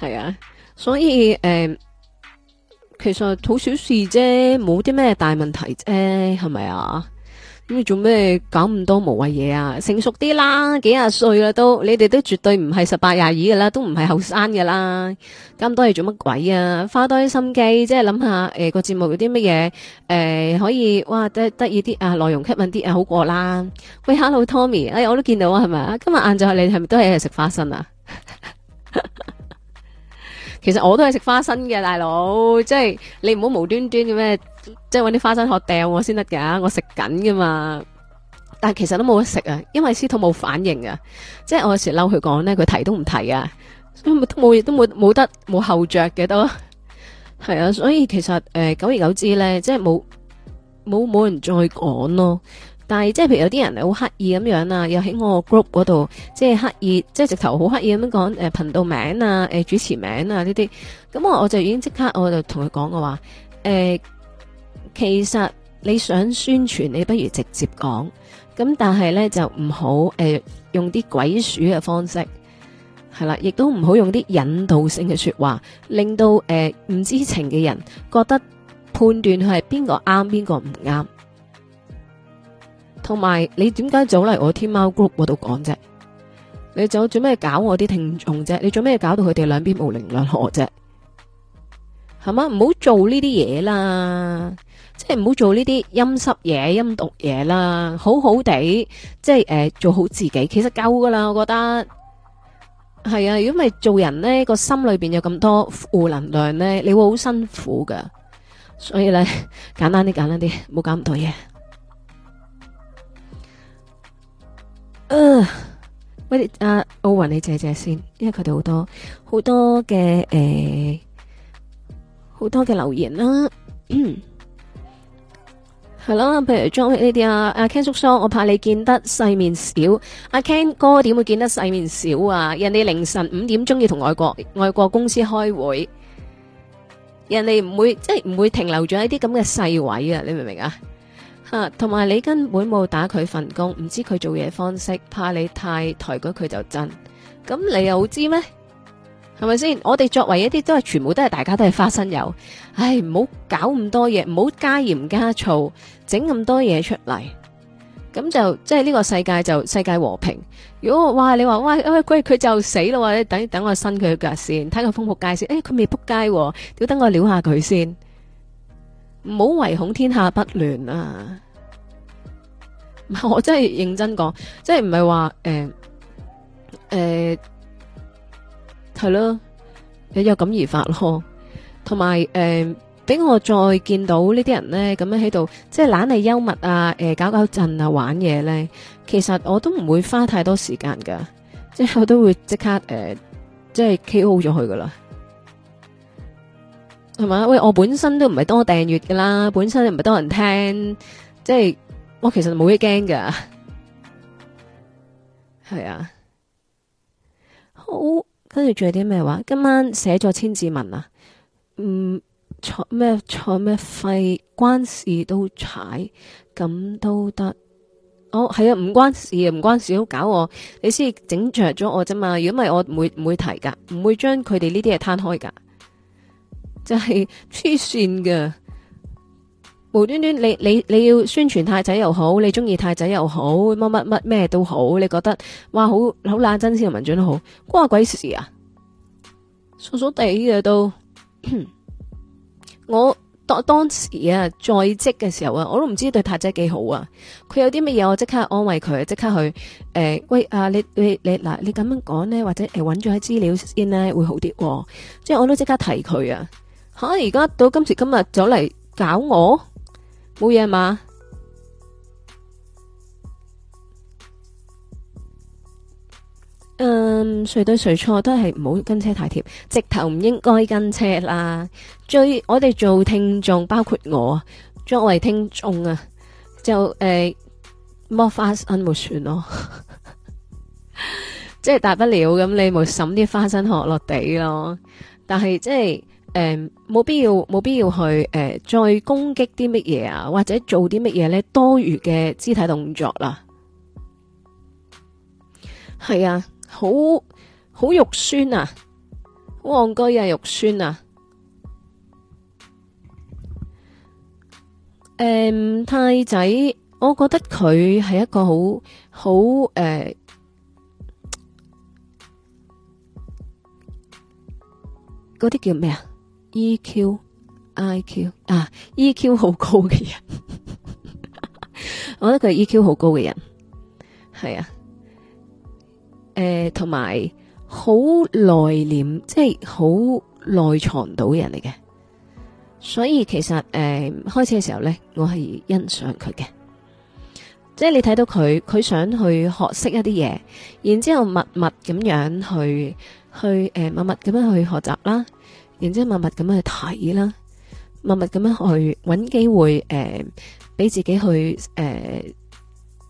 係啊，所以誒。呃其實好小事啫，冇啲咩大問題啫，係咪啊？咁你做咩搞咁多無謂嘢啊？成熟啲啦，幾廿歲啦都，你哋都絕對唔係十八廿二噶啦，都唔係後生噶啦，搞咁多嘢做乜鬼啊？花多啲心機，即係諗下誒個節目有啲乜嘢誒可以，哇得得意啲啊，內容吸引啲啊，好過啦。喂，Hello Tommy，哎我都見到啊，係咪啊？今日晏晝你係咪都係食花生啊？ 其實我都係食花生嘅，大佬，即係你唔好無端端嘅咩，即係揾啲花生殼掟我先得噶，我食緊噶嘛。但係其實都冇得食啊，因為司徒冇反應啊。即係我有時嬲佢講咧，佢提都唔提啊，都冇都冇嘢，都冇冇得冇後著嘅都，係啊。所以其實誒，久而久之咧，即係冇冇冇人再講咯。但係即係譬如有啲人好刻意咁樣啊，又喺我 group 嗰度即係刻意，即係直頭好刻意咁樣講誒頻道名啊，誒、呃、主持名啊呢啲，咁我我就已經即刻我就同佢講嘅話，誒、呃、其實你想宣傳你不如直接講，咁但係呢，就唔好誒用啲鬼鼠嘅方式，係啦，亦都唔好用啲引導性嘅說話，令到誒唔、呃、知情嘅人覺得判斷佢係邊個啱邊個唔啱。同埋，你點解走嚟我天喵 group 嗰度講啫？你走做咩搞我啲聽眾啫？你做咩搞到佢哋兩邊無零量我啫？係嘛，唔好做呢啲嘢啦，即係唔好做呢啲陰濕嘢、陰毒嘢啦，好好地即係誒做好自己，其實夠噶啦，我覺得係啊。如果唔係做人呢，個心裏邊有咁多負能量呢，你會好辛苦噶。所以呢，簡單啲，簡單啲，冇搞咁多嘢。喂，阿歐雲，啊、你借借先，因為佢哋好多好多嘅誒，好、呃、多嘅留言啦。係咯，譬如張力呢啲啊，阿、啊 啊、Ken 叔叔，我怕你見得世面少。阿、啊、Ken 哥點會見得世面少啊？人哋凌晨五點鐘要同外國外國公司開會，人哋唔會即係唔會停留咗喺啲咁嘅細位啊！你明唔明啊？吓，同埋你根本冇打佢份工，唔知佢做嘢方式，怕你太抬高佢就真。咁你又知咩？係咪先？我哋作為一啲都係，全部都係，大家都係花生油，唉，唔好搞咁多嘢，唔好加鹽加醋，整咁多嘢出嚟，咁就即係呢個世界就世界和平。如果話你話喂喂佢就死咯，你等等我伸佢腳先，睇佢風扑街、哎、先，誒佢未扑街，屌等我撩下佢先。唔好唯恐天下不亂啊！ 我真係認真講，即係唔係話誒誒係咯，有、欸欸、有感而發咯。同埋誒，俾、欸、我再見到這些呢啲人咧，咁樣喺度即係懶係幽默啊，誒、欸、搞搞震啊玩嘢咧，其實我都唔會花太多時間噶，即係我都會、欸、即刻誒即係 KO 咗佢噶啦。係嘛？喂，我本身都唔係多訂閱噶啦，本身唔係多人聽，即係我其實冇嘢驚噶。係 啊，好，跟住仲有啲咩話？今晚寫咗千字文啊？嗯，錯咩？錯咩？廢，關事都踩，咁都得。哦，係啊，唔關事唔關事，好搞我，你先整着咗我啫嘛。如果唔係，我唔會唔會提噶，唔會將佢哋呢啲嘢攤開噶。就係黐線㗎，無端端你你你要宣傳太仔又好，你鍾意太仔又好，乜乜乜咩都好，你覺得哇好好冷真先同文章都好，關我鬼事啊！傻傻地嘅都， 我當當時啊在職嘅時候啊，我都唔知對太仔幾好啊，佢有啲乜嘢我即刻安慰佢，即刻去誒、欸、喂啊你你你嗱你咁樣講呢？或者誒揾咗啲資料先呢？會好啲，哦，即係我都即刻提佢啊。吓！而家到今時今日，走嚟搞我冇嘢嘛？嗯，誰對誰錯都係唔好跟車太貼，直頭唔應該跟車啦。最我哋做聽眾，包括我作為聽眾啊，就誒，剝花生咪算咯，即係大不了咁，你咪審啲花生殼落地咯。但係即係。誒，冇、嗯、必要冇必要去誒、嗯，再攻擊啲乜嘢啊，或者做啲乜嘢呢，多餘嘅肢體動作啦，係啊，好好肉酸啊，憨居啊，肉酸啊！誒、嗯，太仔，我覺得佢係一個好好誒，嗰啲、嗯、叫咩啊？E.Q.I.Q. 啊，E.Q. 好高嘅人， 我覺得佢係 E.Q. 好高嘅人，係啊，誒、呃，同埋好內斂，即係好內藏到嘅人嚟嘅，所以其實誒、呃、開始嘅時候咧，我係欣賞佢嘅，即、就、係、是、你睇到佢，佢想去學識一啲嘢，然之後默默咁樣去去誒默默咁樣去學習啦。然之後默默咁樣去睇啦，默默咁樣去揾機會，誒、呃，俾自己去誒、呃、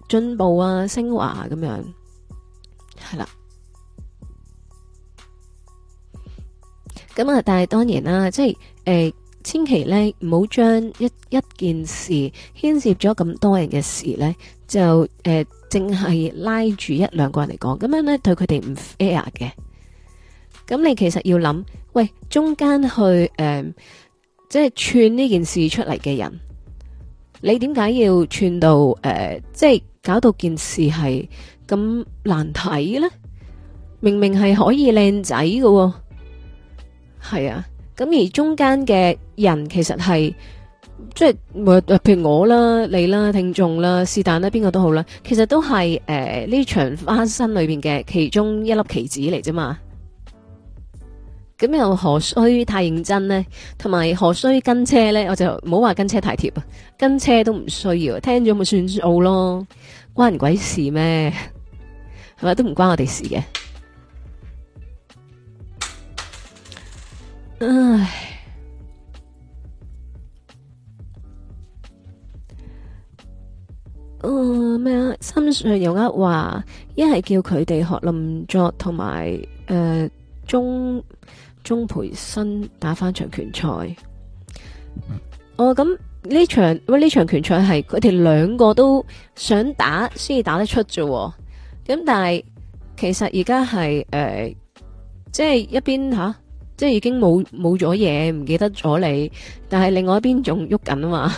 進步啊、升華咁樣，係啦。咁啊，但係當然啦，即係誒、呃，千祈咧唔好將一一件事牽涉咗咁多人嘅事咧，就誒，淨、呃、係拉住一兩個人嚟講，咁樣咧對佢哋唔 fair 嘅。咁你其實要諗。喂，中間去誒、呃，即係串呢件事出嚟嘅人，你點解要串到誒、呃，即係搞到件事係咁難睇咧？明明係可以靚仔嘅，係啊，咁而中間嘅人其實係即係，譬如我啦、你啦、聽眾啦、是但啦、邊個都好啦，其實都係誒呢場花生裏邊嘅其中一粒棋子嚟啫嘛。咁又何須太認真呢？同埋何須跟車呢？我就唔好話跟車太貼啊，跟車都唔需要，聽咗咪算數咯，關人鬼事咩？係咪都唔關我哋事嘅？唉，啊、呃、咩？心上有啲話，一係叫佢哋學林作，同埋誒中。鍾培生打返場拳賽，嗯、哦咁呢場喂呢場拳賽係佢哋兩個都想打先至打得出啫，咁但係其實而家係誒，即、呃、係、就是、一邊吓，即係、就是、已經冇冇咗嘢，唔記得咗你，但係另外一邊仲喐緊啊嘛，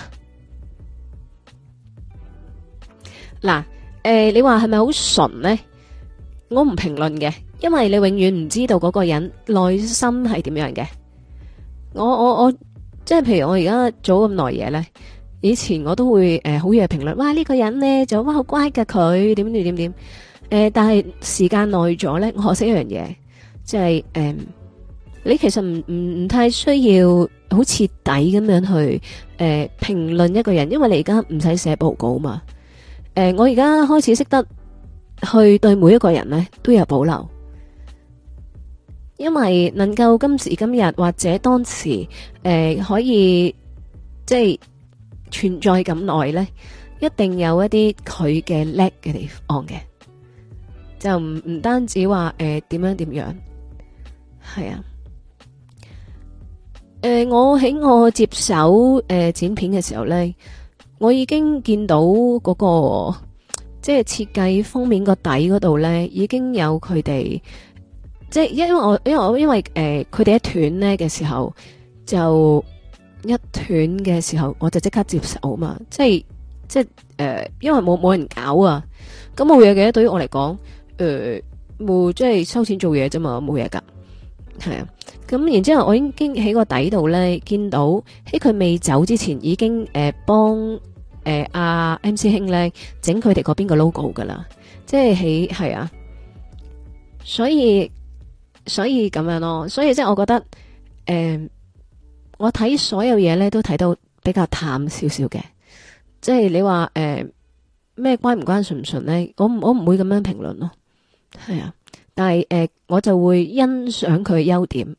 嗱 誒、呃，你話係咪好純呢？我唔評論嘅。因為你永遠唔知道嗰個人內心係點樣嘅。我我我即係譬如我而家做咁耐嘢呢，以前我都會誒好易評論，哇，呢個人呢？就哇好乖㗎！」佢點點點點，但係時間耐咗呢，我學識一樣嘢，即係、呃、你其實唔唔太需要好徹底咁樣去誒、呃、評論一個人，因為你而家唔使寫報告嘛。呃、我而家開始識得去對每一個人呢都有保留。因為能夠今時今日或者當時誒、呃、可以即係存在咁耐呢，一定有一啲佢嘅叻嘅地方嘅，就唔唔單止話誒點樣點樣，係啊，誒、呃、我喺我接手誒、呃、剪片嘅時候呢，我已經見到嗰、嗰個即係設計封面個底嗰度呢，已經有佢哋。即係，因為我因為我因為誒，佢、呃、哋一斷咧嘅時候，就一斷嘅時候，我就即刻接手啊嘛。即係即係誒、呃，因為冇冇人搞啊，咁冇嘢嘅。對於我嚟講，誒、呃、冇即係收錢做嘢啫嘛，冇嘢噶係啊。咁然之後，我已經喺個底度咧見到喺佢未走之前，已經誒、呃、幫誒阿、呃啊、M 師兄咧整佢哋嗰邊個 logo 噶啦，即係喺係啊，所以。所以咁樣咯，所以即係我覺得，誒、呃，我睇所有嘢咧都睇到比較淡少少嘅，即係你話誒咩關唔關、純唔純咧，我唔我唔會咁樣評論咯，係啊，但係誒、呃、我就會欣賞佢嘅優點，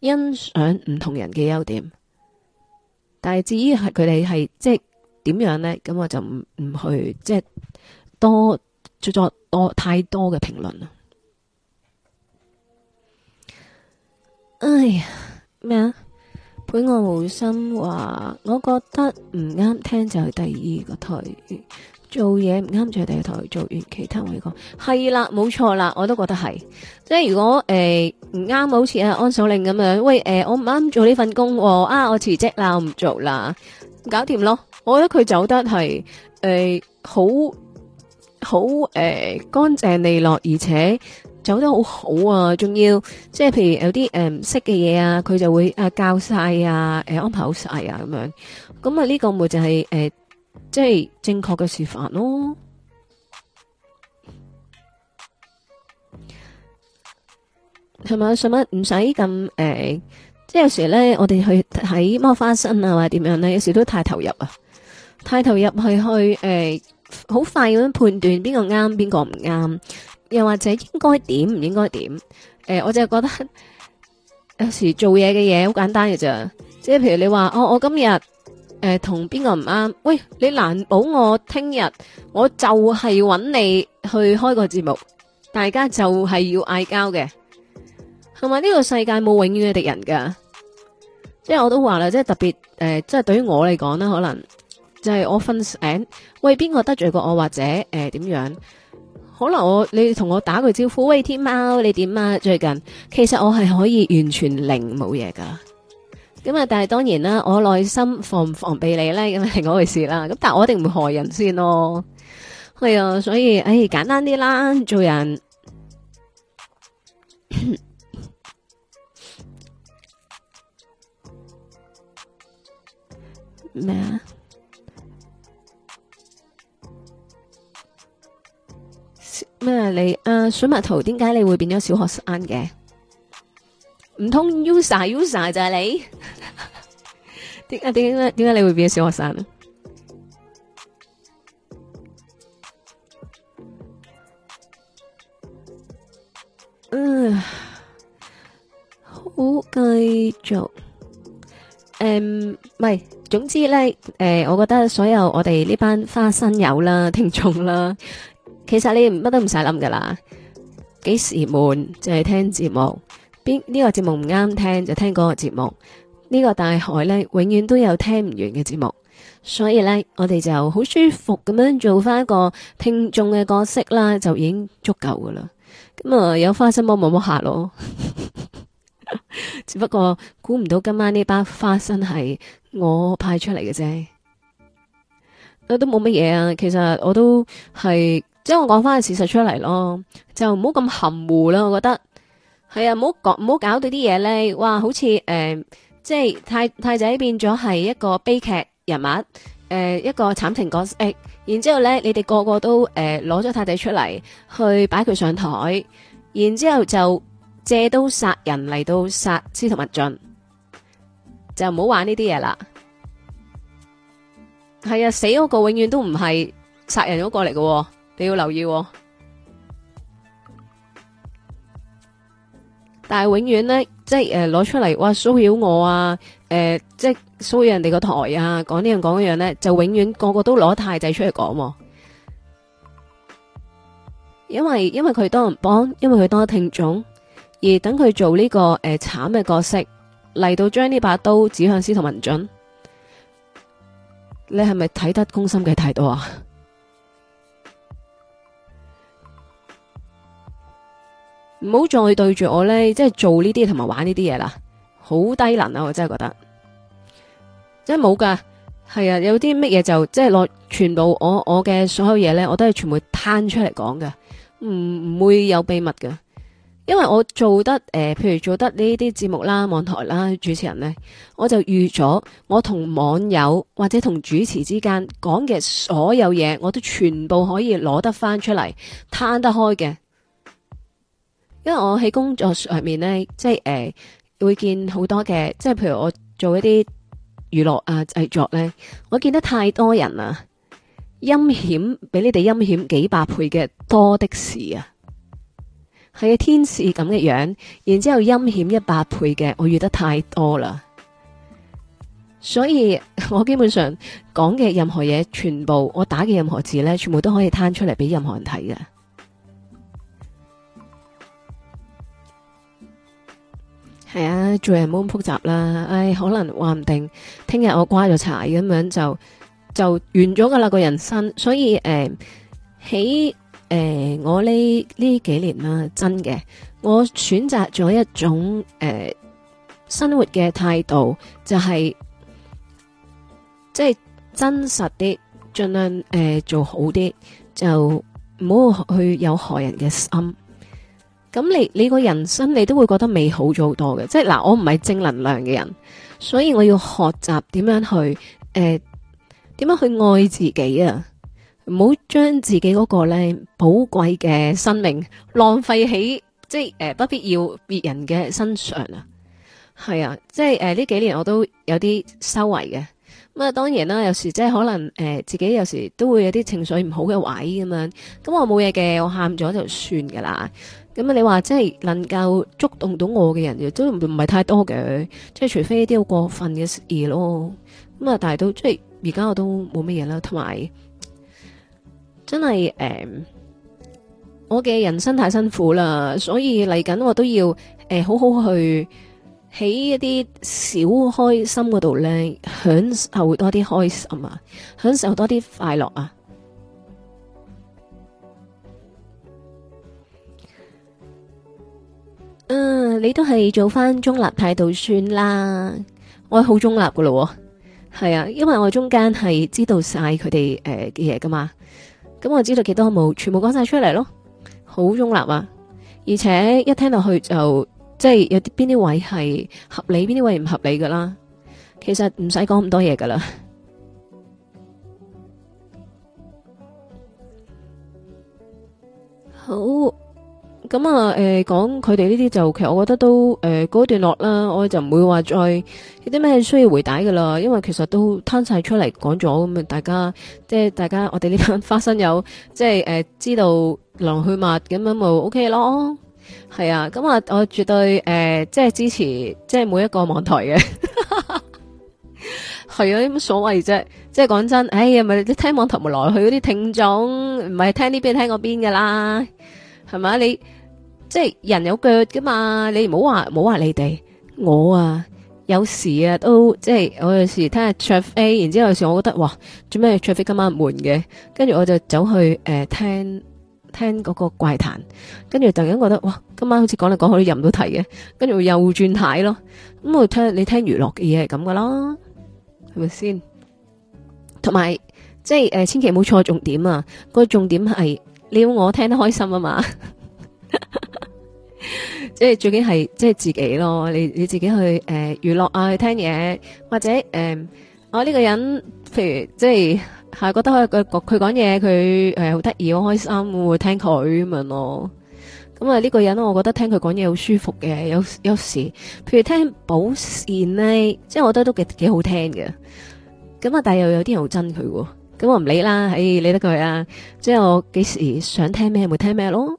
欣賞唔同人嘅優點，但係至於係佢哋係即係點樣咧，咁我就唔唔去即係、就是、多做作多，多太多嘅評論哎呀，咩啊？本我無心話，我覺得唔啱聽就係第二個台做嘢唔啱，就係第二個台做完其他我依個係啦，冇錯啦，我都覺得係。即係如果誒，唔啱，好似阿安守令咁樣，喂，誒、欸，我唔啱做呢份工啊，啊，我辭職啦，我唔做啦，搞掂咯。我覺得佢走得係誒好好誒乾淨利落，而且。走得好好啊，仲要即係，譬如有啲誒唔識嘅嘢啊，佢就會、呃、教晒啊，誒、呃、安排好晒啊，咁樣，咁啊呢個咪就係、是、誒、呃、即係正確嘅示範咯，係咪啊？使乜唔使咁誒？即係有時咧，我哋去睇摸花生啊，或者點樣咧，有時都太投入啊，太投入去去誒，好、呃、快咁樣判斷邊個啱，邊個唔啱。又或者應該點唔應該點？誒、呃，我就覺得有時做嘢嘅嘢好簡單嘅咋。即係譬如你話、哦，我我今日誒同邊個唔啱？喂，你難保我聽日我就係揾你去開個節目，大家就係要嗌交嘅。同埋呢個世界冇永遠嘅敵人噶，即係我都話啦，即係特別誒、呃，即係對於我嚟講啦，可能就係我分享，喂邊個得罪過我或者誒點、呃、樣？可能我你同我打個招呼，喂，天貓，你點啊？最近其實我係可以完全零冇嘢噶，咁啊，但係當然啦，我內心防唔防備你咧，咁係嗰回事啦。咁但係我一定唔會害人先咯，係啊，所以誒、哎、簡單啲啦，做人咩啊？ 咩？你誒，水蜜桃點解你會變咗小學生嘅？唔通 user user 就係你？點解點解點解你會變咗小學生？嗯，好繼續。誒，唔係，總之咧，誒，我覺得所有我哋呢班花生友啦，聽眾啦。其實你乜都唔使諗噶啦，幾時悶就係、是、聽節目，邊呢、這個節目唔啱聽就聽嗰個節目，呢、這個大海咧永遠都有聽唔完嘅節目，所以咧我哋就好舒服咁樣做翻一個聽眾嘅角色啦，就已經足夠噶啦。咁啊有花生幫我剝殼咯， 只不過估唔到今晚呢班花生係我派出嚟嘅啫，都冇乜嘢啊。其實我都係。即係我講翻個事實出嚟咯，就唔好咁含糊啦。我覺得係啊，唔好講唔好搞到啲嘢咧。哇，好似誒、呃，即係太太仔變咗係一個悲劇人物誒、呃，一個慘情角色。哎、然之後咧，你哋個個都誒攞咗太仔出嚟去擺佢上台，然之後就借刀殺人嚟到殺司徒文進，就唔好玩呢啲嘢啦。係啊，死嗰個永遠都唔係殺人嗰個嚟喎。你要留意喎，哦，但係永遠呢，即係誒攞出嚟，哇騷擾我啊！誒、呃，即係騷擾人哋個台啊，講呢樣講嗰樣呢，就永遠個個都攞太仔出嚟講，因為因為佢多人幫，因為佢多聽眾，而等佢做呢、這個誒慘嘅角色嚟到將呢把刀指向司徒文進，你係咪睇得公心嘅態度啊？唔好再對住我呢，即係做呢啲同埋玩呢啲嘢啦，好低能啊！我真係覺得，真係冇噶，係啊，有啲乜嘢就即係攞全部我我嘅所有嘢呢，我都係全部攤出嚟講嘅，唔唔會有秘密嘅，因為我做得誒、呃，譬如做得呢啲節目啦、網台啦、主持人呢，我就預咗我同網友或者同主持之間講嘅所有嘢，我都全部可以攞得翻出嚟攤得開嘅。因為我喺工作上面呢，即係誒、呃、會見好多嘅，即係譬如我做一啲娛樂啊、呃、製作呢，我見得太多人啊，陰險比你哋陰險幾百倍嘅多的是啊，係天使咁嘅樣，樣，然之後陰險一百倍嘅，我遇得太多啦，所以我基本上講嘅任何嘢，全部我打嘅任何字呢，全部都可以攤出嚟俾任何人睇嘅。係啊，做人唔好咁複雜啦。唉，可能話唔定，聽日我瓜咗柴咁樣就就完咗㗎喇，個人生了。所以誒，喺、呃、誒、呃、我呢呢幾年啦，真嘅，我選擇咗一種誒、呃、生活嘅態度，就係即係真實啲，盡量誒、呃、做好啲，就唔好去有害人嘅心。咁你你個人生你都會覺得美好咗好多嘅。即係嗱，我唔係正能量嘅人，所以我要學習點樣去誒，呃，點樣去愛自己啊！唔好將自己嗰個咧寶貴嘅生命浪費喺即係誒、呃，不必要別人嘅身上啊！係啊，即係誒呢幾年我都有啲修為嘅。咁啊當然啦，有時即係可能誒、呃、自己有時都會有啲情緒唔好嘅位咁樣，咁我冇嘢嘅，我喊咗就算噶啦。咁你話即係能夠觸動到我嘅人，亦都唔唔係太多嘅，即係除非一啲好過分嘅事咯。咁啊，但係都即係而家我都冇乜嘢啦。同埋，真係誒、呃，我嘅人生太辛苦啦，所以嚟緊我都要誒、呃、好好去喺一啲小開心嗰度咧，享受多啲開心啊，享受多啲快樂啊。嗯，你都係做翻中立態度算啦，我好中立噶咯，係啊，因為我中間係知道晒佢哋誒嘅嘢噶嘛，咁、嗯、我知道幾多冇、嗯，全部講晒出嚟咯，好中立啊，而且一聽落去就即係、就是、有啲邊啲位係合理，邊啲位唔合理噶啦，其實唔使講咁多嘢噶啦，好。咁啊，誒、嗯，講佢哋呢啲就，其實我覺得都，誒、呃，嗰段落啦，我就唔會話再有啲咩需要回帶噶啦，因為其實都攤晒出嚟講咗咁啊，大家即係大家，我哋呢班花生友即係誒、呃，知道來龍去脈咁樣咪 OK 咯，係啊，咁、嗯、啊，我絕對誒、呃，即係支持，即係每一個網台嘅，係有啲乜所謂啫？即係講真，哎呀，咪聽網台咪來去嗰啲聽眾，唔係聽呢邊聽嗰邊噶啦，係咪？你？即係人有腳㗎嘛，你唔好話唔好話你哋，我啊有時啊都即係，我有時聽下卓飛，然之後有時我覺得哇，做咩卓飛今晚悶嘅，跟住我就走去誒、呃、聽聽嗰個怪談，跟住突然間覺得哇，今晚好似講嚟講去都入唔到題嘅，跟住又轉態咯，咁我就聽你聽娛樂嘅嘢係咁噶啦，係咪先？同埋即係誒、呃，千祈唔好錯重點啊，個重點係你要我聽得開心啊嘛。即係最緊係即係自己咯，你你自己去誒娛樂啊，去聽嘢，或者誒、嗯、我呢個人，譬如即係係覺得佢佢佢講嘢，佢誒好得意，好開心，會聽佢咁樣咯。咁啊呢個人，我覺得聽佢講嘢好舒服嘅，有有時譬如聽寶善呢，即係我覺得都幾幾好聽嘅。咁啊，但係又有啲人好憎佢，咁我唔理啦、哎，理得佢啊。即係我幾時想聽咩，咪聽咩咯。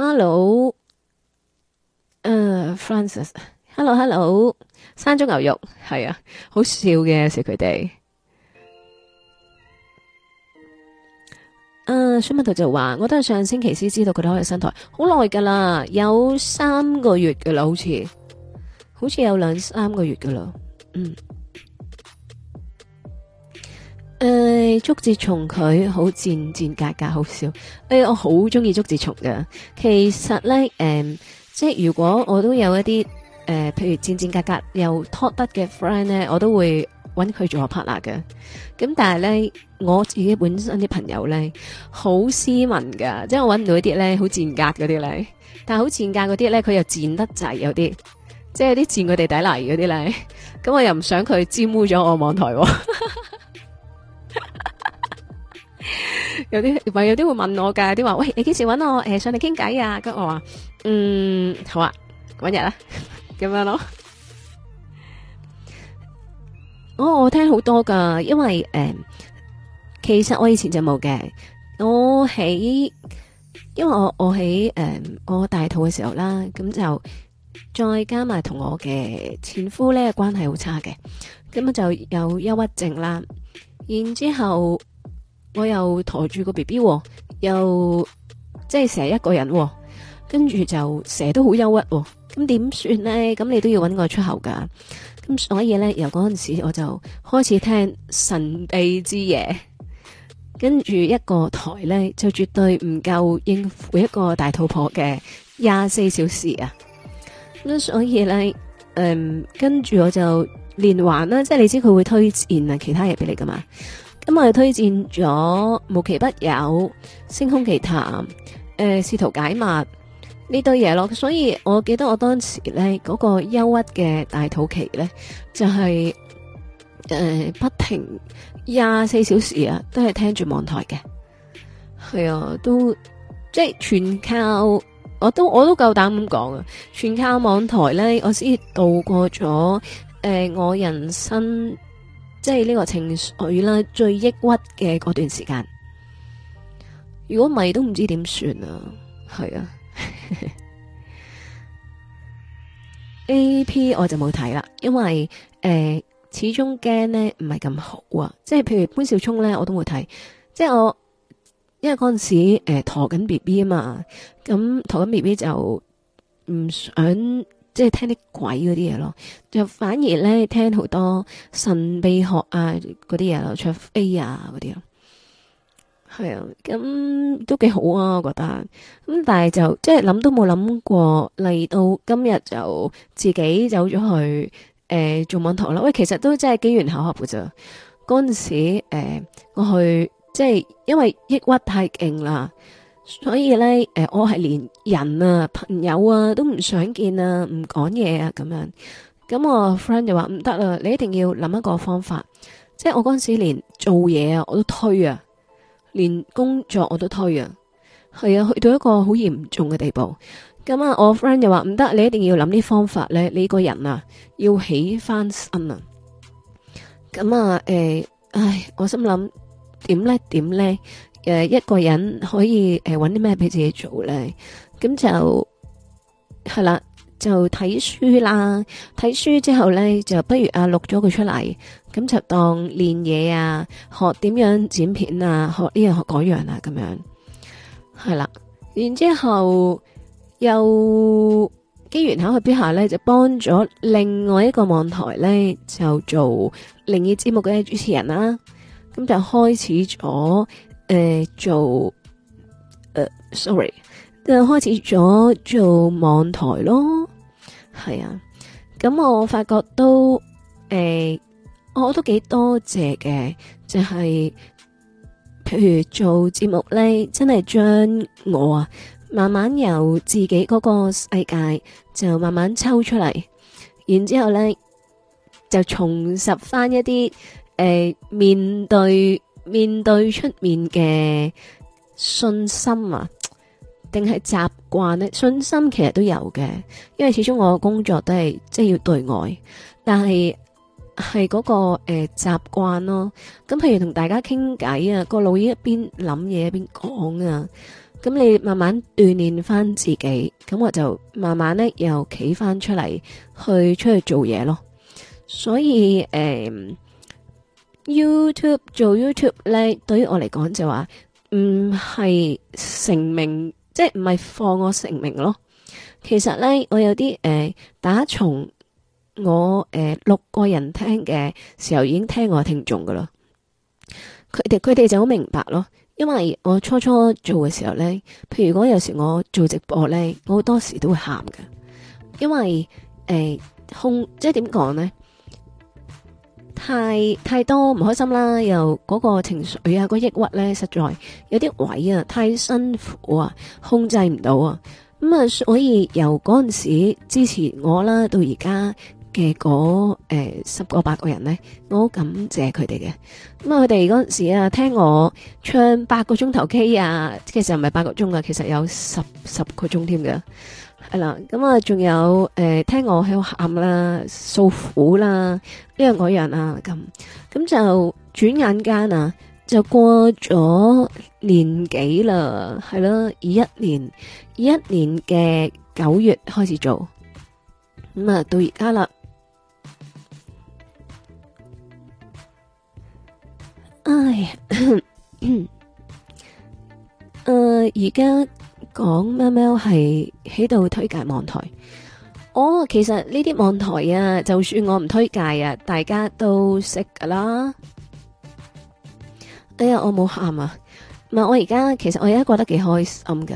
hello，誒、uh，Francis，hello，hello，hello。山竹牛肉係啊，好笑嘅，笑佢哋。誒，小文頭就話，我都係上星期先知道佢哋可以上台，好耐噶啦，有三個月噶啦，好似，好似有兩三個月噶啦，嗯。誒、呃，竹節蟲佢好賤賤格格好笑，誒、欸、我好中意竹節蟲嘅。其實咧，誒、嗯，即係如果我都有一啲誒、呃，譬如賤賤格格又 talk 得嘅 friend 咧，我都會搵佢做我 partner 嘅。咁但係咧，我自己本身啲朋友咧好斯文噶，即係我搵唔到一啲咧好賤格嗰啲咧，但係好賤格嗰啲咧佢又賤得滯，有啲即係啲賤佢地底泥嗰啲咧，咁我又唔想佢沾污咗我網台，哦。 有啲，唔係有啲會問我噶，有啲話喂，你幾時搵我？誒、呃，上嚟傾偈啊咁我話，嗯，好啊，搵日啦，咁 樣咯呢、哦。我我聽好多噶，因為誒、呃，其實我以前就冇嘅。我喺，因為我我喺誒、呃、我大肚嘅時候啦，咁就再加埋同我嘅前夫咧關係好差嘅，咁就有憂鬱症啦。然之後。我又抬住個 BB，哦，又即係成日一個人哦，跟住就成日都好憂鬱，咁點算呢？咁你都要揾我出口噶。咁所以呢，由嗰陣時我就開始聽《神秘之夜》，跟住一個台呢，就絕對唔夠應付一個大肚婆嘅廿四小時啊。咁所以呢，嗯，跟住我就連環啦，即係你知佢會推薦其他嘢俾你噶嘛。咁啊，推薦咗《無奇不有》《星空奇譚》誒，《試圖解密》呢對嘢咯。所以我記得我當時咧，嗰、那個憂鬱嘅大肚期咧，就係、是、誒、呃、不停廿四小時啊，都係聽住網台嘅。係啊，都即係全靠我都我都夠膽咁講啊！全靠網台咧，我先度過咗誒、呃、我人生。即係呢個情緒啦，最抑鬱嘅嗰段時間，如果唔係都唔知點算啊，係啊。 A P 我就冇睇啦，因為誒、呃、始終驚呢唔係咁好啊，即係譬如潘少聰呢，我都會睇，即係我因為嗰陣時誒、呃、陀緊 B B 啊嘛，咁陀緊 B B 就唔想。即係聽啲鬼嗰啲嘢咯，就反而咧聽好多神秘學啊嗰啲嘢咯，卓飛啊嗰啲咯，係啊，咁、嗯、都幾好啊，我覺得。咁、嗯、但係就即係諗都冇諗過嚟到今日就自己走咗去誒、呃、做網台咯。喂，其實都真係機緣巧合噶咋。嗰陣時誒、呃、我去，即係因為抑鬱太勁啦。所以咧，誒、呃，我係連人啊、朋友啊都唔想見啊，唔講嘢啊，咁樣。咁我 friend 就話唔得啦，你一定要諗一個方法。即係我嗰陣時連做嘢啊，我都推啊，連工作我都推啊，係啊，去到一個好嚴重嘅地步。咁啊，我 friend 又話唔得，你一定要諗啲方法咧，你個人啊要起返身啊。咁啊，誒，唉，我心諗點咧？點咧？誒，一個人可以誒揾啲咩俾自己做咧？咁就係啦，就睇書啦。睇書之後咧，就不如啊錄咗佢出嚟，咁就當練嘢啊，學點樣剪片啊，學呢樣學嗰樣啊，咁樣係啦。然之後又機緣巧合之下咧，就幫咗另外一個網台咧，就做靈異節目嘅主持人啦，啊。咁就開始咗。誒，做誒，sorry，就開始咗做網台咯，係啊，咁我發覺都誒，我都幾多謝嘅，就係譬如做節目咧，真係將我啊，慢慢由自己嗰個世界就慢慢抽出嚟，然之後咧就重拾翻一啲誒面對。面對出面嘅信心啊，定係習慣呢？信心其實都有嘅，因為始終我嘅工作都係即係要對外，但係係嗰個誒、呃、習慣咯。咁譬如同大家傾偈啊，個腦一邊諗嘢一邊講啊，咁你慢慢鍛煉翻自己，咁我就慢慢咧又企翻出嚟去出去做嘢咯。所以誒。呃 YouTube 做 YouTube 咧，對於我嚟講就話唔係成名，即係唔係放我成名咯。其實咧，我有啲誒、呃、打從我誒、呃、六個人聽嘅時候已經聽我聽眾噶啦，佢哋佢哋就好明白咯。因為我初初做嘅時候咧，譬如如果有時候我做直播咧，我好多時都會喊噶，因為誒控、呃、即係點講咧？太太多唔開心啦，又嗰個情緒啊，嗰抑鬱呢，實在有啲位啊，太辛苦啊，控制唔到啊，咁、嗯、啊，所以由嗰陣時支持我啦，到而家嘅嗰誒十個八個人呢，我好感謝佢哋嘅。咁、嗯、啊，佢哋嗰陣時啊，聽我唱八個鐘頭 K 啊，其實唔係八個鐘啊，其實有十十個鐘添㗎。係啦，咁啊，仲有誒，聽我喺度喊啦、訴苦啦，呢樣嗰樣啊，咁，咁就轉眼間啊，就過咗年幾啦，係咯，二一年，二一年嘅九月開始做，咁啊，到而家啦，唉，誒，而家。講喵喵係喺度推介網台。哦，其實呢啲網台啊，就算我唔推介啊，大家都識噶啦。哎呀，我冇喊啊！唔係我而家，其實我而家覺得幾開心噶，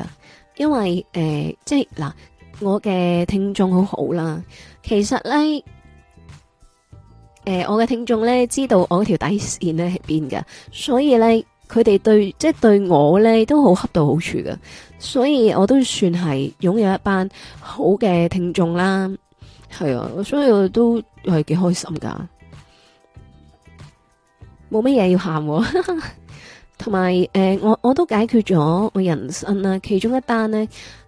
因為誒、呃，即係嗱、呃，我嘅聽眾好好啦。其實咧，誒、呃，我嘅聽眾咧，知道我條底線咧係邊噶，所以咧，佢哋對，即係對我咧，都好恰到好處噶。所以我都算係擁有一班好嘅聽眾啦，係啊，所以我都係幾開心噶，冇乜嘢要喊，哦，同埋誒，我我都解決咗我人生啊其中一單呢，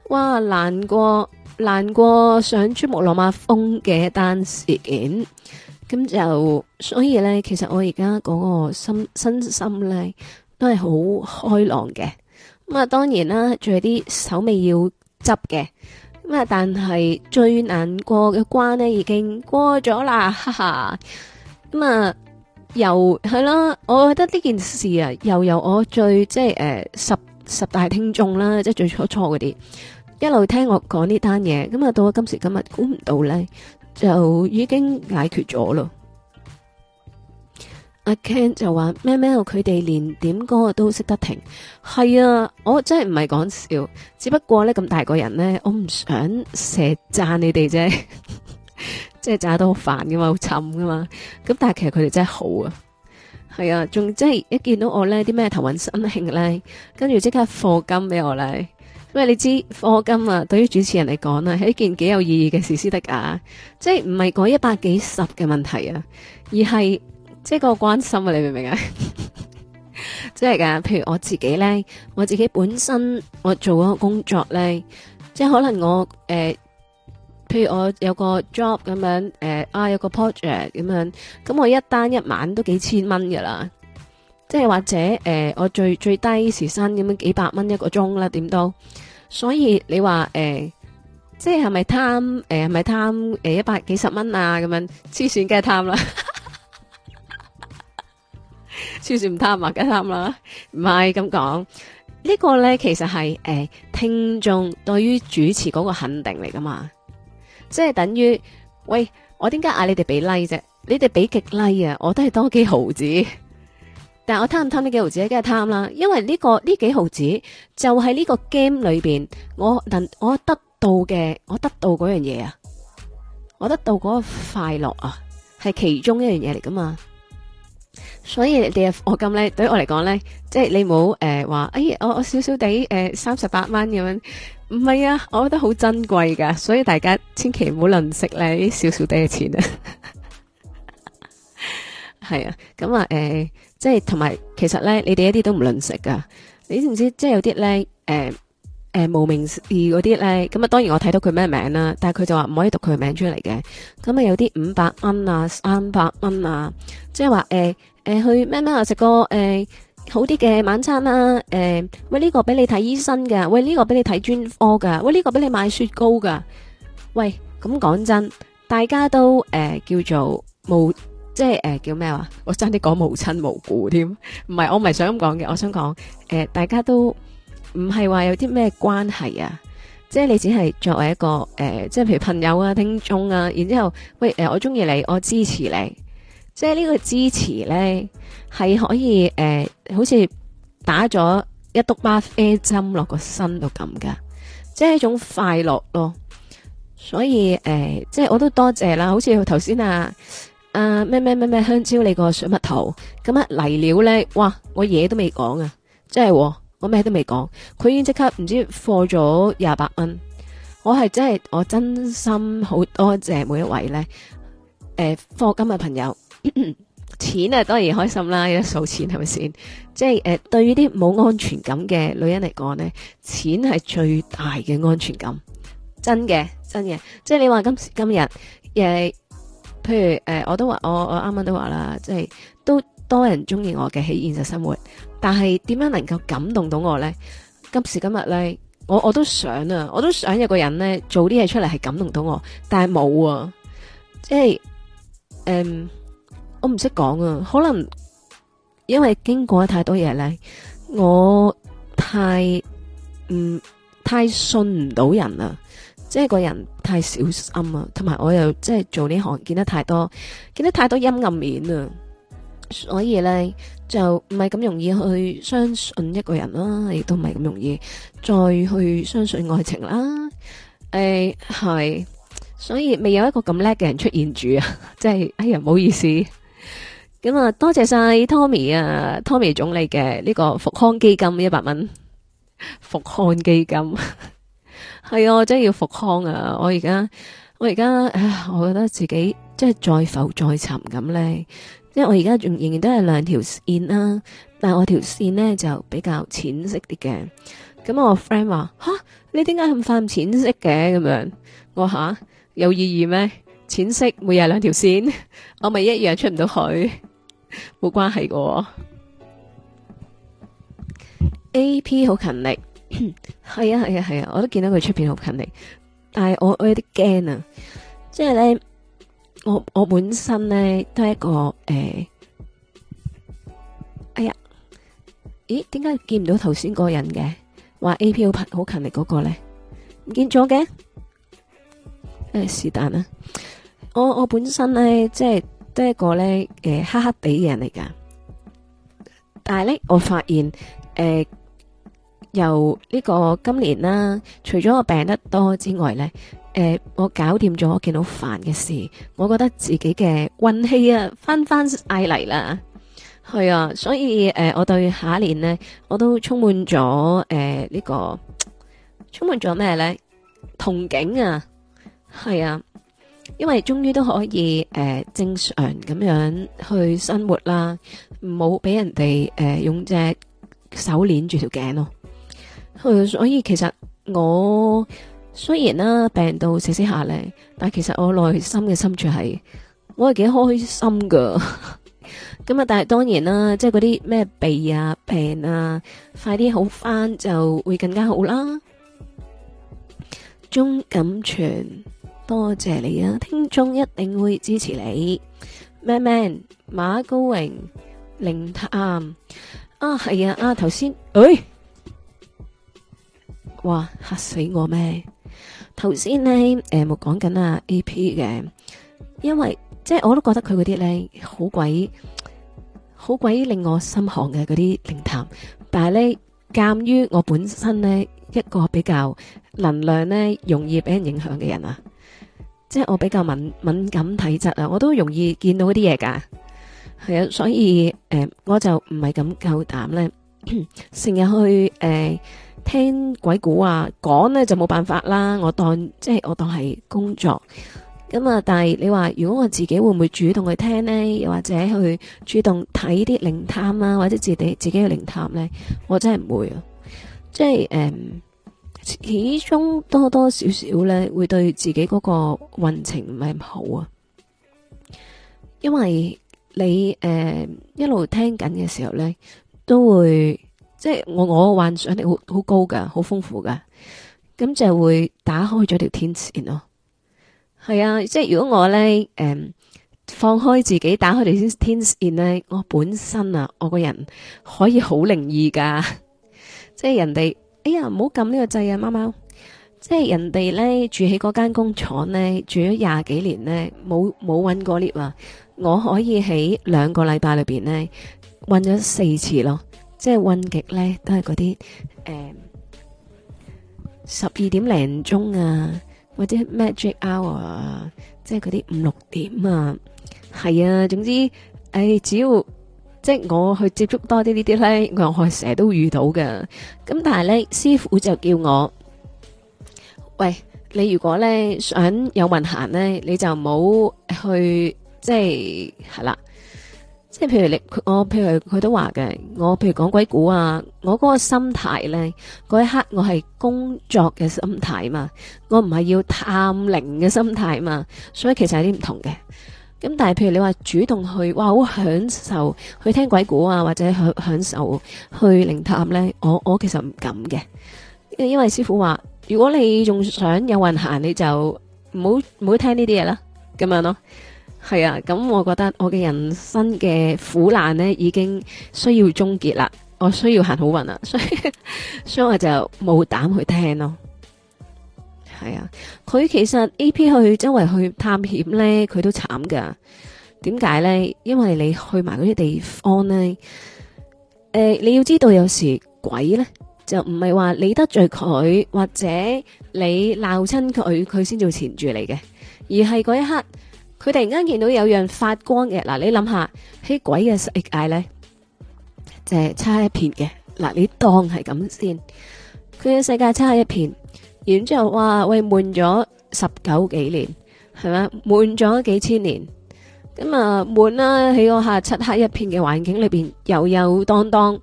哇難過難過想珠穆朗瑪峰嘅一單事件，咁就所以咧，其實我而家嗰個心身，身心咧都係好開朗嘅。咁啊，當然啦，仲有啲手尾要執嘅咁啊，但係最難過嘅關咧已經過咗啦，哈哈，咁啊、嗯、又係啦，我覺得呢件事啊又由我最即係誒、呃、十十大聽眾啦，即係最初初嗰啲一路聽我講呢單嘢，咁啊到咗今時今日不到，估唔到咧就已經解決咗咯。阿 Ken 就話咩咩，佢哋連點歌都識得停，係啊，我真係唔係講笑，只不過咧，咁大個人咧，我唔想成日讚你哋啫，即 係炸得好煩噶嘛，好慘噶嘛。咁但係其實佢哋真係好啊，係啊，仲即係一見到我咧，啲咩頭暈身慶咧，跟住即刻課金俾我咧，因為你知課金啊，對於主持人嚟講啊，係一件幾有意義嘅事，先得㗎，即係唔係嗰一百幾十嘅問題啊，而係。即係個關心啊，你明唔明啊？即係噶，譬如我自己咧，我自己本身我做嗰個工作咧，即係可能我誒、呃，譬如我有個 job 咁樣，誒、呃、啊有個 project 咁樣，咁我一單一晚都幾千蚊噶啦，即係或者誒、呃、我最最低時薪咁樣幾百蚊一個鐘啦，點都，所以你話誒、呃，即係係咪貪誒，係咪貪誒一百幾十蚊啊咁樣黐線，梗係貪啦。 超少唔貪啊，梗係貪啦！唔係咁講，這個、呢個咧其實係誒、欸、聽眾對於主持嗰個肯定嚟噶嘛，即係等於喂，我點解嗌你哋俾 like 啫？你哋俾極 like 啊，我都係多幾毫子，但係我貪唔貪呢貪、這個、幾毫子，梗係貪啦。因為呢個呢幾毫子就係呢個 game 裏邊我能我得到嘅，我得到嗰樣嘢啊，我得到嗰個快樂啊，係其中一樣嘢嚟噶嘛。所以你嘅貨金咧，對於我嚟講咧，即係你冇誒話，哎，我我少少地誒三十八蚊咁樣，唔係啊，我覺得好珍貴噶，所以大家千祈唔好吝嗇咧啲少少啲嘅錢啊， 係啊，咁啊誒、呃，即係同埋其實咧，你哋一啲都唔吝嗇噶，你知唔知？即係有啲咧誒。呃誒、呃，無名氏嗰啲咧，咁啊，當然我睇到佢咩名啦，但係佢就話唔可以讀佢嘅名出嚟嘅。咁啊，有啲五百蚊啊，三百蚊啊，即係話誒誒去咩咩啊，食個誒好啲嘅晚餐啦。誒，喂呢、這個俾你睇醫生㗎，喂呢、這個俾你睇專科㗎，喂呢、這個俾你買雪糕噶。喂，咁講真，大家都誒、呃、叫做無，即係誒叫咩啊？我爭啲講無親無故添，唔 係我唔係想咁講嘅，我想講誒、呃、大家都。唔係話有啲咩關係啊，即係你只係作為一個誒、呃，即係譬如朋友啊、聽眾啊，然之後喂誒、呃，我中意你，我支持你，即係呢個支持咧係可以誒、呃，好似打咗一督咖啡針落個身度咁噶，即係一種快樂咯。所以誒、呃，即係我都多謝，謝啦。好似頭先啊，啊咩咩咩咩香蕉，你個水蜜桃咁啊嚟料咧，哇！我嘢都未講啊，即係、哦。我咩都未講，佢已經即刻唔知貨咗廿八蚊。我係真係我真心好多謝每一位呢誒，貨金嘅朋友，呵呵錢啊當然開心啦，一數錢係咪先？即係誒，對於啲冇安全感嘅女人嚟講呢錢係最大嘅安全感，真嘅真嘅。即係你話今時今日，誒、呃，譬如誒、呃，我都話我我啱啱都話啦，即係。多人中意我嘅喺現實生活，但係點樣能夠感動到我呢？今時今日呢，我我都想啊，我都想有個人呢做啲嘢出嚟係感動到我，但係冇啊！即係、嗯，我唔識講啊，可能因為經過咗太多嘢呢，我太唔、嗯、太信唔到人啊，即係個人太小心啊，同埋我又即係做呢行見得太多，見得太多陰暗面啊！所以咧就唔係咁容易去相信一個人啦，亦都唔係咁容易再去相信愛情啦。誒、哎，係，所以未有一個咁叻嘅人出現住啊！即係，哎呀，唔好意思。咁啊，多謝晒 Tommy 啊 ，Tommy 總理嘅呢個復康基金一百蚊，復康基金係、 啊、我真係要復康啊！我而家我而家，唉，我覺得自己即係再浮再沉咁咧。因為我而家仲仍然都係兩條線啦、啊，但係我條線咧就比較淺色啲嘅。咁我 friend 話：吓，你點解咁快淺色嘅？咁樣我吓、啊、有意義咩？淺色每日兩條線，我咪一樣出唔到去，冇 關係嘅。AP 好勤力，係 啊係啊係啊，我都見到佢出邊好勤力，但係我有啲驚啊，即係咧。我我本身咧都係一個誒、欸，哎呀，咦？點解見唔到頭先嗰人嘅？話 A P o 拍好勤力嗰個咧，唔見咗嘅。誒、欸，是但啊，我我本身咧即係都係一個咧誒、欸、黑黑地嘅人嚟噶，但係咧我發現誒。欸由呢個今年啦、啊，除咗我病得多之外呢，誒、呃，我搞掂咗幾好煩嘅事，我覺得自己嘅運氣啊，翻翻晒嚟啦，係啊，所以誒、呃，我對下一年呢，我都充滿咗誒呢個、呃、充滿咗咩呢？憧憬啊，係啊，因為終於都可以誒、呃、正常咁樣去生活啦，冇俾人哋誒、呃、用隻手鏈住條頸咯。嗯、所以其實我雖然啦病到死死下嚟，但其實我內心嘅深處係我係幾開心㗎。咁啊，但係當然啦，即係嗰啲咩鼻啊、病啊，快啲好返就會更加好啦。鍾錦泉，多謝你啊！聽眾一定會支持你。man man 馬高榮、靈探啊，係啊啊頭先，誒。哇，嚇死我咩？頭先呢，誒、呃，冇講緊啊 A P 嘅，因為即係我都覺得佢嗰啲呢，好鬼好鬼令我心寒嘅嗰啲靈淡。但係呢，鑒於我本身呢，一個比較能量呢，容易俾人影響嘅人啊，即係我比較敏敏感體質啊，我都容易見到嗰啲嘢噶，係啊，所以誒、呃，我就唔係咁夠膽呢，成日去誒。呃聽鬼故啊，講呢就冇辦法啦。我當即係我當係工作，咁啊，但係你話如果我自己會唔會主動去聽呢？又或者去主動睇啲靈探啊，或者自己自己嘅靈探呢？我真係唔會啊。即係誒，嗯，始終多多少少呢，會對自己嗰個運程唔係咁好啊。因為你誒、嗯、一路聽緊嘅時候呢，都會。即係我我幻想力好好高噶，好豐富噶，咁就會打開咗條天線咯。係啊，即係如果我咧，誒、嗯，放開自己，打開條天天線咧，我本身啊，我個人可以好靈異噶。 即係人哋，哎呀，唔好撳呢個掣啊，貓貓。即係人哋咧住喺嗰間工廠咧住咗廿幾年咧，冇冇揾過 lift 啊，我可以喺兩個禮拜裏邊咧搵咗四次咯。即係運極咧，都係嗰啲誒，十二點零鐘啊，或者 magic hour 啊，即係嗰啲五六點啊，係啊，總之誒、欸，只要即係我去接觸多啲呢啲咧，我我成日都遇到噶。咁但係咧，師傅就叫我，喂，你如果咧想有運行咧，你就唔好去，即係係啦。即係譬如你，我譬如佢都話嘅，我譬如講鬼故啊，我嗰個心態呢，嗰一刻我係工作嘅心態嘛，我唔係要探靈嘅心態嘛，所以其實有啲唔同嘅。咁但係譬如你話主動去，哇好享受去聽鬼故啊，或者享享受去靈探呢，我我其實唔敢嘅，因為師傅話，如果你仲想有運行，你就唔好唔好聽呢啲嘢啦，咁樣咯。係啊，咁我覺得我嘅人生嘅苦難呢已經需要終結啦。我需要行好運啦，所以 所以我就冇膽去聽咯。係啊，佢其實 AP 去周圍去探險呢，佢都慘噶。點解呢？因為你去埋嗰啲地方呢，誒、呃，你要知道有時鬼呢，就唔係話你得罪佢或者你鬧親佢，佢先至纏住你嘅，而係嗰一刻。佢突然間見到有樣發光嘅，嗱，你諗下喺鬼嘅世界咧，就係、是、漆黑一片嘅，嗱，你當係咁先。佢嘅世界漆黑一片，然之後哇，喂，悶咗十九幾年，係咪？悶咗幾千年，咁啊悶啦，喺個下漆黑一片嘅環境裏邊悠悠蕩蕩，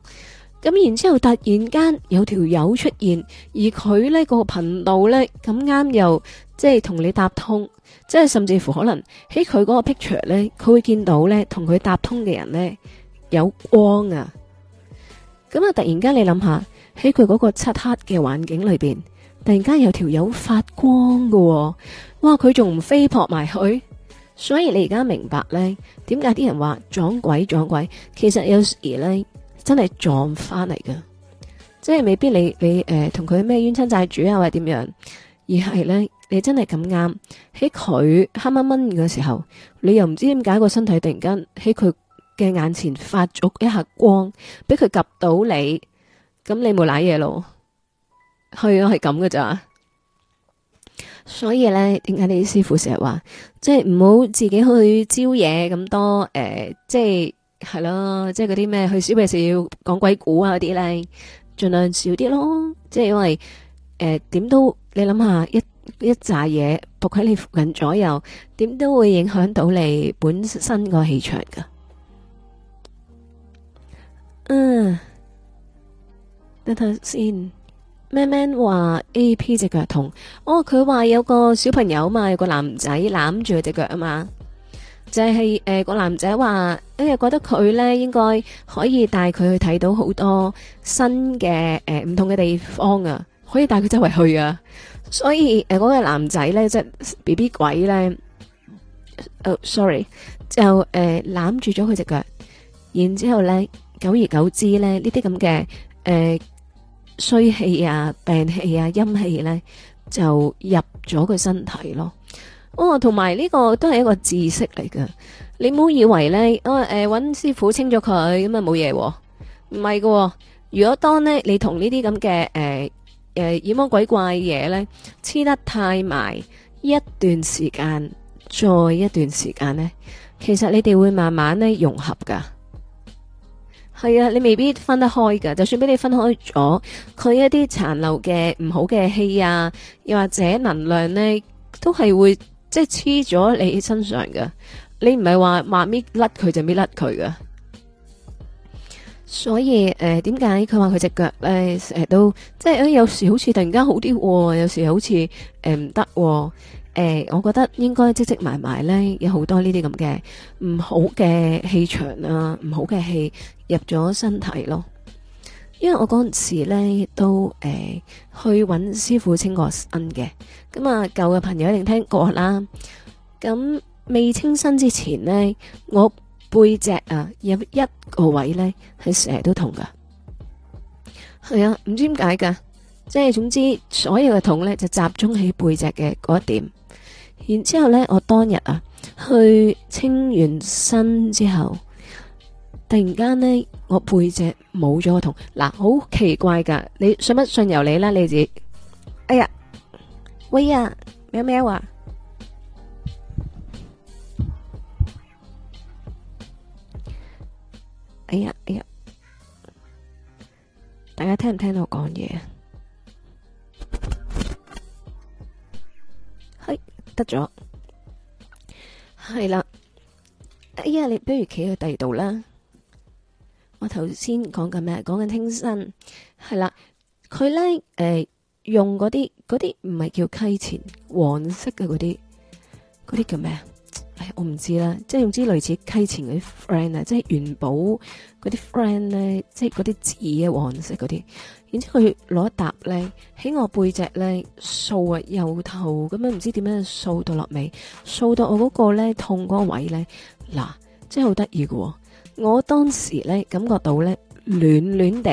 咁然之後突然間有條友出現，而佢呢、個頻道咧咁啱又即係同你搭通。即係甚至乎可能喺佢嗰個 picture 咧，佢會見到咧，同佢搭通嘅人咧有光啊！咁啊，突然間你諗下，喺佢嗰個漆黑嘅環境裏邊，突然間有條友發光噶，哦，哇！佢仲唔飛撲埋去？所以你而家明白咧，點解啲人話撞鬼撞鬼？其實有時咧真係撞翻嚟噶，即係未必你你誒同佢咩冤親債主啊或點樣？而係咧，你真係咁啱喺佢黑掹掹嘅時候，你又唔知點解個身體突然間喺佢嘅眼前發咗一下光，俾佢及到你，咁你冇瀨嘢咯。係啊，係咁嘅咋。所以咧，點解你啲師傅成日話，即係唔好自己去招嘢咁多誒、呃，即係係咯，即係嗰啲咩去小費時要講鬼故啊嗰啲咧，盡量少啲咯。即係因為誒點、呃、都。你諗下，一一紮嘢伏喺你附近左右，點都會影響到你本身個氣場噶。嗯，等睇先。咩咩話？A P 隻腳痛。哦，佢話有個小朋友嘛，有個男仔攬住佢隻腳啊嘛。就係、是、誒、呃個男仔話，因為覺得佢呢應該可以帶佢去睇到好多新嘅誒唔同嘅地方啊。可以帶佢周圍去啊，所以誒，嗰，呃嗰個男仔咧，即係 B B 鬼咧。哦，oh，sorry，就誒攬，呃、住咗佢隻腳，然之後咧，久而久之咧，呢啲咁嘅誒衰氣啊、病氣啊、陰氣咧，就入咗佢身體咯。哦，同埋呢個都係一個知識嚟噶。你唔好以為咧，我誒揾師傅清咗佢咁啊，冇嘢唔係噶。如果當咧，你同呢啲咁嘅誒。誒，妖魔、呃、鬼怪嘢咧，黐得太埋一段時間，再一段時間咧，其實你哋會慢慢咧融合噶。係啊，你未必分得開噶。就算俾你分開咗，佢一啲殘留嘅唔好嘅氣啊，又或者能量咧，都係會即係黐咗你身上噶。你唔係話話搣甩佢就搣甩佢噶。所以誒，點解佢話佢隻腳咧成日都即係誒，有時好似突然間好啲，有時好似誒唔得。誒、呃呃，我覺得應該積積埋埋咧，有好多呢啲咁嘅唔好嘅氣場啊，唔好嘅氣入咗身體咯。因為我嗰陣時咧都誒、呃、去揾師傅清過身嘅，咁啊舊嘅朋友一定聽過啦。咁未清身之前咧，我。背脊啊，有一個位咧，係成日都痛噶，係啊，唔知點解噶，即係總之，所有嘅痛咧就集中喺背脊嘅嗰一點。然之後咧，我當日啊，去清完身之後，突然間咧，我背脊冇咗個痛，嗱，好奇怪噶，你信不信由你啦，你自己。哎呀，喂啊，喵喵啊。哎呀，哎呀，大家聽唔聽到我講嘢？係得咗，係啦。哎呀，你不如企去第二度啦。我頭先講緊咩？講緊清新，係啦。佢咧誒，用嗰啲、嗰啲唔係叫溪錢黃色嘅嗰啲，嗰啲叫咩？唉，我唔知啦，即係用之類似溪錢嗰啲 friend 啊，即係元寶嗰啲 friend 咧，即係嗰啲紙，啊黃色嗰啲，然之後佢攞一疊咧喺我背脊咧掃啊，由頭咁樣唔知點樣掃到落尾，掃到我嗰個咧痛嗰個位咧，嗱，真係好得意噶，我當時咧感覺到咧暖暖地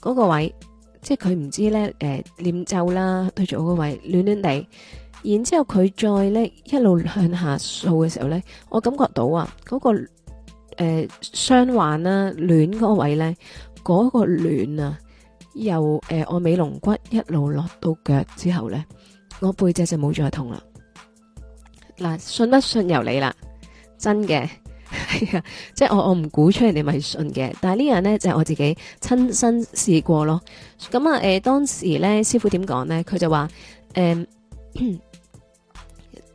嗰、那個位，即係佢唔知咧、誒、呃、念咒啦，對住我嗰位暖暖地。然之後佢再咧一路向下掃嘅時候咧，我感覺到啊，嗰個誒雙環啊攣嗰個位咧，嗰個攣啊，由誒我尾龍骨一路落到腳之後咧，我背脊就冇再痛啦。嗱，信不信由你啦，真嘅，係 啊，即係我我唔估出嚟，你咪信嘅。但係呢樣咧就係我自己親身試過咯。咁啊誒，當時咧師傅點講咧？佢就話誒。嗯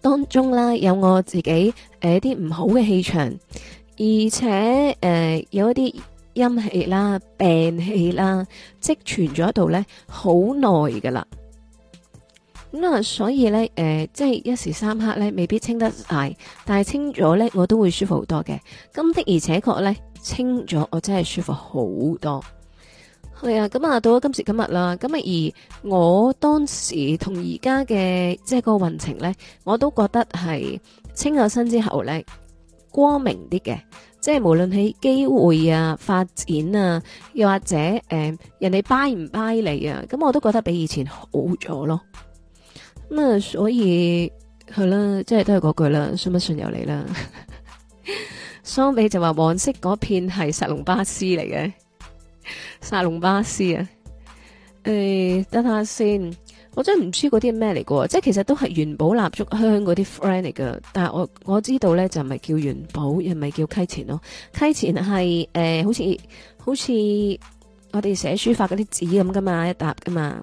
當中啦，有我自己誒一啲唔好嘅氣場，而且誒、呃、有一啲陰氣啦、病氣啦，積存咗度咧好耐噶啦。咁、嗯、啊，所以咧誒、呃，即係一時三刻咧未必清得晒，但係清咗咧，我都會舒服好多嘅。咁的而且確咧清咗，我真係舒服好多。係啊，咁啊、嗯，到咗今時今日啦，咁啊，而我當時同而家嘅即係個運程咧，我都覺得係清咗身之後咧，光明啲嘅，即係無論喺機會啊、發展啊，又或者誒、呃、人哋拜唔拜你啊，咁我都覺得比以前好咗咯。咁、嗯、啊，所以係啦，即係都係嗰句啦，信不信由你啦。相 比就話黃色嗰片係實龍巴斯嚟嘅。薩隆巴斯啊，誒、哎，等下先看看，我真係唔知嗰啲係咩嚟噶，即係其實都係元寶蠟燭香嗰啲 friend 噶，但係我我知道咧就唔係叫元寶，又唔係叫溪錢咯、哦，溪錢係誒，好似好似我哋寫書法嗰啲紙咁噶嘛，一沓噶嘛。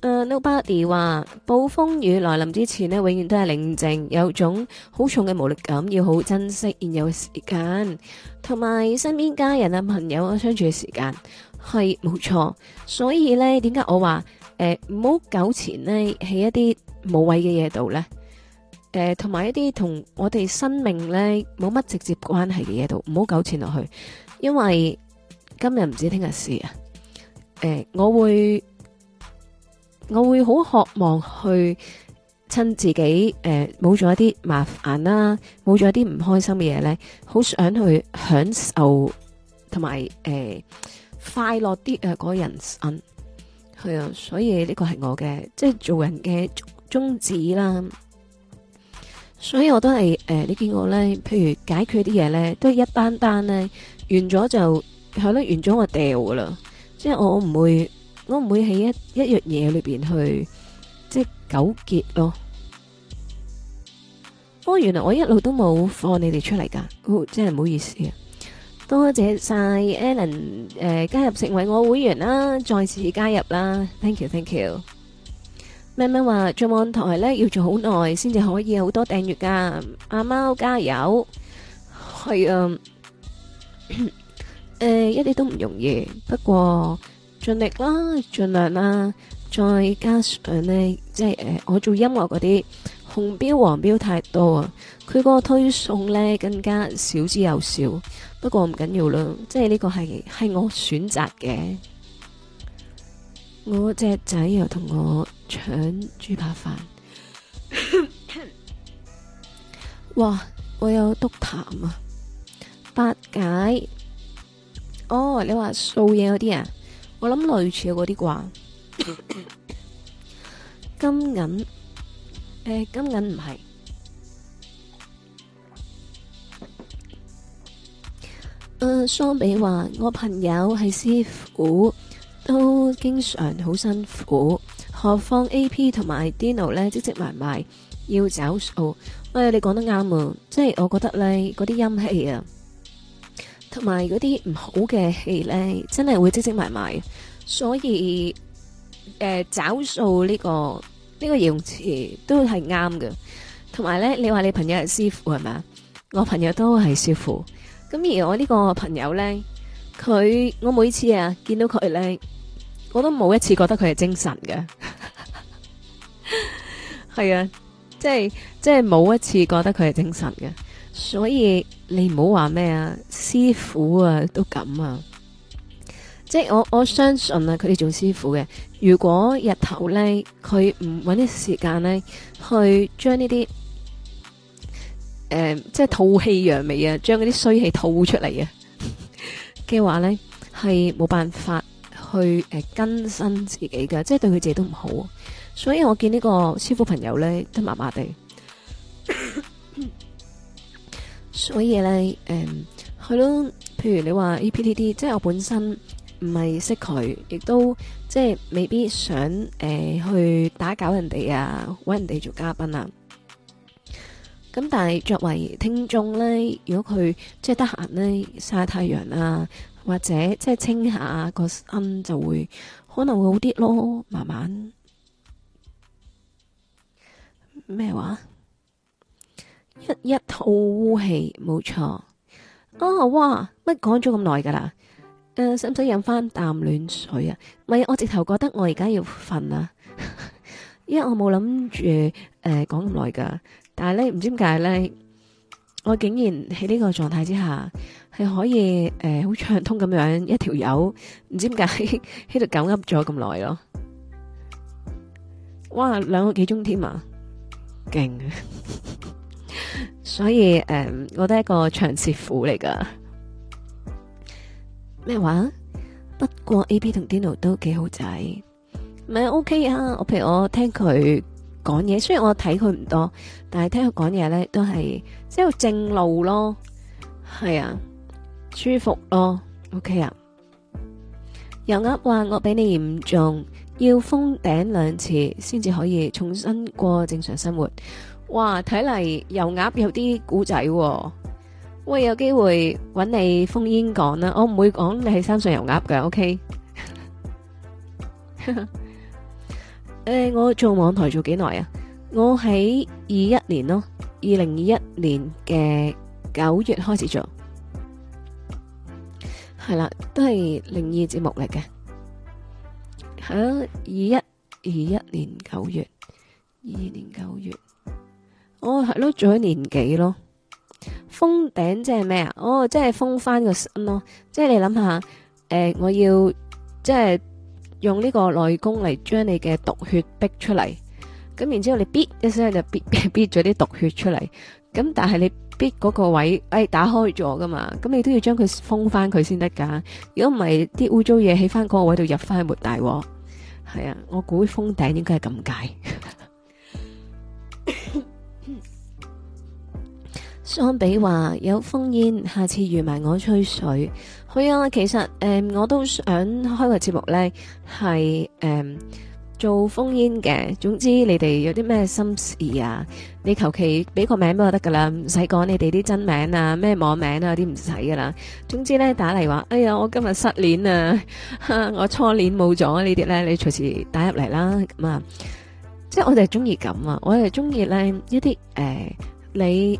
誒、uh,，Nobody 話暴風雨來臨之前呢，永遠都係寧靜，有種好重嘅無力感，要好珍惜現有嘅時間。同埋身邊家人啊、朋友啊相處嘅時間係冇錯，所以咧，點解我話誒唔好糾纏呢？喺、呃、一啲冇謂嘅嘢度咧？誒、呃，同埋一啲同我哋生命咧冇乜直接關係嘅嘢度，唔好糾纏落去，因為今日唔知聽日事啊。誒、呃，我會我會好渴望去。趁自己誒冇咗一啲麻煩啦，冇咗一啲唔開心嘅嘢咧，好想去享受同埋誒快樂啲誒嗰人生，係啊，所以呢個係我嘅即係做人嘅宗旨啦。所以我都係誒、呃，你見我咧，譬如解決啲嘢咧，都係一單單咧，完咗就係咯，完咗我掉噶啦，即係我唔會，我唔會喺一一樣嘢裏邊去。即係糾結咯，哦，原來我一路都冇放你哋出嚟噶，真係唔好意思啊！多謝晒 Alan 誒加入成為我會員啦，再次加入啦，Thank you，Thank you。喵喵話做網台呢，要做好耐先至可以有好多訂閱噶，阿貓加油，係啊，誒一啲都唔容易，不過盡力啦，盡量啦。再加上呢，即係誒，我做音樂嗰啲紅標黃標太多啊，佢個推送呢，更加少之又少。不過唔緊要啦，即係呢個係係我選擇嘅。我隻仔又同我搶豬扒飯。 哇！我有督痰啊，八解。哦，你話掃嘢嗰啲啊？我諗類似嗰啲啩。金銀誒，金銀唔係誒，桑比話我朋友係師傅，都經常好辛苦，何況 AP 同埋 Dino 咧積積埋埋要找數。喂，你講得啱啊！即係我覺得咧，嗰啲陰氣啊，同埋嗰啲唔好嘅氣咧，真係會積積埋埋，所以。誒、欸，找數、這個這個、呢個呢個形容詞都係啱嘅，同埋咧，你話你朋友係師傅係咪啊？我朋友都係師傅，咁而我呢個朋友咧，佢我每次啊見到佢咧，我都冇一次覺得佢係精神嘅，係 啊，即係即係冇一次覺得佢係精神嘅，所以你唔好話咩啊，師傅啊都咁啊。即係我我相信啊，佢哋做師傅嘅。如果日頭咧，佢唔揾啲時間咧，去將呢啲誒，即係吐氣揚眉啊，將嗰啲衰氣吐出嚟啊嘅話咧，係冇辦法去誒、呃、更新自己噶，即係對佢自己都唔好。所以我見呢個師傅朋友咧都麻麻地， 所以咧誒係咯，譬如你話 EPTD，即係我本身。唔係識佢，亦都即係未必想誒、呃、去打攪人哋啊，搵人哋做嘉賓啊。咁但係作為聽眾呢，如果佢即係得閒呢，晒太陽啊，或者即係清下個心，就會可能會好啲咯。慢慢咩話？一一套污氣，冇錯。啊哇，乜講咗咁耐噶啦？誒，使唔使飲翻啖暖水啊？唔係，我直頭覺得我而家要瞓啦，因為我冇諗住誒講咁耐噶。但係咧，唔知點解咧，我竟然喺呢個狀態之下，係可以誒好暢通咁樣一條友，唔知點解喺度噉噏咗咁耐咯。哇，兩個幾鐘添啊，勁！ 所以誒、呃，我都係一個長舌婦嚟噶。咩話？不過 A P 同 Dino 都幾好仔，咪 O K 啊！我譬如我聽佢講嘢，雖然我睇佢唔多，但係聽佢講嘢咧都係即係正路咯，係啊，舒服咯，O K 啊！油鴨話我比你嚴重，要封頂兩次先至可以重新過正常生活。哇！睇嚟油鴨有啲古仔。我有機會揾你烽煙講啦，我唔會講你係山上游鴨嘅，OK？誒，我做網台做幾耐啊？我喺二一年咯，二零二一年嘅九月開始做，係啦，都係靈異節目嚟嘅，係咯，二一二一年九月，二一年九月，我係咯做咗年幾咯？封頂即係咩啊？哦，即係封翻個身咯。即係你諗下，誒、呃，我要即係用呢個內功嚟將你嘅毒血逼出嚟。咁然之後你逼一聲就逼逼咗啲毒血出嚟。咁但係你逼嗰個位，哎打開咗噶嘛。咁你都要將佢封翻佢先得噶。如果唔係，啲污糟嘢喺翻嗰個位度入翻去，抹大鑊。係啊，我估封頂應該係咁解。 相比話有風煙，下次預埋我吹水。好、嗯、啊，其實誒、嗯，我都想開個節目咧，係誒、嗯、做風煙嘅。總之你哋有啲咩心事啊？你求其俾個名都得噶啦，唔使講你哋啲真名啊，咩網名啊，啲唔使噶啦。總之咧，打嚟話，哎呀，我今日失戀啊，我初戀冇咗呢啲咧，你隨時打入嚟啦咁啊。即係我哋係中意咁啊，我哋係中意咧一啲誒、呃、你。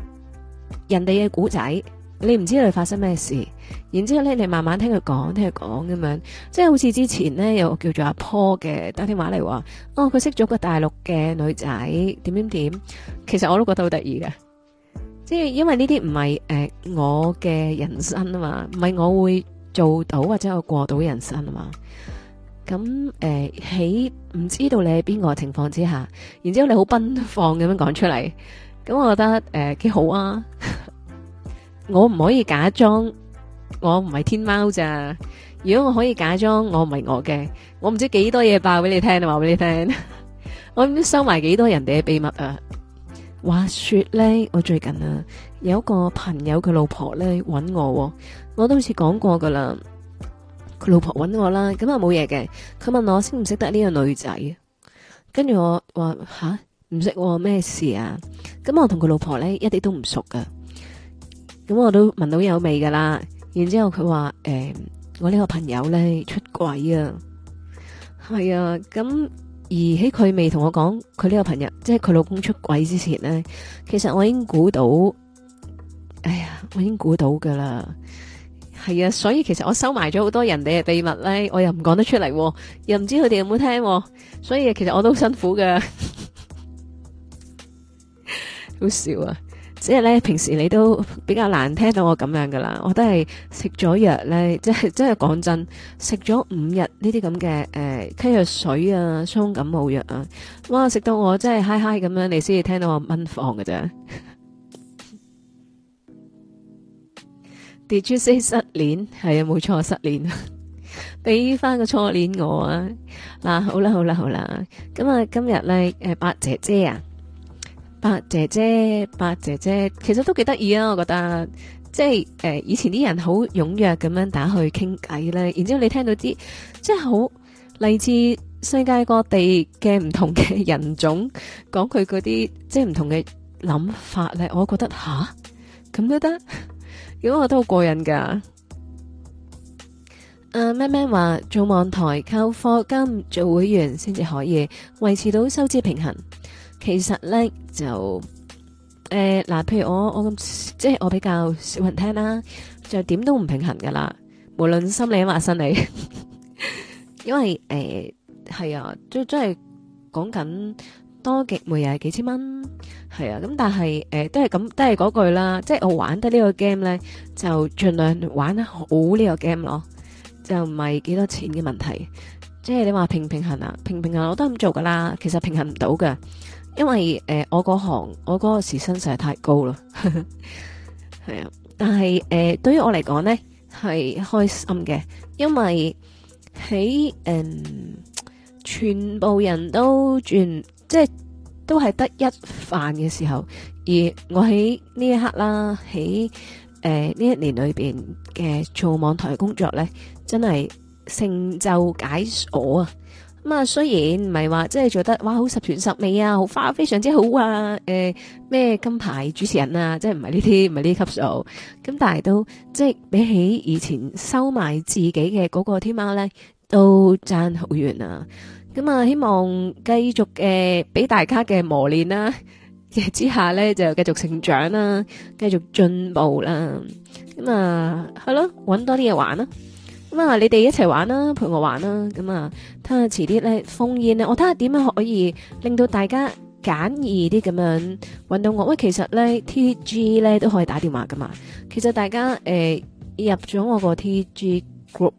人哋嘅古仔，你唔知佢發生咩事，然之後呢你慢慢聽佢講，聽佢講咁樣，即係好似之前呢，有個叫做阿波嘅打電話嚟話，哦佢識咗個大陸嘅女仔，點點點，其實我都覺得好得意嘅，即係因為呢啲唔係誒我嘅人生啊嘛，唔係我會做到或者我過到人生啊嘛，咁誒喺唔知道你係邊個情況之下，然之後你好奔放咁樣講出嚟。咁我覺得誒幾、呃、好啊！ 我唔可以假裝我唔係天喵咋？如果我可以假裝我唔係我嘅，我唔知幾多嘢爆俾你聽啊！話俾你聽，你 我收埋幾多人哋嘅秘密啊！話說咧，我最近啊有個朋友佢老婆咧搵我、啊，我都好似講過噶啦。佢老婆搵我啦，咁啊冇嘢嘅。佢問我識唔識得呢個女仔，跟住我話吓？唔識喎，咩事啊？咁我同佢老婆咧一啲都唔熟噶，咁我都聞到有味噶啦。然之後佢話：誒、哎，我呢個朋友咧出軌啊，係啊。咁而喺佢未同我講佢呢個朋友即係佢老公出軌之前咧，其實我已經估到，哎呀，我已經估到噶啦。係啊，所以其實我收埋咗好多人哋嘅秘密咧，我又唔講得出嚟、啊，又唔知佢哋有冇聽、啊，所以其實我都好辛苦噶。 好笑啊！即係咧，平時你都比較難聽到我咁樣噶啦，我都係食咗藥咧，即係即係講真，食咗五日呢啲咁嘅誒，咳、呃、藥水啊，沖感冒藥啊，哇！食到我真係嗨嗨咁樣，你先至聽到我蚊房㗎咋。 Did you say 失戀？係啊，冇錯失戀，俾 翻個初戀我啊！嗱、 啊，好啦好啦好啦，咁啊今日咧誒八姐姐啊！八姐姐，八姐姐，其實都幾得意啊！我覺得，即係誒、呃，以前啲人好踴躍咁樣打去傾偈咧。然之後你聽到啲即係好嚟自世界各地嘅唔同嘅人種，講佢嗰啲即係唔同嘅諗法咧，我覺得吓咁都得。如果我都好過癮噶。阿咩咩話做網台靠課金做會員先至可以維持到收支平衡。其實咧就誒，嗱，譬如我我咁，即係我比較少人聽啦，就點都唔平衡噶啦。無論心理啊，生理，因為誒係啊，都真係講緊多極，每日幾千蚊係啊。咁但係誒都係咁，都係嗰句啦。即係我玩得呢個 game 咧，就盡量玩得好呢個 game 咯。就唔係幾多錢嘅問題，即係你話平唔平衡啊，平唔平衡我都係咁做噶啦。其實平衡唔到噶。因為誒、呃，我嗰行我嗰個時薪實在太高啦，係 啊。但係誒、呃，對於我嚟講咧，係開心嘅，因為喺誒、呃、全部人都轉，即係都係得一飯嘅時候，而我喺呢一刻啦，喺誒呢一年裏面，嘅做網台工作咧，真係成就解鎖啊！咁啊，雖然唔係話即係做得，哇，好十全十美啊，好花非常之好啊，誒、呃，咩金牌主持人啊，即係唔係呢啲，唔係呢啲級數。咁但係都即係比起以前收埋自己嘅嗰、嗰個天喵咧，都爭好遠啊。咁啊，希望繼續嘅俾、呃、大家嘅磨練啦、啊，之下咧就繼續成長啦，繼續進步啦。咁啊，係咯、啊，搵、嗯嗯、多啲嘢玩啦、啊。咁啊！你哋一齊玩啦，陪我玩啦。咁啊，睇下遲啲咧封煙咧，我睇下點樣可以令到大家簡易啲咁樣揾到我。喂，其實咧 TG 咧都可以打電話㗎嘛。其實大家誒、呃、入咗我個 TG group。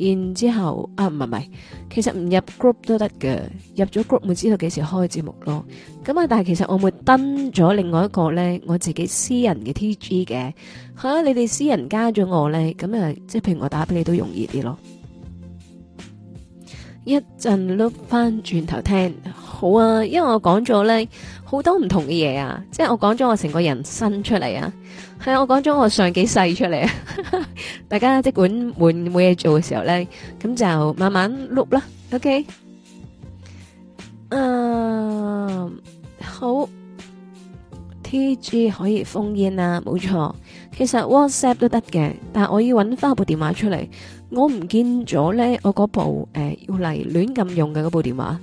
然之後，啊，唔係唔係，其實唔入 group 都得㗎，入咗 group 會知道幾時開節目咯。咁啊，但係其實我會登咗另外一個咧，我自己私人嘅 T G 嘅吓、啊，你哋私人加咗我咧，咁啊，即係譬如我打俾你都容易啲咯。一陣碌返轉頭聽，好啊，因為我講咗咧。好多唔同嘅嘢啊！即係我講咗我成個人生出嚟啊，係啊，我講咗我上幾世出嚟啊！大家即管冇冇嘢做嘅時候咧，咁就慢慢碌啦。OK，嗯，好。TG 可以封煙啊，冇錯。其實 WhatsApp 都得嘅，但係我要搵翻部電話出嚟，我唔見咗咧，我嗰部誒要嚟亂咁用嘅嗰部電話。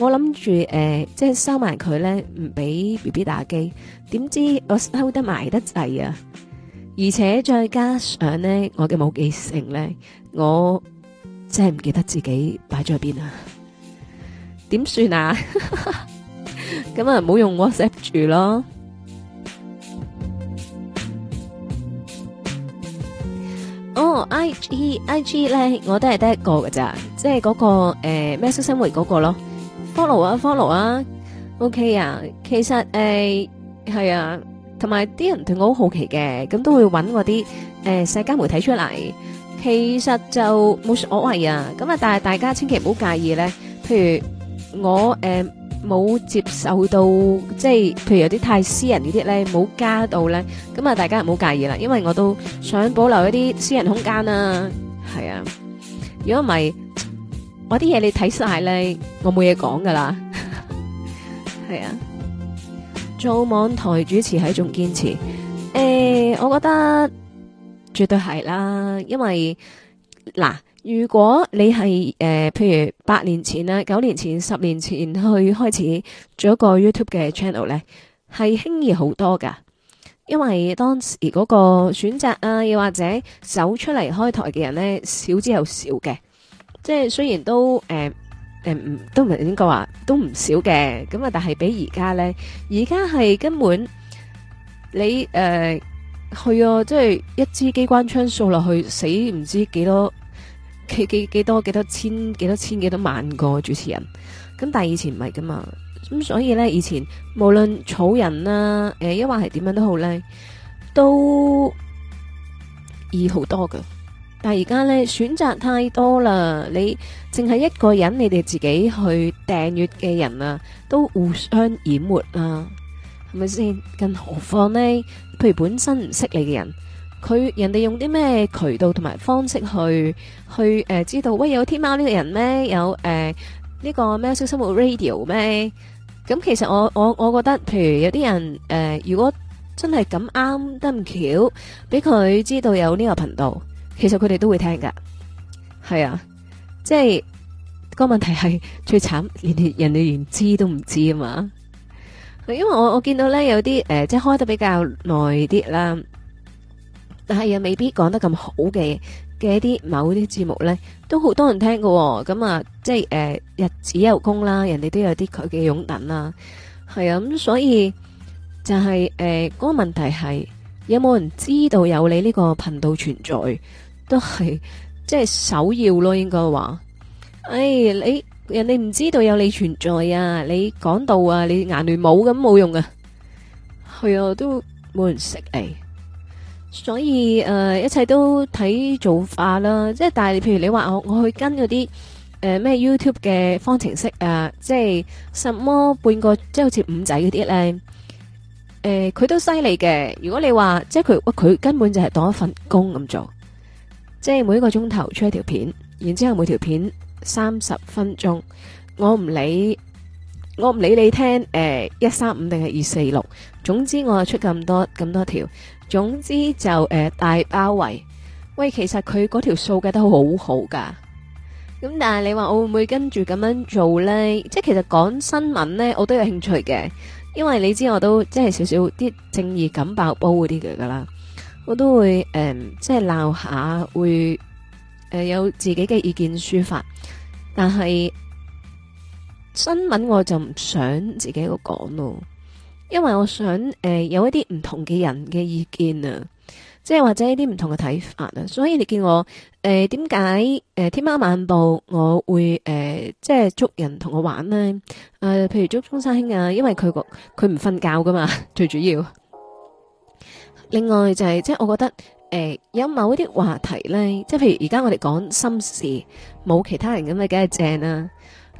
我諗住誒，即係收埋佢咧，唔俾 BB 打機。點知我收得埋得滯啊！而且再加上咧，我嘅冇記性咧，我真係唔記得自己擺咗喺邊啊！點算啊？咁啊，唔好用 WhatsApp 住咯。哦、oh，IG IG 咧，我都係得一個噶咋，即係嗰、嗰個誒，咩蘇新維嗰個咯。follow 啊 follow 啊，OK 啊，其實誒係啊，同埋啲人對我好好奇嘅，咁都會揾我啲誒社交媒體出嚟。其實就冇所謂啊，咁啊但係大家千祈唔好介意咧。譬如我誒冇接受到，即係譬如有啲太私人呢啲咧，冇加到咧，咁啊大家唔好介意啦，因為我都想保留一啲私人空間啦。係啊，如果唔係。我啲嘢你睇晒咧，我冇嘢講噶啦。係啊，做網台主持係一種堅持。誒、欸，我覺得絕對係啦，因為嗱，如果你係誒、呃，譬如八年前啊、九年前、十年，年前去開始做一個 YouTube 嘅 channel 咧，係輕易好多噶，因為當時嗰個選擇啊，又或者走出嚟開台嘅人咧，少之又少嘅。即係雖然都誒誒唔都唔係應該話都唔少嘅咁啊，但係比而家咧，而家係根本你誒、呃、去啊、哦，即、就、係、是、一支機關槍掃落去死唔知幾多幾幾幾多幾多千幾多千，幾多,千幾多萬個主持人，咁但係以前唔係噶嘛，咁所以咧以前無論草人啦、啊、誒，抑或係點樣都好咧，都易好多噶。但而家咧，選擇太多啦。你淨係一個人，你哋自己去訂閱嘅人啊，都互相掩沒啦、啊，係咪先？更何況呢？譬如本身唔識你嘅人，佢人哋用啲咩渠道同埋方式去去誒、呃，知道喂有天喵呢個人咩？有誒呢、呃這個咩？咩喵式生活 RADIO 咩？咁其實我我我覺得，譬如有啲人誒、呃，如果真係咁啱得唔巧，俾佢知道有呢個頻道。其實佢哋都會聽噶係啊，即係、嗰個問題係最慘，連人哋連知都唔知啊嘛。因為我我見到咧有啲誒、呃，即係開得比較耐啲啦，但係又未必講得咁好嘅嘅一啲某啲節目咧，都好多人聽噶、哦。咁、嗯、啊，即係誒、呃、日子有功啦，人哋都有啲佢嘅擁躉啦。係啊，咁所以就係、是、誒、呃嗰個問題係有冇人知道有你呢個頻道存在？都係即係首要咯，應該話，哎你人哋唔知道有你存在啊！你講到啊，你眼裏冇咁冇用噶，係啊，都冇人識你，所以誒一切都睇造化啦。即係但係譬如你話我我去跟嗰啲誒咩 YouTube 嘅方程式啊，即係什麼半個即係好似五仔嗰啲咧，誒佢都犀利嘅。如果你話即係佢，佢根本就係當一份工咁做。即係每一個鐘頭出一條片，然之後每條片三十分鐘，我唔理我唔理你聽誒一三五定係二四六，呃、1, 3, 5, 2, 4, 6, 總之我就出咁多咁多條，總之就誒、呃、大包圍。喂，其實佢嗰條數計都好好噶，咁但係你話我會唔會跟住咁樣做呢？即係其實講新聞呢，我都有興趣嘅，因為你知我都即係少少啲正義感爆煲嗰啲嘅啦。我都會誒、嗯，即係鬧下，會誒、呃、有自己嘅意見抒發。但係新聞我就唔想自己一個講咯，因為我想誒、呃、有一啲唔同嘅人嘅意見啊，即係或者一啲唔同嘅睇法啊。所以你見我誒點解誒天喵晚報我會誒、呃、即係捉人同我玩呢？誒、呃，譬如捉中山兄啊，因為佢個佢唔瞓覺噶嘛，最主要。另外就係即係我覺得誒、呃、有某一啲話題咧，即係譬如而家我哋講心事，冇其他人咁咪梗係正啦。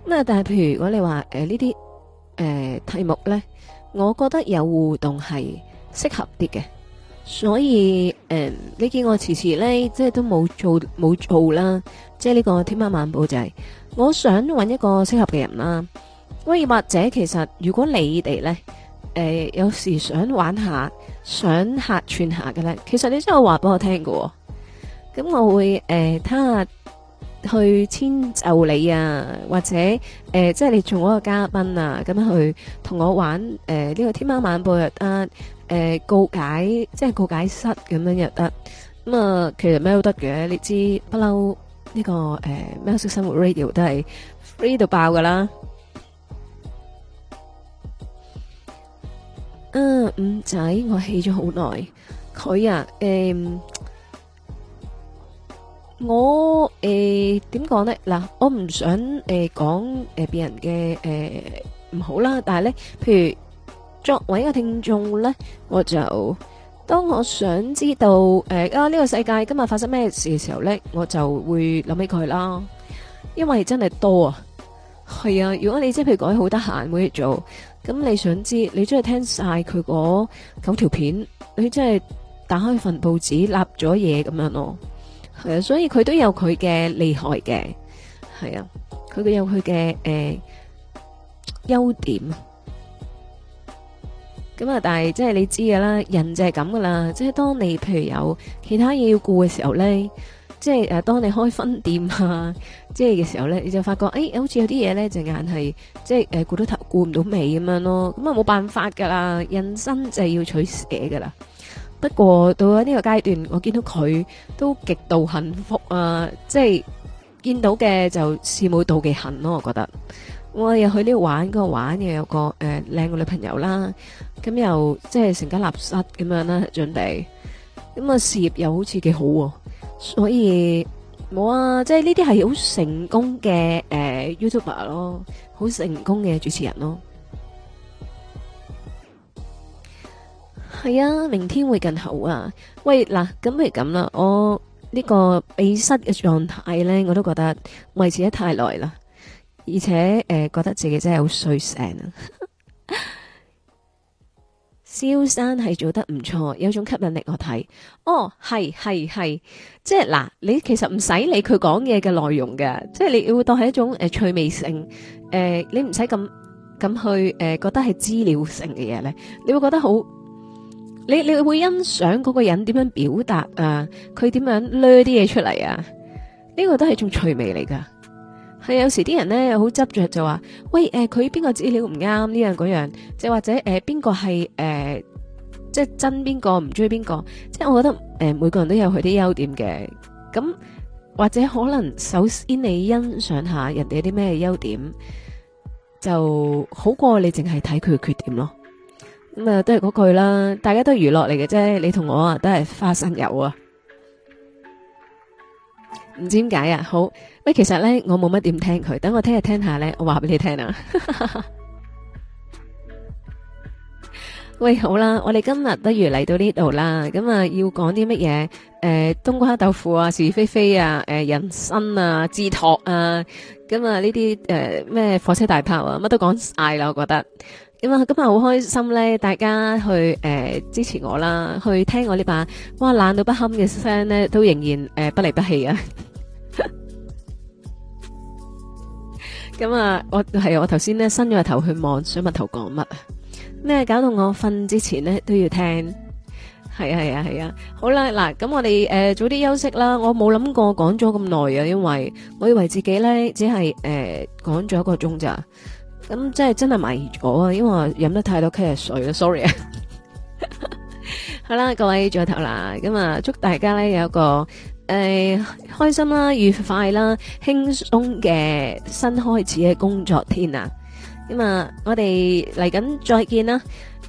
咁啊，但係譬如如果你話誒呢啲誒題目咧，我覺得有互動係適合啲嘅。所以誒、呃，你見我遲遲咧即係都冇做冇做啦，即係、這、呢個天喵漫步就係、是，我想揾一個適合嘅人啦。以或者其實如果你哋咧。誒、呃，有時想玩下，想客串下嘅咧，其實你真係話俾我聽嘅、哦，咁我會誒，睇、呃、下去遷就你啊，或者誒、呃，即係你做我個嘉賓啊，咁樣去同我玩誒，呢、呃這個天喵晚報又得，誒、呃、告解即係告解室咁樣又得，咁、嗯、啊，其實咩都得嘅，你知不嬲呢個誒，喵、呃、式 生活 radio 都係 free 到爆噶啦。嗯，五仔我起咗好耐，佢啊，誒，我誒點講呢？嗱，我唔想誒講誒別人嘅誒唔好啦，但係呢，譬如作為一個聽眾呢，我就當我想知道誒啊呢個世界今日發生咩事嘅時候呢，我就會諗起佢啦，因為真係多啊，係啊，如果你即係譬如講好得閒冇嘢做。咁你想知，你真係聽晒佢嗰九條片，你真係打開份報紙立咗嘢，咁樣咯，係啊，所以佢都有佢嘅厲害嘅，係啊，佢都有佢嘅誒優點。咁啊，但係即係你知嘅啦，人就係咁噶啦，即係當你譬如有其他嘢要顧嘅時候咧。即係誒，當你開分店啊，即係嘅時候咧，你就發覺誒、哎，好似有啲嘢咧，就硬係即係誒顧到頭顧唔到尾咁樣咯。咁啊冇辦法噶啦，人生就係要取捨噶啦。不過到咗呢個階段，我見到佢都極度幸福啊！即係見到嘅就羨慕妒忌恨咯，我覺得。我又去呢度玩，嗰度玩，又有個誒靚嘅女朋友啦。咁又即係成家立室咁樣啦，準備。咁啊，事業又好似幾好啊。所以冇啊，即係呢啲係好成功嘅誒、呃、YouTuber 咯，好成功嘅主持人咯。係啊，明天會更好啊。喂，嗱，咁不如咁啦，我呢個鼻塞嘅狀態咧，我都覺得維持得太耐啦，而且誒、呃，覺得自己真係好衰聲啊。 蕭生係做得唔錯，有種吸引力我睇。哦，係係係，即係嗱，你其實唔使理佢講嘢嘅內容嘅，即係你會當係一種誒趣味性。誒、呃，你唔使咁咁去誒、呃，覺得係資料性嘅嘢咧，你會覺得好，你你會欣賞嗰個人點樣表達啊，佢點樣掠啲嘢出嚟啊，呢、這個都係種趣味嚟噶。有時啲人咧，好執着就話喂，誒佢邊個資料唔啱，呢樣嗰樣，即係或者誒邊個係誒即係憎邊個唔中意邊個，即係我覺得誒、呃、每個人都有佢啲優點嘅，咁或者可能首先你欣賞下人哋有啲咩優點，就好過你淨係睇佢嘅缺點咯。咁、嗯、啊，都係嗰句啦，大家都係娛樂嚟嘅啫，你同我啊都係花生友啊。唔知點解啊！好喂，其實咧我冇乜點聽佢，等我聽日聽下咧，我話俾你聽啊！ 喂，好啦，我哋今日不如嚟到呢度啦，咁啊要講啲乜嘢？誒、呃，冬瓜豆腐啊，是是非非啊，誒、呃，人生啊，寄託啊，咁啊呢啲誒咩火車大炮啊，乜都講晒啦，我覺得咁啊，今日好開心咧，大家去誒、呃、支持我啦，去聽我呢把哇懶到不堪嘅聲咧，都仍然誒、呃、不離不棄啊！咁啊、嗯，我係啊，我頭先咧伸咗個頭去望，想問頭講乜啊？咩搞到我瞓之前咧都要聽？係啊，係啊，係、呃、啊！好啦，嗱，咁我哋誒早啲休息啦。我冇諗過講咗咁耐啊，因為我以為自己咧只係誒講咗一個鐘咋。咁即係真係迷咗啊！因為我飲得太多開水啦，sorry 啊。好 啦、嗯，各位早唞啦、啊，咁啊祝大家咧有一個。誒、哎，開心啦，愉快啦，輕鬆嘅新開始嘅工作天啊！咁、嗯、啊，我哋嚟緊再見啦。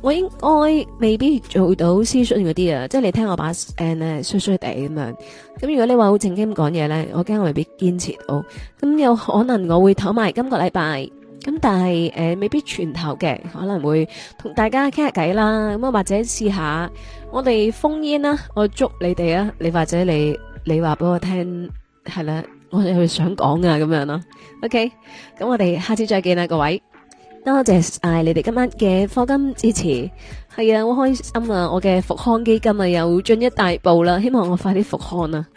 我應該未必做到私信嗰啲啊，即係你聽我把聲衰衰地咁樣。咁如果你話好正經咁講嘢咧，我驚我未必堅持到。咁有可能我會唞埋今個禮拜，咁但係誒、呃、未必全唞嘅，可能會同大家傾下偈啦。咁啊，或者試下我哋封煙啦，我祝你哋啊，你或者你。你話俾我聽，係啦，我哋去想講啊，咁樣咯。OK，咁我哋下次再見啦，各位，多謝晒你哋今晚嘅課金支持，係啊，好開心啊，我嘅復康基金啊又進一大步啦，希望我快啲復康啊。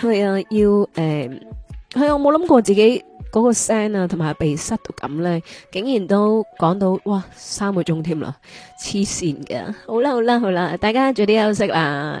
係啊，要誒，係、欸、我冇諗過自己嗰個聲啊，同埋鼻塞到咁咧，竟然都講到哇，三個鐘添啦，黐線嘅。好啦，好啦，好啦，大家早啲休息啦。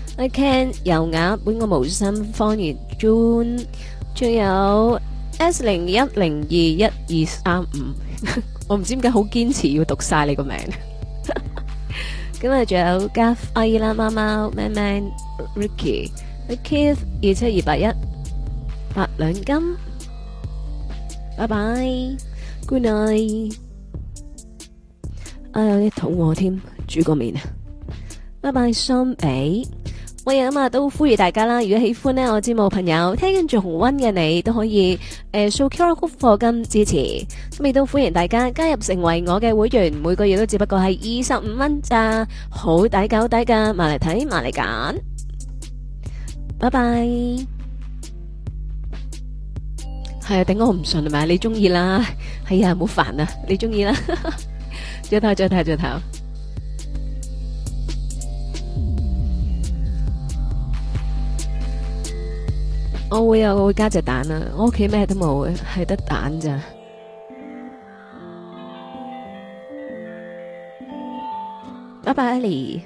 I can 油鴨，本我無心方圓？June，仲有 S 零一零二一二三五，我唔知點解好堅持要讀晒你個名。咁啊，仲有 Gareth 阿依拉貓貓咩咩 Ricky，I Keith 二七二八一八兩金，拜拜，Good night。啊，有啲肚餓添，煮個麵啊！拜拜，雙比。喂，咁啊，都呼籲大家啦！如果喜歡呢，我節目朋友聽緊做紅溫嘅，你都可以誒，收幾多股，課金支持，咁亦都歡迎大家加入成為我嘅會員，每個月都只不過係二十五蚊咋，好抵搞抵噶，埋嚟睇，埋嚟揀，拜拜。係啊、哎，頂我唔順係咪？你中意啦，係、哎、啊，唔好煩啊，你中意啦，就睇就睇就睇。再我會啊，我會加隻蛋啊！我屋企咩都冇嘅，係得蛋咋。拜拜，阿 Li。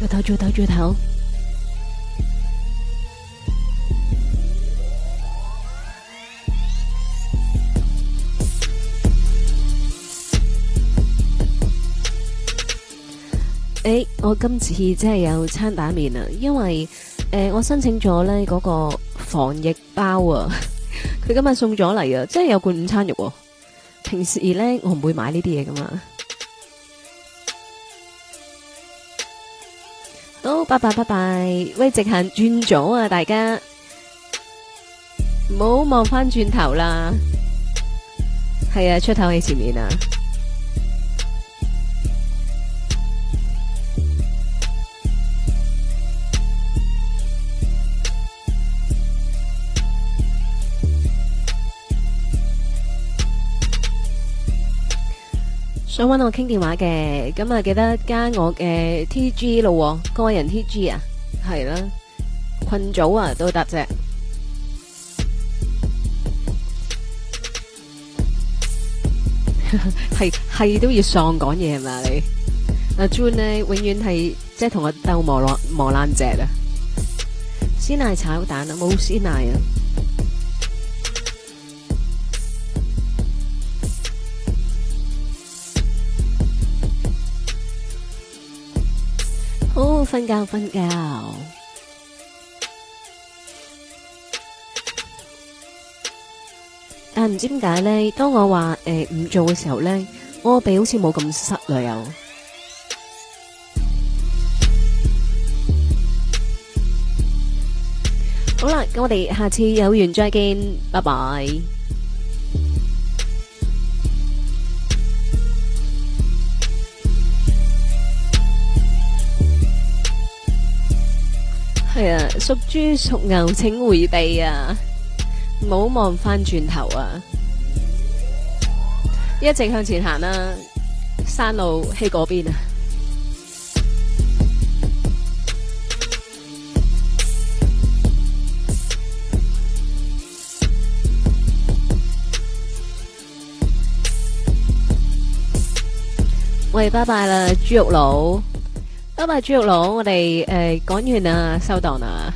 再睇，再睇，再睇。哎、我今次真係有餐打麵啊，因為誒、呃、我申請咗咧嗰個防疫包啊，佢 今日送咗嚟啊，真係有罐午餐肉啊。平時咧我唔會買呢啲嘢噶嘛。好，拜拜拜拜。喂，直行轉左啊，大家唔好望翻轉頭啦。係啊，出頭喺前面啊。想搵我傾電話嘅，咁啊記得加我嘅 T G 咯，個人 T G 啊，係啦，啊，群組啊都得啫。係 係都要喪講嘢係嘛你，阿、啊、June 呢，永遠係即係同我斗磨落磨爛只啊，鮮奶炒蛋啊，冇鮮奶啊。都瞓覺瞓覺，但唔知點解咧？當我話誒唔做嘅時候咧，我個鼻好似冇咁塞咯又。好啦，咁我哋下次有緣再見，拜拜。係啊，屬豬屬牛請回避啊，唔好望返轉頭啊，一直向前行啦，山路喺嗰邊啊。喂，拜拜啦，豬肉佬。拜拜，豬肉佬，我哋誒，講完啦，收檔啦，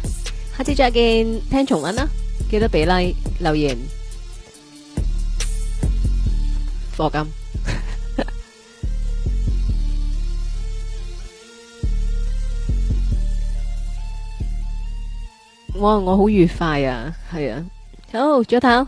下次再見，聽重溫啦，記得俾 like 留言，課金，哇，我好愉快啊，係啊，好，早唞。